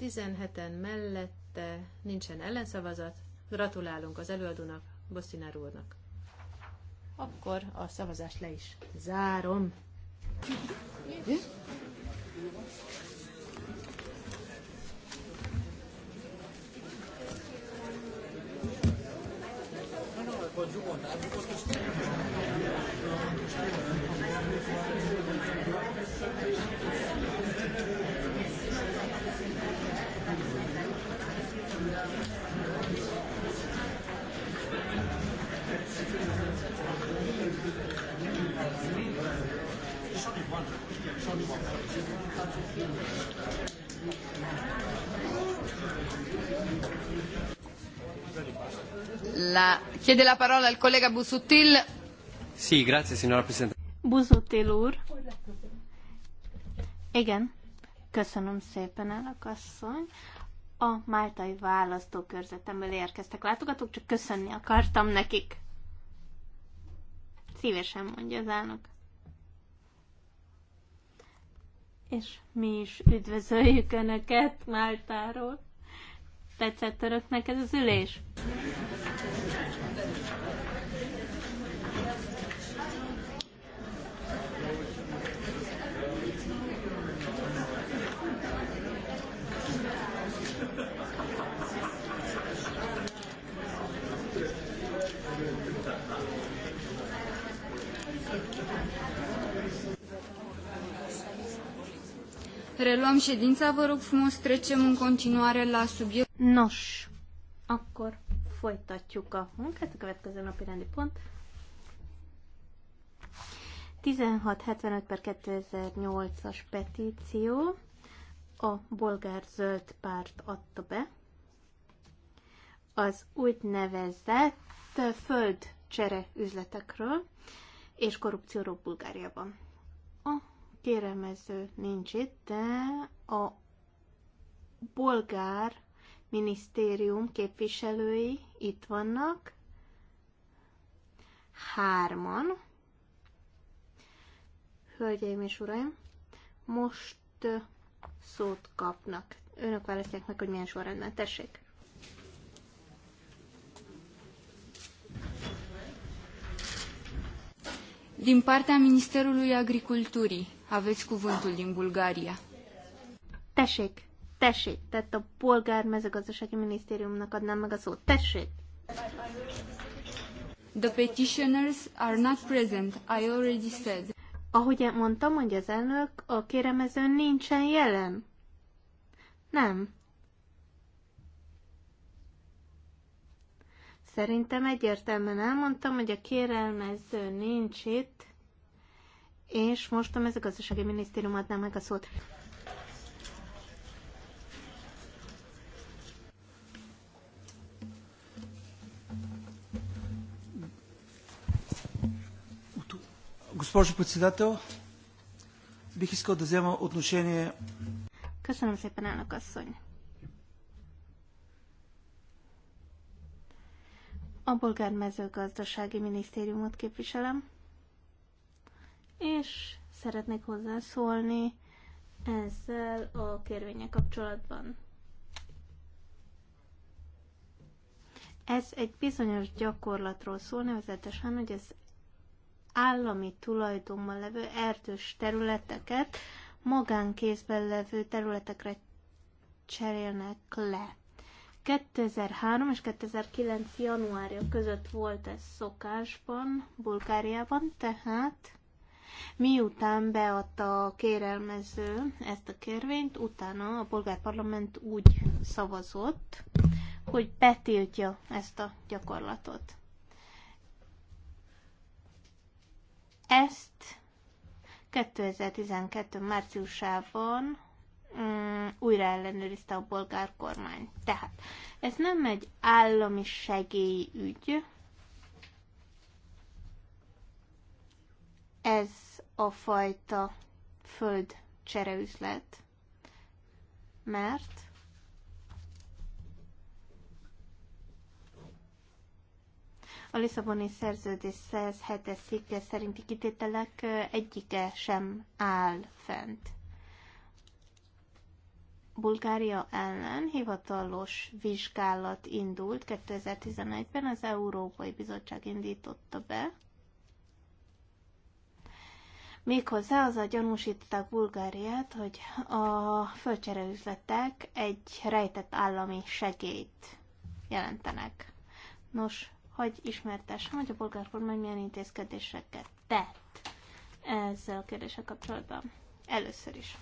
17-en mellette nincsen ellenszavazat. Gratulálunk az előadónak, Bosszinár úrnak. Akkor a szavazást le is zárom. Hm? La... Chiede la parola il collega Busuttil. Sì, grazie signora Presidente. Busuttil úr. Igen, köszönöm szépen, elnök asszony. A máltai választókörzetemből érkeztek látogatók, csak köszönni akartam nekik. Szívesen mondja az elnök. És mi is üdvözöljük Önöket Máltáról. Tetszett Önöknek ez az ülés? Reluăm ședința, vă rog frumos, trecem în continuare la subiect. Nos, akkor folytatjuk a munkát, a következő napi rendi pont. 1675 per 2008-as petíció a bolgár zöld párt adta be az úgynevezett földcsere üzletekről és korrupcióról Bulgáriában kéremező nincs itt, de a bolgár minisztérium képviselői itt vannak, hárman. Hölgyeim és uraim, most szót kapnak. Önök választják meg, hogy milyen sorrendben. Tessék! Din partea Ministerului Agriculturii. Aveți cuvântul din Bulgaria. Tessék, tessék, tehát a polgár Mezőgazdasági Minisztériumnak adnám meg a szót. Tessék! The petitioners are not present, I already said. Ahogy mondtam, mondja az elnök, a kéremező nincsen jelen. Nem. Szerintem egyértelműen elmondtam, hogy a kérelmező nincs itt és most a mezőgazdasági minisztérium adná meg a szót. Köszönöm szépen, elnök asszony. A bolgár mezőgazdasági minisztériumot képviselem és szeretnék hozzászólni ezzel a kérvénye kapcsolatban. Ez egy bizonyos gyakorlatról szól, nevezetesen, hogy az állami tulajdonban levő erdős területeket magánkézben levő területekre cserélnek le. 2003 és 2009 januárja között volt ez szokásban Bulgáriában, tehát Miután beadta a kérelmező ezt a kérvényt, utána a polgárparlament úgy szavazott, hogy betiltja ezt a gyakorlatot. Ezt 2012. márciusában um, újra ellenőrizte a bolgár kormány. Tehát ez nem egy állami segélyügy, Ez a fajta föld csereüzlet, mert a Lisszaboni szerződés 107-es szikke szerinti kitételek egyike sem áll fent. Bulgária ellen hivatalos vizsgálat indult 2011-ben, az Európai Bizottság indította be, Méghozzá azzal gyanúsították Bulgáriát, hogy a földcsereüzletek egy rejtett állami segélyt jelentenek. Nos, hogy ismertessem, hogy a bulgár kormány milyen intézkedéseket tett ezzel a kérdéssel kapcsolatban. Először is.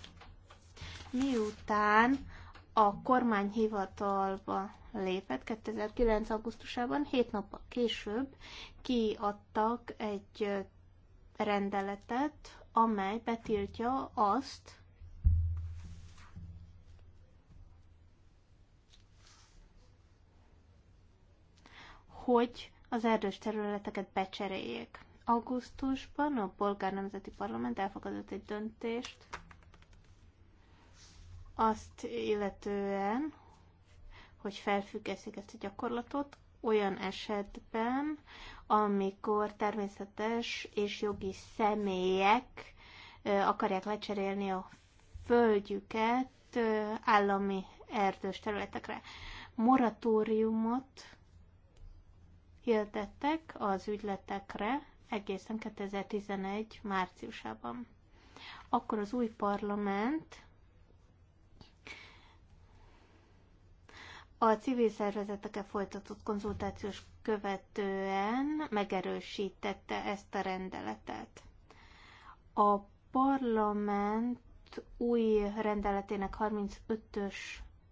Miután a kormányhivatalba lépett 2009. augusztusában, hét nappal később kiadtak egy rendeletet, amely betiltja azt, hogy az erdős területeket becseréljék. Augusztusban a Bolgár Nemzeti Parlament elfogadott egy döntést azt illetően, hogy felfüggesztik ezt a gyakorlatot, olyan esetben, amikor természetes és jogi személyek akarják lecserélni a földjüket állami erdős területekre. Moratóriumot hirdettek az ügyletekre egészen 2011 márciusában. Akkor az új parlament A civil szervezetekkel folytatott konzultációs követően megerősítette ezt a rendeletet. A parlament új rendeletének 35-ös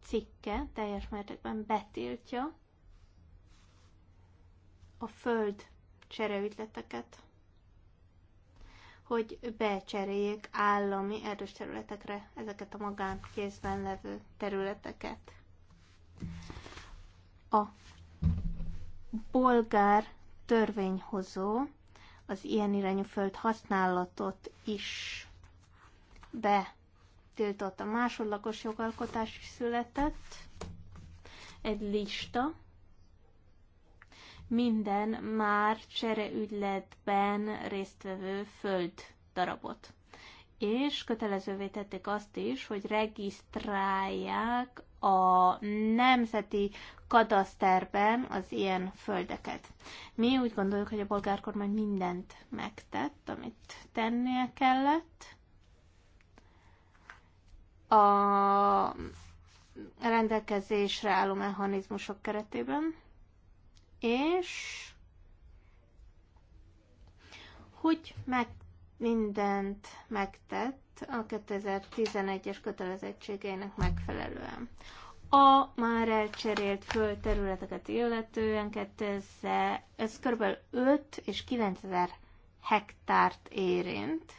cikke teljes mértékben betiltja a föld csereügyleteket, hogy becseréljék állami erős területekre ezeket a magánkézben levő területeket. A bolgár törvényhozó az ilyen irányú föld használatot is betiltott. A másodlagos jogalkotás is született, egy lista, minden már csereügyletben résztvevő föld darabot. És kötelezővé tették azt is, hogy regisztrálják a nemzeti kadaszterben az ilyen földeket. Mi úgy gondoljuk, hogy a bolgár kormány mindent megtett, amit tennie kellett. A rendelkezésre álló mechanizmusok keretében, és hogy meg mindent megtett a 2011-es kötelezettségeinek megfelelően. A már elcserélt földterületeket illetően 2000, ez kb. 5 és 9000 hektárt érint.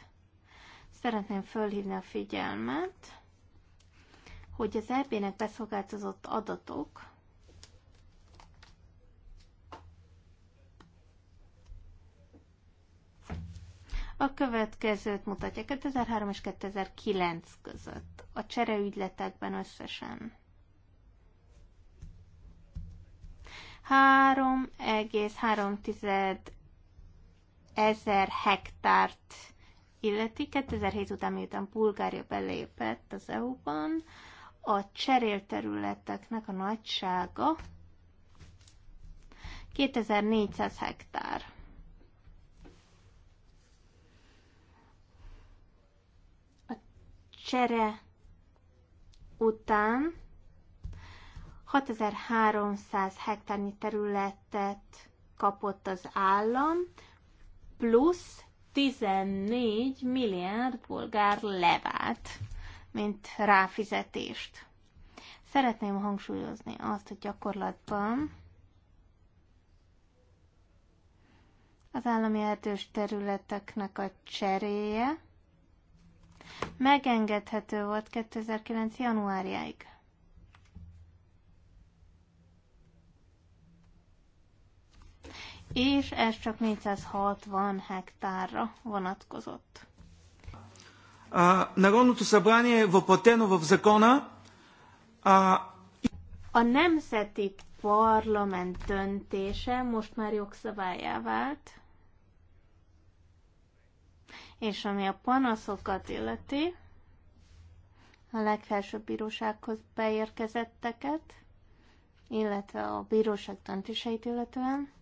Szeretném fölhívni a figyelmet, hogy az EB-nek beszolgáltatott adatok A következőt mutatja 2003 és 2009 között a csereügyletekben összesen. 3,3 ezer hektárt illeti. 2007 után, miután Bulgária belépett az EU-ban, a cserél területeknek a nagysága 2400 hektár. csere után 6300 hektárnyi területet kapott az állam, plusz 14 milliárd bolgár levált, mint ráfizetést. Szeretném hangsúlyozni azt, hogy gyakorlatban az állami erdős területeknek a cseréje megengedhető volt 2009. januárjáig. És ez csak 460 hektárra vonatkozott. А, Народното събрание е въплатено zakona. A nemzeti parlament döntése most már jogszabályá vált, és ami a panaszokat illeti, a legfelsőbb bírósághoz beérkezetteket, illetve a bíróság tantiseit illetően,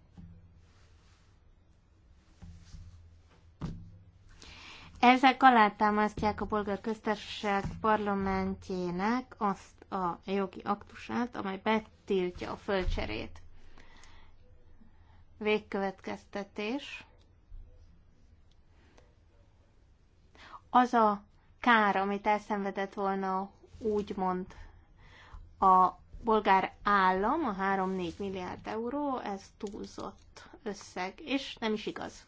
Ezek alátámasztják a bolgár köztársaság parlamentjének azt a jogi aktusát, amely betiltja a földcserét. Végkövetkeztetés. az a kár, amit elszenvedett volna úgymond a bolgár állam, a 3-4 milliárd euró, ez túlzott összeg, és nem is igaz.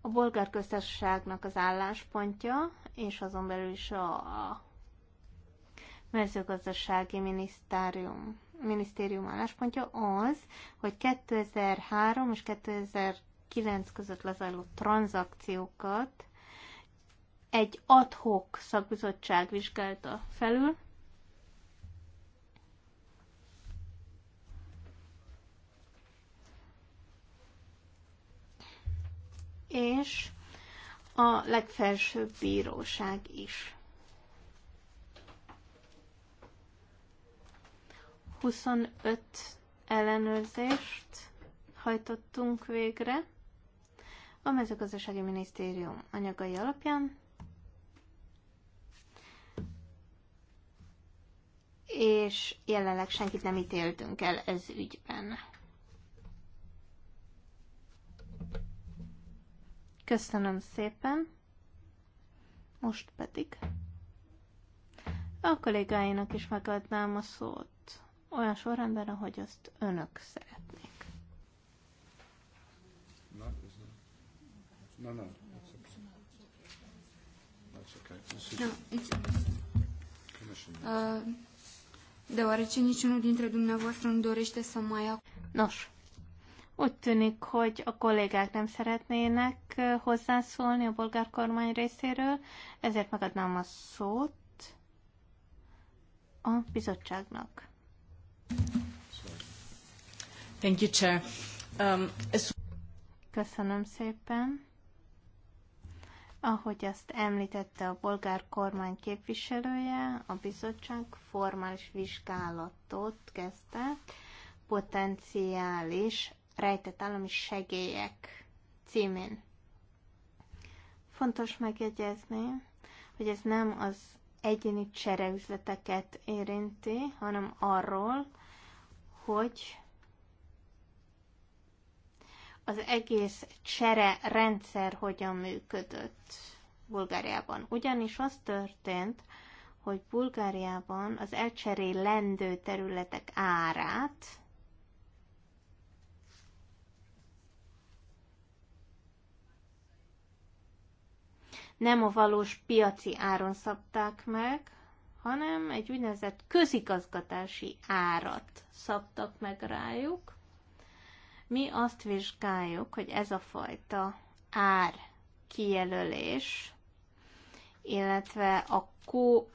A bolgár köztársaságnak az álláspontja, és azon belül is a mezőgazdasági minisztérium, minisztérium álláspontja az, hogy 2003 és 2000 9 között lezajló tranzakciókat egy adhok szakbizottság vizsgálta felül, és a legfelsőbb bíróság is. 25 ellenőrzést hajtottunk végre a mezőgazdasági minisztérium anyagai alapján, és jelenleg senkit nem ítéltünk el ez ügyben. Köszönöm szépen. Most pedig a kollégáinak is megadnám a szót olyan sorrendben, ahogy azt önök szeretnék. No, no. That's okay. That's okay. That's no, it's... Uh, deoarece niciunul dintre dumneavoastră nu dorește să mai ac- Nos, úgy tűnik, hogy a kollégák nem szeretnének uh, hozzászólni a bolgár kormány részéről, ezért megadnám a szót a bizottságnak. Thank you, Chair. Um, Köszönöm szépen. Ahogy azt említette a bolgár kormány képviselője, a bizottság formális vizsgálatot kezdte potenciális rejtett állami segélyek címén. Fontos megjegyezni, hogy ez nem az egyéni csereüzleteket érinti, hanem arról, hogy az egész csere rendszer hogyan működött Bulgáriában. Ugyanis az történt, hogy Bulgáriában az elcserélendő területek árát nem a valós piaci áron szabták meg, hanem egy úgynevezett közigazgatási árat szabtak meg rájuk, mi azt vizsgáljuk, hogy ez a fajta ár kijelölés, illetve a kó,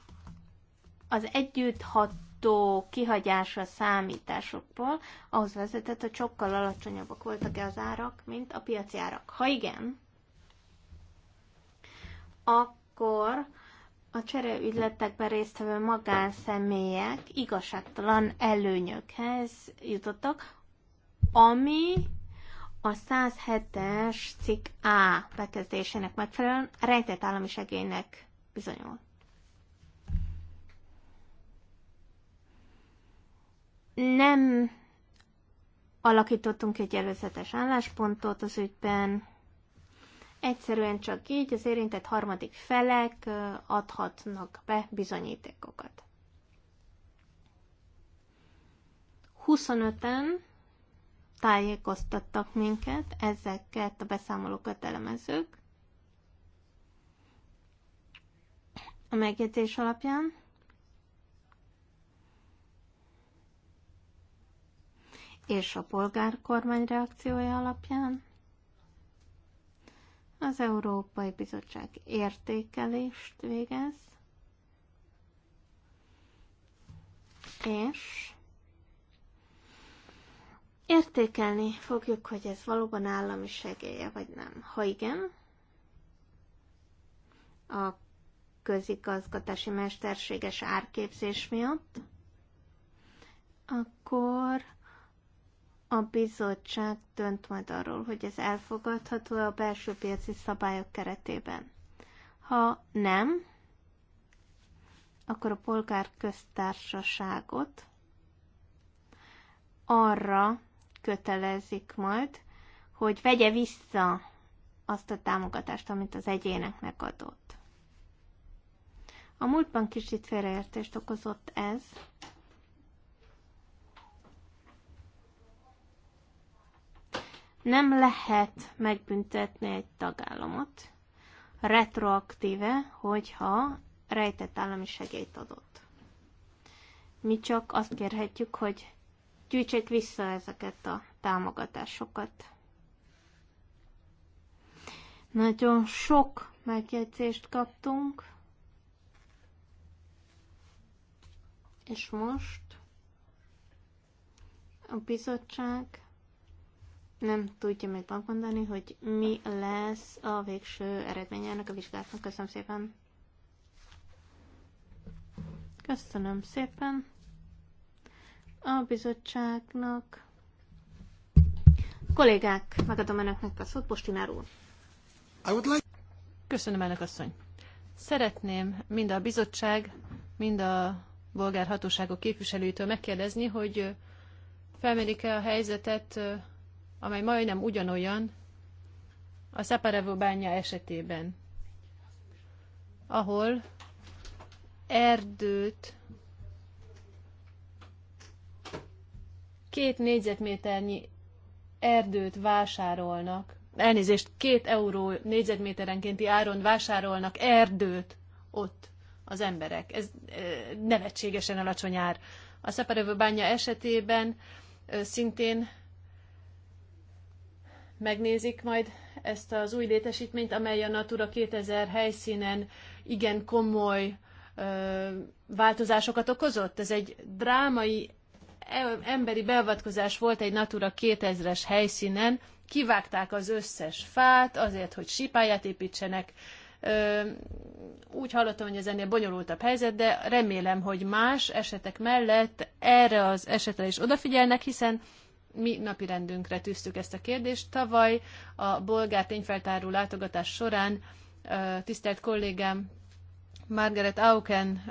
az együttható kihagyása számításokból ahhoz vezetett, hogy sokkal alacsonyabbak voltak-e az árak, mint a piaci árak. Ha igen, akkor a csereügyletekben résztvevő magánszemélyek igazságtalan előnyökhez jutottak, ami a 107-es cikk A bekezdésének megfelelően rejtett állami segélynek bizonyul. Nem alakítottunk egy előzetes álláspontot az ügyben, Egyszerűen csak így az érintett harmadik felek adhatnak be bizonyítékokat. 25-en tájékoztattak minket, ezeket a beszámolókat elemezők. A megjegyzés alapján. És a polgárkormány reakciója alapján. Az Európai Bizottság értékelést végez. És Értékelni fogjuk, hogy ez valóban állami segélye, vagy nem. Ha igen, a közigazgatási mesterséges árképzés miatt, akkor a bizottság dönt majd arról, hogy ez elfogadható a belső piaci szabályok keretében. Ha nem, akkor a polgárköztársaságot köztársaságot arra kötelezik majd, hogy vegye vissza azt a támogatást, amit az egyéneknek adott. A múltban kicsit félreértést okozott ez, nem lehet megbüntetni egy tagállamot retroaktíve, hogyha rejtett állami segélyt adott. Mi csak azt kérhetjük, hogy gyűjtsék vissza ezeket a támogatásokat. Nagyon sok megjegyzést kaptunk, és most a bizottság nem tudja még megmondani, hogy mi lesz a végső eredménye ennek a vizsgálatnak. Köszönöm szépen! Köszönöm szépen! a bizottságnak. Kollégák, megadom önöknek a szót, Postinár úr. Like... Köszönöm, elnök asszony. Szeretném mind a bizottság, mind a bolgár hatóságok képviselőitől megkérdezni, hogy felmérik-e a helyzetet, amely majdnem ugyanolyan a Szaparevo bánya esetében, ahol erdőt két négyzetméternyi erdőt vásárolnak, elnézést, két euró négyzetméterenkénti áron vásárolnak erdőt ott az emberek. Ez nevetségesen alacsony ár. A szeperövő bánya esetében szintén megnézik majd ezt az új létesítményt, amely a Natura 2000 helyszínen igen komoly változásokat okozott. Ez egy drámai emberi beavatkozás volt egy Natura 2000-es helyszínen, kivágták az összes fát azért, hogy sípáját építsenek. Úgy hallottam, hogy ez ennél bonyolultabb helyzet, de remélem, hogy más esetek mellett erre az esetre is odafigyelnek, hiszen mi napirendünkre tűztük ezt a kérdést. Tavaly a bolgár tényfeltáró látogatás során tisztelt kollégám Margaret Auken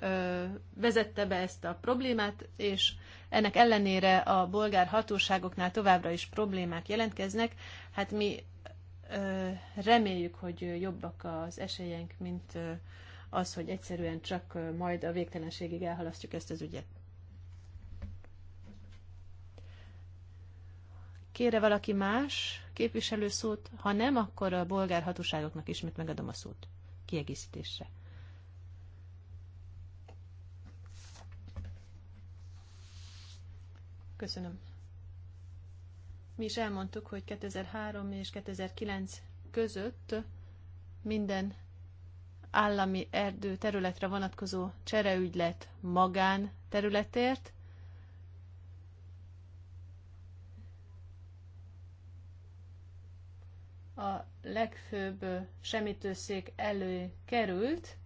vezette be ezt a problémát, és ennek ellenére a bolgár hatóságoknál továbbra is problémák jelentkeznek. Hát mi reméljük, hogy jobbak az esélyeink, mint az, hogy egyszerűen csak majd a végtelenségig elhalasztjuk ezt az ügyet. Kére valaki más képviselő szót? Ha nem, akkor a bolgár hatóságoknak ismét megadom a szót kiegészítésre. Köszönöm. Mi is elmondtuk, hogy 2003 és 2009 között minden állami erdő területre vonatkozó csereügylet magán területért, a legfőbb semítőszék elő került,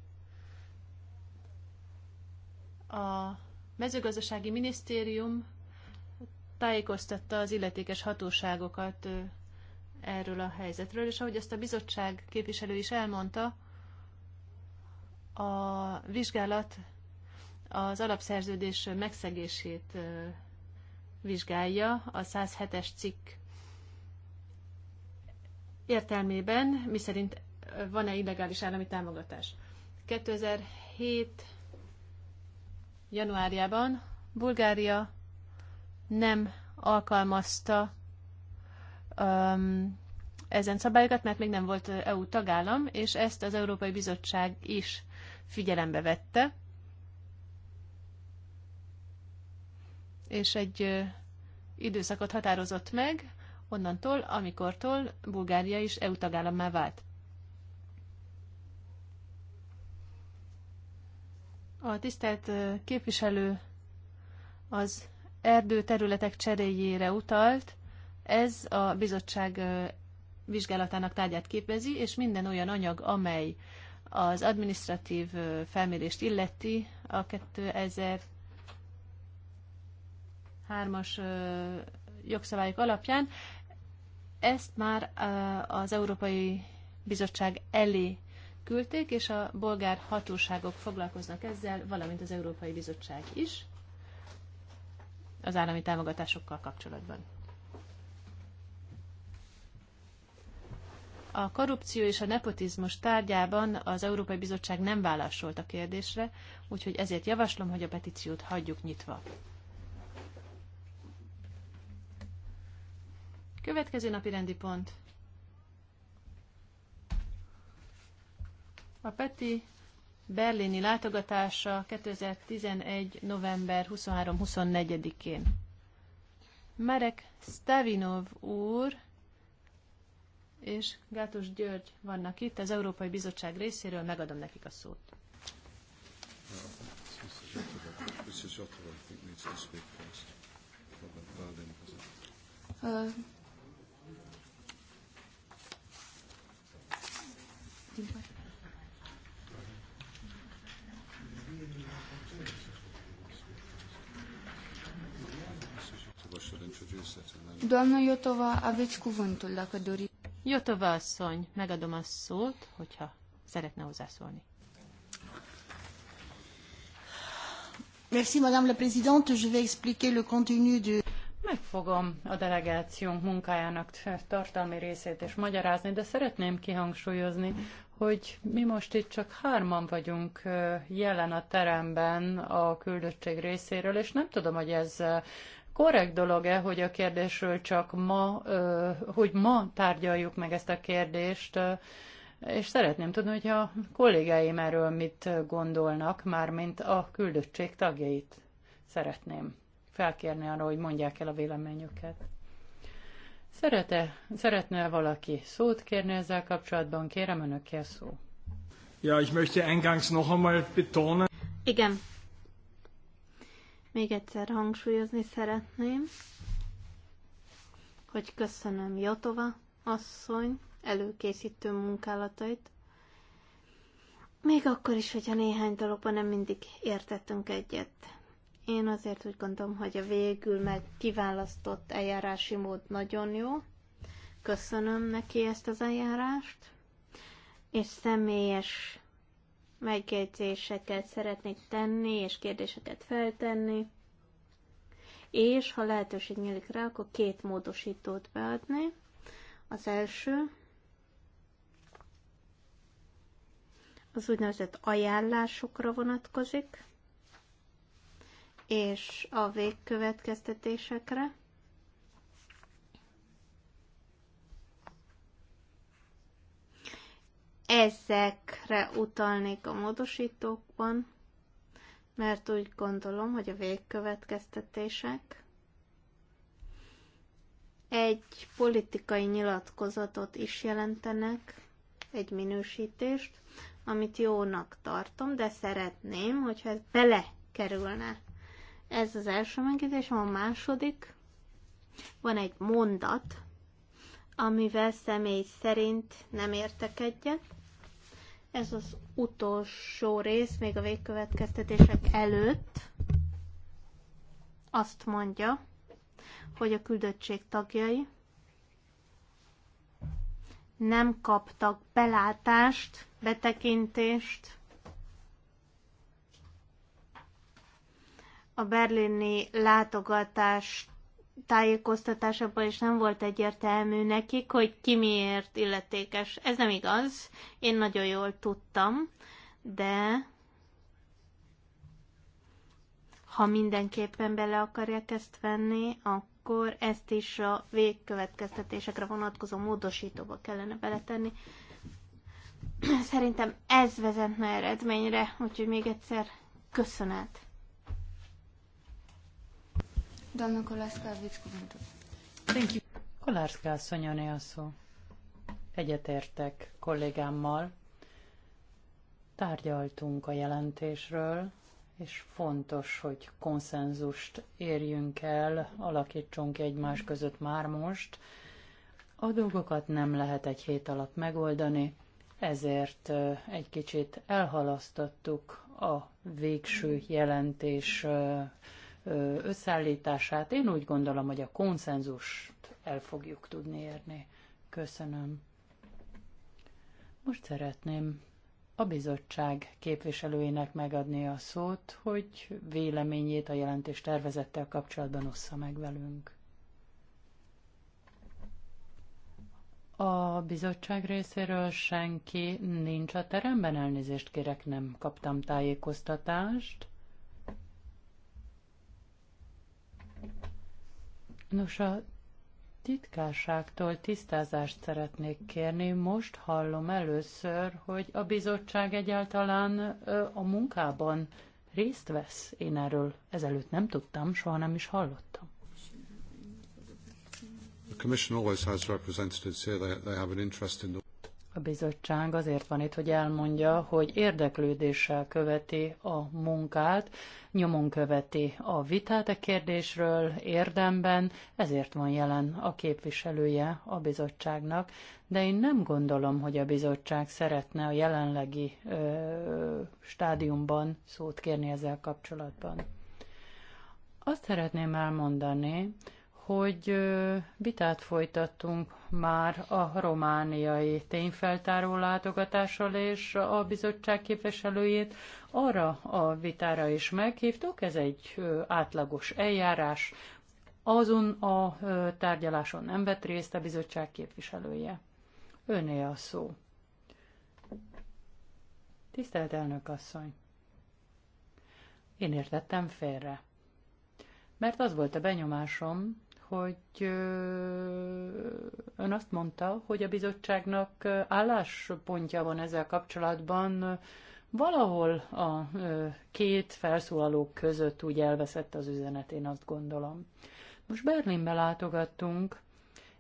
a mezőgazdasági minisztérium tájékoztatta az illetékes hatóságokat erről a helyzetről, és ahogy ezt a bizottság képviselő is elmondta, a vizsgálat az alapszerződés megszegését vizsgálja a 107-es cikk értelmében, miszerint van-e illegális állami támogatás. 2007 januárjában Bulgária nem alkalmazta um, ezen szabályokat, mert még nem volt EU tagállam, és ezt az Európai Bizottság is figyelembe vette. És egy ö, időszakot határozott meg, onnantól, amikortól Bulgária is EU tagállammá vált. A tisztelt képviselő az erdőterületek cseréjére utalt, ez a bizottság vizsgálatának tárgyát képezi, és minden olyan anyag, amely az administratív felmérést illeti a 2003-as jogszabályok alapján, ezt már az Európai Bizottság elé küldték, és a bolgár hatóságok foglalkoznak ezzel, valamint az Európai Bizottság is az állami támogatásokkal kapcsolatban. A korrupció és a nepotizmus tárgyában az Európai Bizottság nem válaszolt a kérdésre, úgyhogy ezért javaslom, hogy a petíciót hagyjuk nyitva. Következő napi rendi pont. A Peti berlini látogatása 2011. november 23-24-én. Marek Stavinov úr és Gátos György vannak itt, az Európai Bizottság részéről megadom nekik a szót. Doamna Iotova, aveți cuvântul, dacă doriți. Iotova asszony, megadom a szót, hogyha szeretne hozzászólni. Merci, Madame la Présidente. Je vais expliquer le contenu du... Meg fogom a delegációnk munkájának tartalmi részét és magyarázni, de szeretném kihangsúlyozni, hogy mi most itt csak hárman vagyunk jelen a teremben a küldöttség részéről, és nem tudom, hogy ez korrekt dolog-e, hogy a kérdésről csak ma, hogy ma tárgyaljuk meg ezt a kérdést, és szeretném tudni, hogy a kollégáim erről mit gondolnak, mármint a küldöttség tagjait szeretném felkérni arra, hogy mondják el a véleményüket. Szerete, szeretne valaki szót kérni ezzel kapcsolatban? Kérem önökkel szó. Ja, ich möchte eingangs noch einmal betonen. Igen, még egyszer hangsúlyozni szeretném, hogy köszönöm Jotova asszony előkészítő munkálatait, még akkor is, hogyha néhány dologban nem mindig értettünk egyet. Én azért úgy gondolom, hogy a végül meg kiválasztott eljárási mód nagyon jó. Köszönöm neki ezt az eljárást, és személyes megjegyzéseket szeretnék tenni, és kérdéseket feltenni, és ha lehetőség nyílik rá, akkor két módosítót beadni. Az első az úgynevezett ajánlásokra vonatkozik, és a végkövetkeztetésekre. ezekre utalnék a módosítókban, mert úgy gondolom, hogy a végkövetkeztetések egy politikai nyilatkozatot is jelentenek, egy minősítést, amit jónak tartom, de szeretném, hogyha ez belekerülne. Ez az első megjegyzés, a második. Van egy mondat, amivel személy szerint nem értek egyet. Ez az utolsó rész, még a végkövetkeztetések előtt azt mondja, hogy a küldöttség tagjai nem kaptak belátást, betekintést a berlini látogatást tájékoztatásában is nem volt egyértelmű nekik, hogy ki miért illetékes. Ez nem igaz, én nagyon jól tudtam, de ha mindenképpen bele akarják ezt venni, akkor ezt is a végkövetkeztetésekre vonatkozó módosítóba kellene beletenni. Szerintem ez vezetne eredményre, úgyhogy még egyszer köszönet. Doamna Colasca, aveți cuvântul. Thank you. Kolarska asszony a szó. Egyetértek kollégámmal. Tárgyaltunk a jelentésről, és fontos, hogy konszenzust érjünk el, alakítsunk egymás között már most. A dolgokat nem lehet egy hét alatt megoldani, ezért egy kicsit elhalasztottuk a végső jelentés összeállítását. Én úgy gondolom, hogy a konszenzust el fogjuk tudni érni. Köszönöm. Most szeretném a bizottság képviselőinek megadni a szót, hogy véleményét a jelentés tervezettel kapcsolatban ossza meg velünk. A bizottság részéről senki nincs a teremben, elnézést kérek, nem kaptam tájékoztatást. Nos, a titkárságtól tisztázást szeretnék kérni. Most hallom először, hogy a bizottság egyáltalán a munkában részt vesz. Én erről ezelőtt nem tudtam, soha nem is hallottam. The Commission always has representatives here. They, they have an interest in the... A bizottság azért van itt, hogy elmondja, hogy érdeklődéssel követi a munkát, nyomon követi a vitát a e kérdésről érdemben, ezért van jelen a képviselője a bizottságnak, de én nem gondolom, hogy a bizottság szeretne a jelenlegi ö, stádiumban szót kérni ezzel kapcsolatban. Azt szeretném elmondani, hogy vitát folytattunk már a romániai tényfeltáró látogatással és a bizottság képviselőjét arra a vitára is meghívtuk. Ez egy átlagos eljárás. Azon a tárgyaláson nem vett részt a bizottság képviselője. Öné a szó. Tisztelt elnök asszony! Én értettem félre. Mert az volt a benyomásom, hogy ön azt mondta, hogy a bizottságnak álláspontja van ezzel kapcsolatban. Valahol a két felszólalók között úgy elveszett az üzenet, én azt gondolom. Most Berlinbe látogattunk,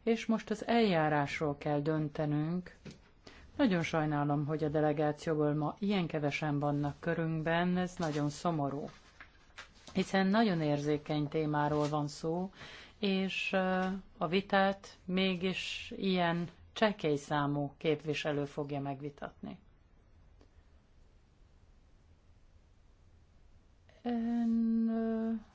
és most az eljárásról kell döntenünk. Nagyon sajnálom, hogy a delegációból ma ilyen kevesen vannak körünkben, ez nagyon szomorú. Hiszen nagyon érzékeny témáról van szó, és a vitát mégis ilyen csekély számú képviselő fogja megvitatni. Én,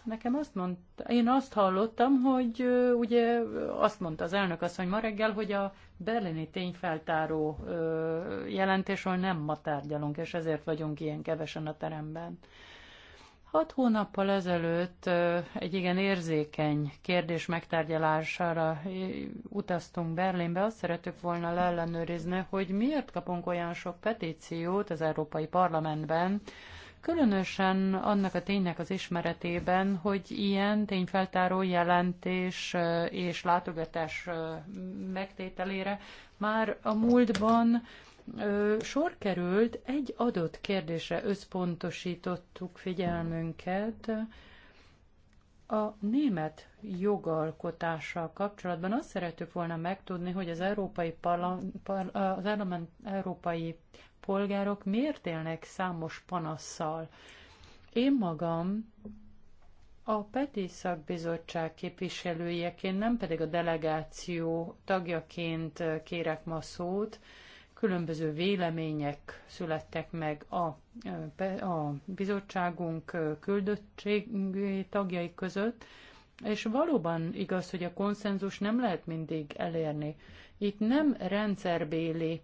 nekem azt mondta, én azt hallottam, hogy ugye azt mondta az elnök azt, hogy ma reggel, hogy a berlini tényfeltáró jelentésről nem ma tárgyalunk, és ezért vagyunk ilyen kevesen a teremben. Hat hónappal ezelőtt egy igen érzékeny kérdés megtárgyalására utaztunk Berlinbe. Azt szeretük volna leellenőrizni, hogy miért kapunk olyan sok petíciót az Európai Parlamentben, különösen annak a ténynek az ismeretében, hogy ilyen tényfeltáró jelentés és látogatás megtételére már a múltban sor került, egy adott kérdésre összpontosítottuk figyelmünket, a német jogalkotással kapcsolatban azt szeretük volna megtudni, hogy az európai, az európai polgárok miért élnek számos panasszal. Én magam a Peti Szakbizottság képviselőjeként, nem pedig a delegáció tagjaként kérek ma szót, különböző vélemények születtek meg a, a bizottságunk küldöttségi tagjai között, és valóban igaz, hogy a konszenzus nem lehet mindig elérni. Itt nem rendszerbéli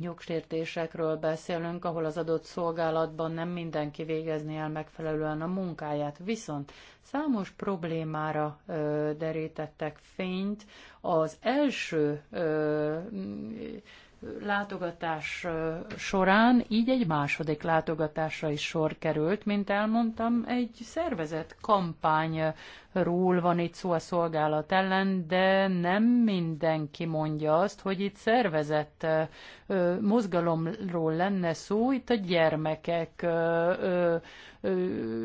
jogsértésekről beszélünk, ahol az adott szolgálatban nem mindenki végezni el megfelelően a munkáját. Viszont számos problémára ö, derítettek fényt az első ö, látogatás során, így egy második látogatásra is sor került, mint elmondtam, egy szervezett kampány ról van itt szó a szolgálat ellen, de nem mindenki mondja azt, hogy itt szervezett mozgalomról lenne szó, itt a gyermekek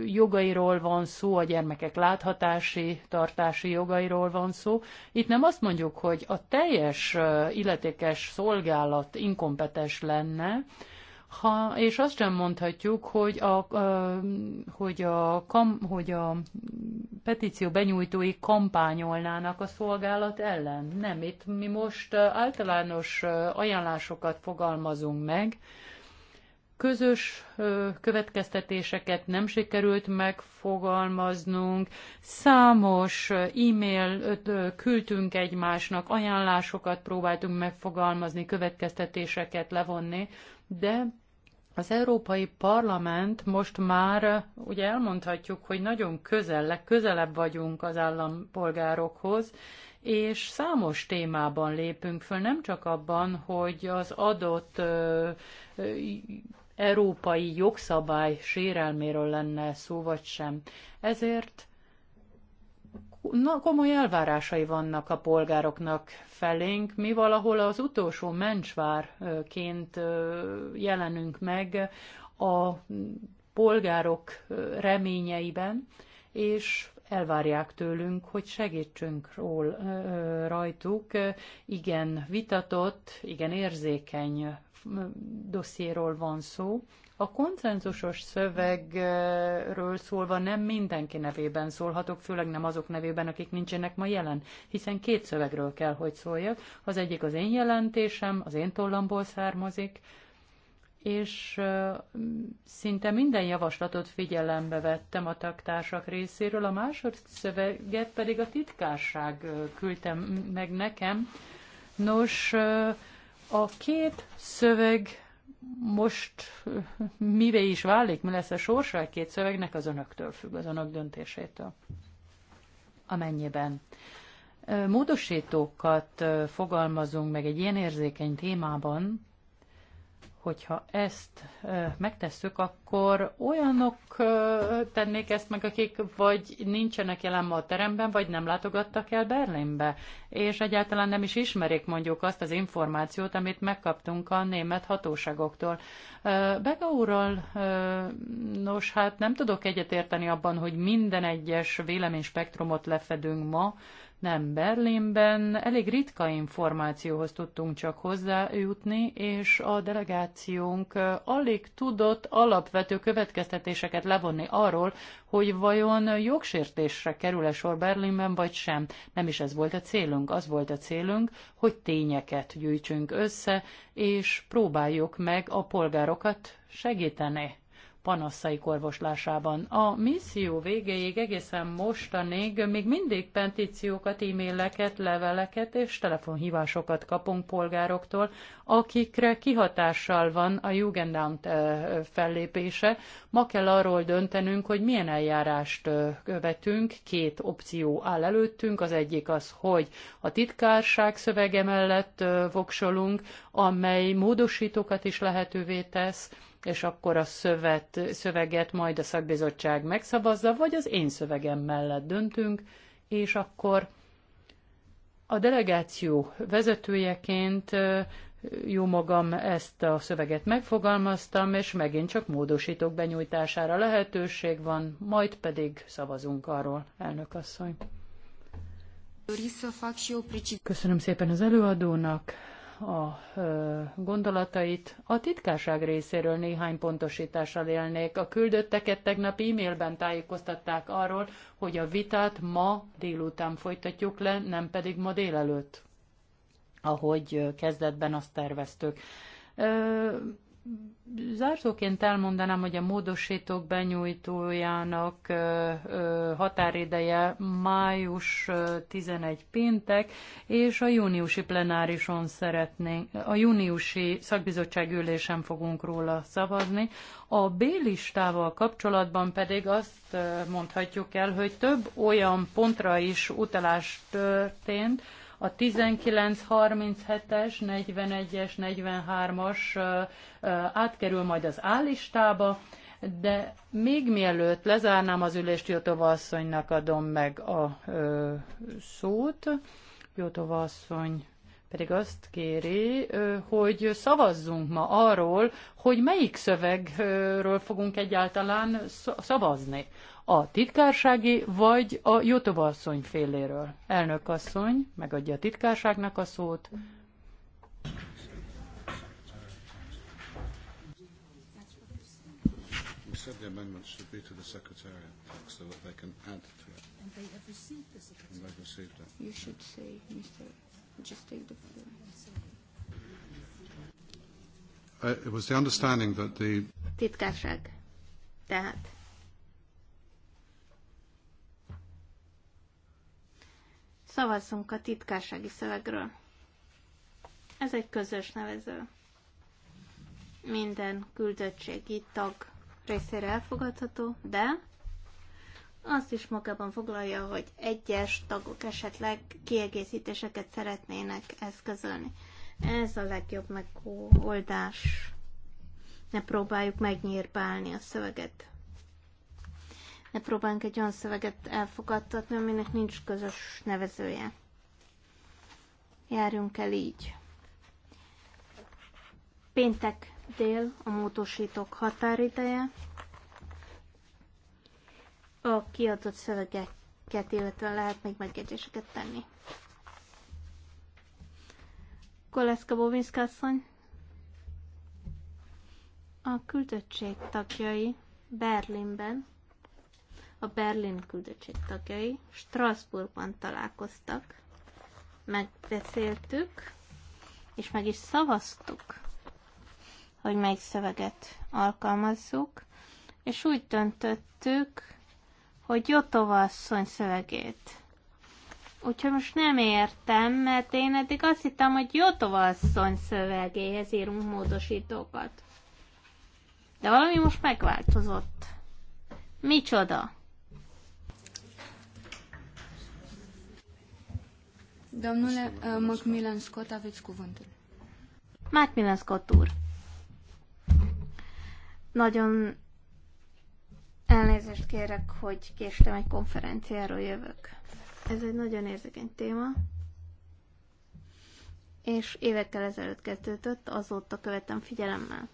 jogairól van szó, a gyermekek láthatási, tartási jogairól van szó. Itt nem azt mondjuk, hogy a teljes illetékes szolgálat inkompetens lenne, ha, és azt sem mondhatjuk, hogy a, hogy a, kam, hogy a petíció benyújtói kampányolnának a szolgálat ellen. Nem, itt mi most általános ajánlásokat fogalmazunk meg, közös következtetéseket nem sikerült megfogalmaznunk, számos e-mail küldtünk egymásnak, ajánlásokat próbáltunk megfogalmazni, következtetéseket levonni, de az Európai Parlament most már, ugye elmondhatjuk, hogy nagyon közel, közelebb vagyunk az állampolgárokhoz, és számos témában lépünk föl, nem csak abban, hogy az adott ö, ö, európai jogszabály sérelméről lenne szó, vagy sem. Ezért na, komoly elvárásai vannak a polgároknak felénk. Mi valahol az utolsó mencsvárként jelenünk meg a polgárok reményeiben, és elvárják tőlünk, hogy segítsünk ról, rajtuk. Igen vitatott, igen érzékeny dossziéról van szó. A koncenzusos szövegről szólva nem mindenki nevében szólhatok, főleg nem azok nevében, akik nincsenek ma jelen, hiszen két szövegről kell, hogy szóljak. Az egyik az én jelentésem, az én tollamból származik, és szinte minden javaslatot figyelembe vettem a taktársak részéről, a másod szöveget pedig a titkárság küldtem meg nekem. Nos, a két szöveg most mivé is válik, mi lesz a sorsa a két szövegnek, az önöktől függ, az önök döntésétől. Amennyiben módosítókat fogalmazunk meg egy ilyen érzékeny témában, hogyha ezt megtesszük, akkor olyanok tennék ezt meg, akik vagy nincsenek jelen ma a teremben, vagy nem látogattak el Berlinbe, és egyáltalán nem is ismerik mondjuk azt az információt, amit megkaptunk a német hatóságoktól. Bega úrral, nos, hát nem tudok egyetérteni abban, hogy minden egyes véleményspektrumot lefedünk ma, nem Berlinben. Elég ritka információhoz tudtunk csak hozzájutni, és a delegációnk alig tudott alapvető következtetéseket levonni arról, hogy vajon jogsértésre kerül-e sor Berlinben, vagy sem. Nem is ez volt a célunk. Az volt a célunk, hogy tényeket gyűjtsünk össze, és próbáljuk meg a polgárokat segíteni panaszaik orvoslásában. A misszió végéig egészen mostanig még mindig petíciókat, e-maileket, leveleket és telefonhívásokat kapunk polgároktól, akikre kihatással van a Jugendamt fellépése. Ma kell arról döntenünk, hogy milyen eljárást követünk. Két opció áll előttünk. Az egyik az, hogy a titkárság szövege mellett voksolunk, amely módosítókat is lehetővé tesz, és akkor a szövet, szöveget majd a szakbizottság megszavazza, vagy az én szövegem mellett döntünk, és akkor a delegáció vezetőjeként jó magam ezt a szöveget megfogalmaztam, és megint csak módosítók benyújtására lehetőség van, majd pedig szavazunk arról, elnök asszony. Köszönöm szépen az előadónak a gondolatait. A titkárság részéről néhány pontosítással élnék. A küldötteket tegnap e-mailben tájékoztatták arról, hogy a vitát ma délután folytatjuk le, nem pedig ma délelőtt, ahogy kezdetben azt terveztük Zárszóként elmondanám, hogy a módosítók benyújtójának határideje május 11 péntek, és a júniusi plenárison szeretnénk, a júniusi szakbizottság ülésen fogunk róla szavazni. A B-listával kapcsolatban pedig azt mondhatjuk el, hogy több olyan pontra is utalás történt, a 1937-es, 41-es, 43-as átkerül majd az állistába, de még mielőtt lezárnám az ülést, Jótova asszonynak adom meg a ö, szót. Jótova asszony pedig azt kéri, hogy szavazzunk ma arról, hogy melyik szövegről fogunk egyáltalán szavazni a titkársági vagy a Jotova asszony féléről. Elnök asszony megadja a titkárságnak a szót. Uh, Titkárság. Tehát Szavazzunk a titkársági szövegről. Ez egy közös nevező. Minden küldöttségi tag részére elfogadható, de azt is magában foglalja, hogy egyes tagok esetleg kiegészítéseket szeretnének eszközölni. Ez a legjobb megoldás. Ne próbáljuk megnyírbálni a szöveget ne próbáljunk egy olyan szöveget elfogadtatni, aminek nincs közös nevezője. Járjunk el így. Péntek dél a módosítók határideje. A kiadott szövegeket, illetve lehet még megjegyzéseket tenni. Koleszka Bovinszka asszony. A küldöttség tagjai Berlinben a Berlin küldöttség tagjai Strasbourgban találkoztak, megbeszéltük, és meg is szavaztuk, hogy melyik szöveget alkalmazzuk, és úgy döntöttük, hogy Jotova asszony szövegét. Úgyhogy most nem értem, mert én eddig azt hittem, hogy Jotova asszony szövegéhez írunk módosítókat. De valami most megváltozott. Micsoda? Domnule uh, Macmillan Scott, aveți cuvântul. Macmillan Scott úr. Nagyon elnézést kérek, hogy késtem egy konferenciáról jövök. Ez egy nagyon érzékeny téma, és évekkel ezelőtt kezdődött, azóta követem figyelemmel.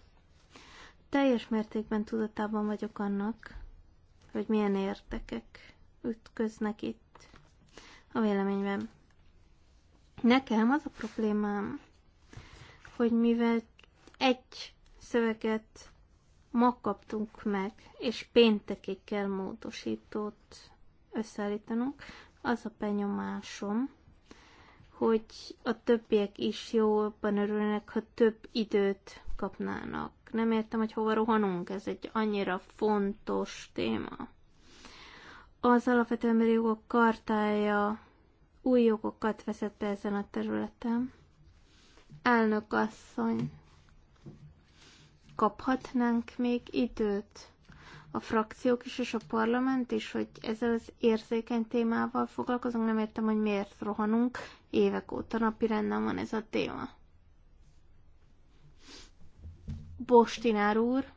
Teljes mértékben tudatában vagyok annak, hogy milyen értekek ütköznek itt a véleményben. Nekem az a problémám, hogy mivel egy szöveget ma kaptunk meg, és péntekig kell módosítót összeállítanunk, az a benyomásom, hogy a többiek is jobban örülnek, ha több időt kapnának. Nem értem, hogy hova rohanunk, ez egy annyira fontos téma. Az alapvető emberi jogok kartája új jogokat vezet be ezen a területen. Elnök asszony, kaphatnánk még időt a frakciók is és a parlament is, hogy ezzel az érzékeny témával foglalkozunk. Nem értem, hogy miért rohanunk. Évek óta rendben van ez a téma. Bostinár úr.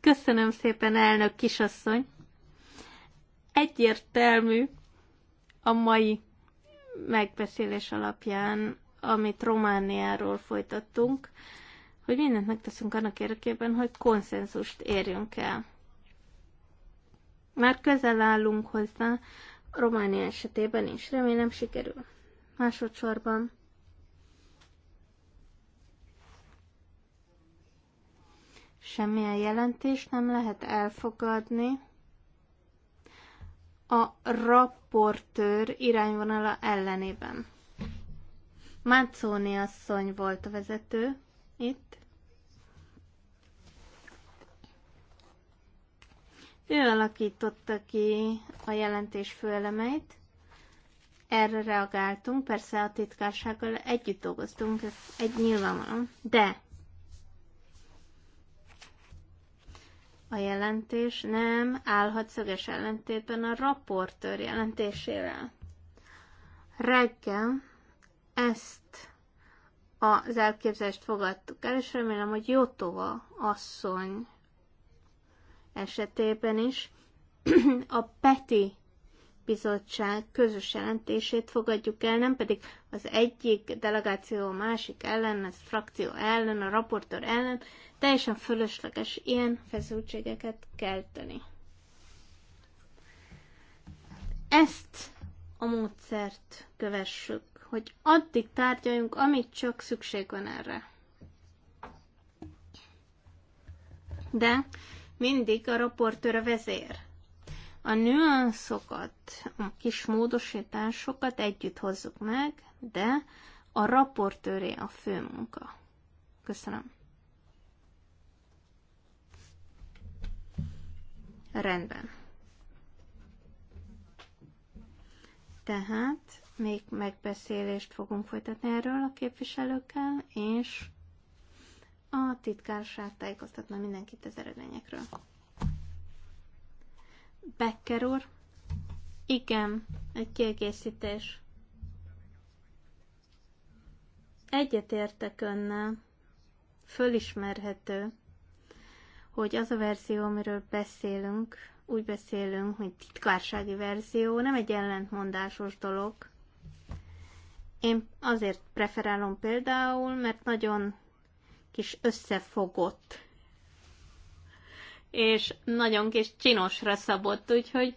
Köszönöm szépen, elnök kisasszony egyértelmű a mai megbeszélés alapján, amit Romániáról folytattunk, hogy mindent megteszünk annak érdekében, hogy konszenzust érjünk el. Már közel állunk hozzá, Románia esetében is. Remélem sikerül. Másodszorban. Semmilyen jelentést nem lehet elfogadni, a raportőr irányvonala ellenében. Mácóni asszony volt a vezető itt. Ő alakította ki a jelentés főelemeit. Erre reagáltunk, persze a titkársággal együtt dolgoztunk, ez egy nyilvánvaló. De a jelentés nem állhat szöges ellentétben a raportőr jelentésével. Reggel ezt az elképzelést fogadtuk el, és remélem, hogy Jotova asszony esetében is a Peti bizottság közös jelentését fogadjuk el, nem pedig az egyik delegáció a másik ellen, az frakció ellen, a raportor ellen, teljesen fölösleges ilyen feszültségeket kelteni. Ezt a módszert kövessük, hogy addig tárgyaljunk, amit csak szükség van erre. De mindig a raportőr a vezér a nüanszokat, a kis módosításokat együtt hozzuk meg, de a raportőré a fő munka. Köszönöm. Rendben. Tehát még megbeszélést fogunk folytatni erről a képviselőkkel, és a titkárság tájékoztatna mindenkit az eredményekről. Becker úr. Igen, egy kiegészítés. Egyetértek önnel. Fölismerhető, hogy az a verzió, amiről beszélünk, úgy beszélünk, hogy titkársági verzió, nem egy ellentmondásos dolog. Én azért preferálom például, mert nagyon kis összefogott és nagyon kis csinosra szabott, úgyhogy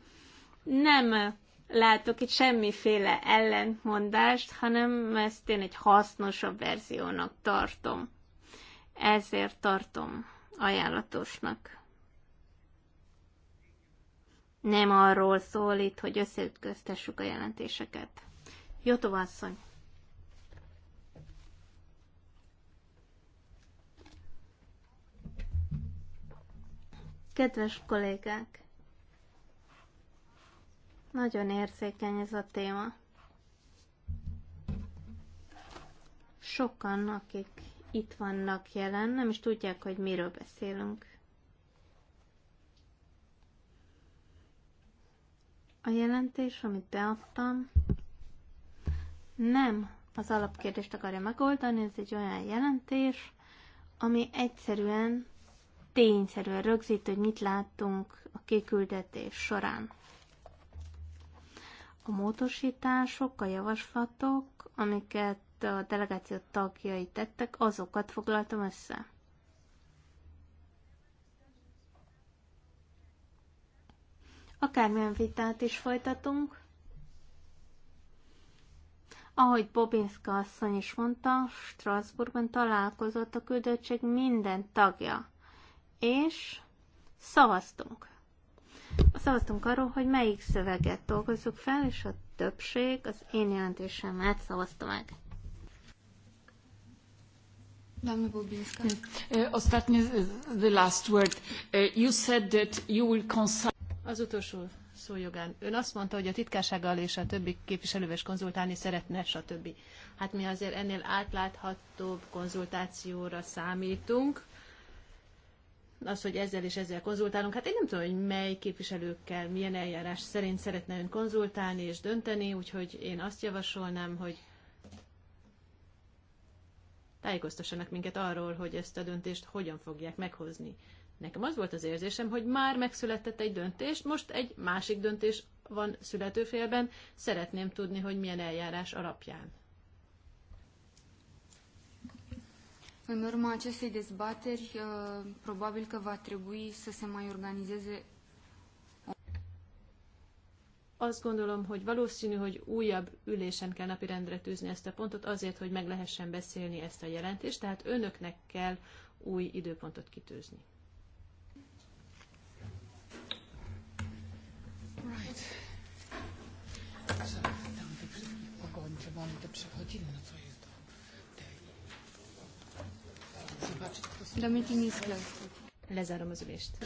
nem látok itt semmiféle ellentmondást, hanem ezt én egy hasznosabb verziónak tartom. Ezért tartom ajánlatosnak. Nem arról szól itt, hogy összeütköztessük a jelentéseket. Jó tovább, asszony! Kedves kollégák! Nagyon érzékeny ez a téma. Sokan, akik itt vannak jelen, nem is tudják, hogy miről beszélünk. A jelentés, amit beadtam, nem az alapkérdést akarja megoldani, ez egy olyan jelentés, ami egyszerűen tényszerűen rögzít, hogy mit láttunk a kiküldetés során. A módosítások, a javaslatok, amiket a delegáció tagjai tettek, azokat foglaltam össze. Akármilyen vitát is folytatunk, ahogy Bobinska asszony is mondta, Strasbourgban találkozott a küldöttség minden tagja és szavaztunk. Szavaztunk arról, hogy melyik szöveget dolgozzuk fel, és a többség az én jelentésemet szavazta meg. Doamna Bobinska. Eh, ostatni, the last word. Eh, you said that you will consult... Az utolsó szójogán. Ön azt mondta, hogy a titkársággal és a többi képviselővel is konzultálni szeretne, stb. Hát mi azért ennél átláthatóbb konzultációra számítunk, az, hogy ezzel és ezzel konzultálunk. Hát én nem tudom, hogy mely képviselőkkel, milyen eljárás szerint szeretne ön konzultálni és dönteni, úgyhogy én azt javasolnám, hogy tájékoztassanak minket arról, hogy ezt a döntést hogyan fogják meghozni. Nekem az volt az érzésem, hogy már megszületett egy döntés, most egy másik döntés van születőfélben, szeretném tudni, hogy milyen eljárás alapján. În urma acestei dezbateri, uh, probabil că va trebui să se mai organizeze azt gondolom, hogy valószínű, hogy újabb ülésen kell napirendre tűzni ezt a pontot azért, hogy meg lehessen beszélni ezt a jelentést, tehát önöknek kell új időpontot kitűzni. Right. So, szóval, The meeting nincs closed. Lezárom az ülést.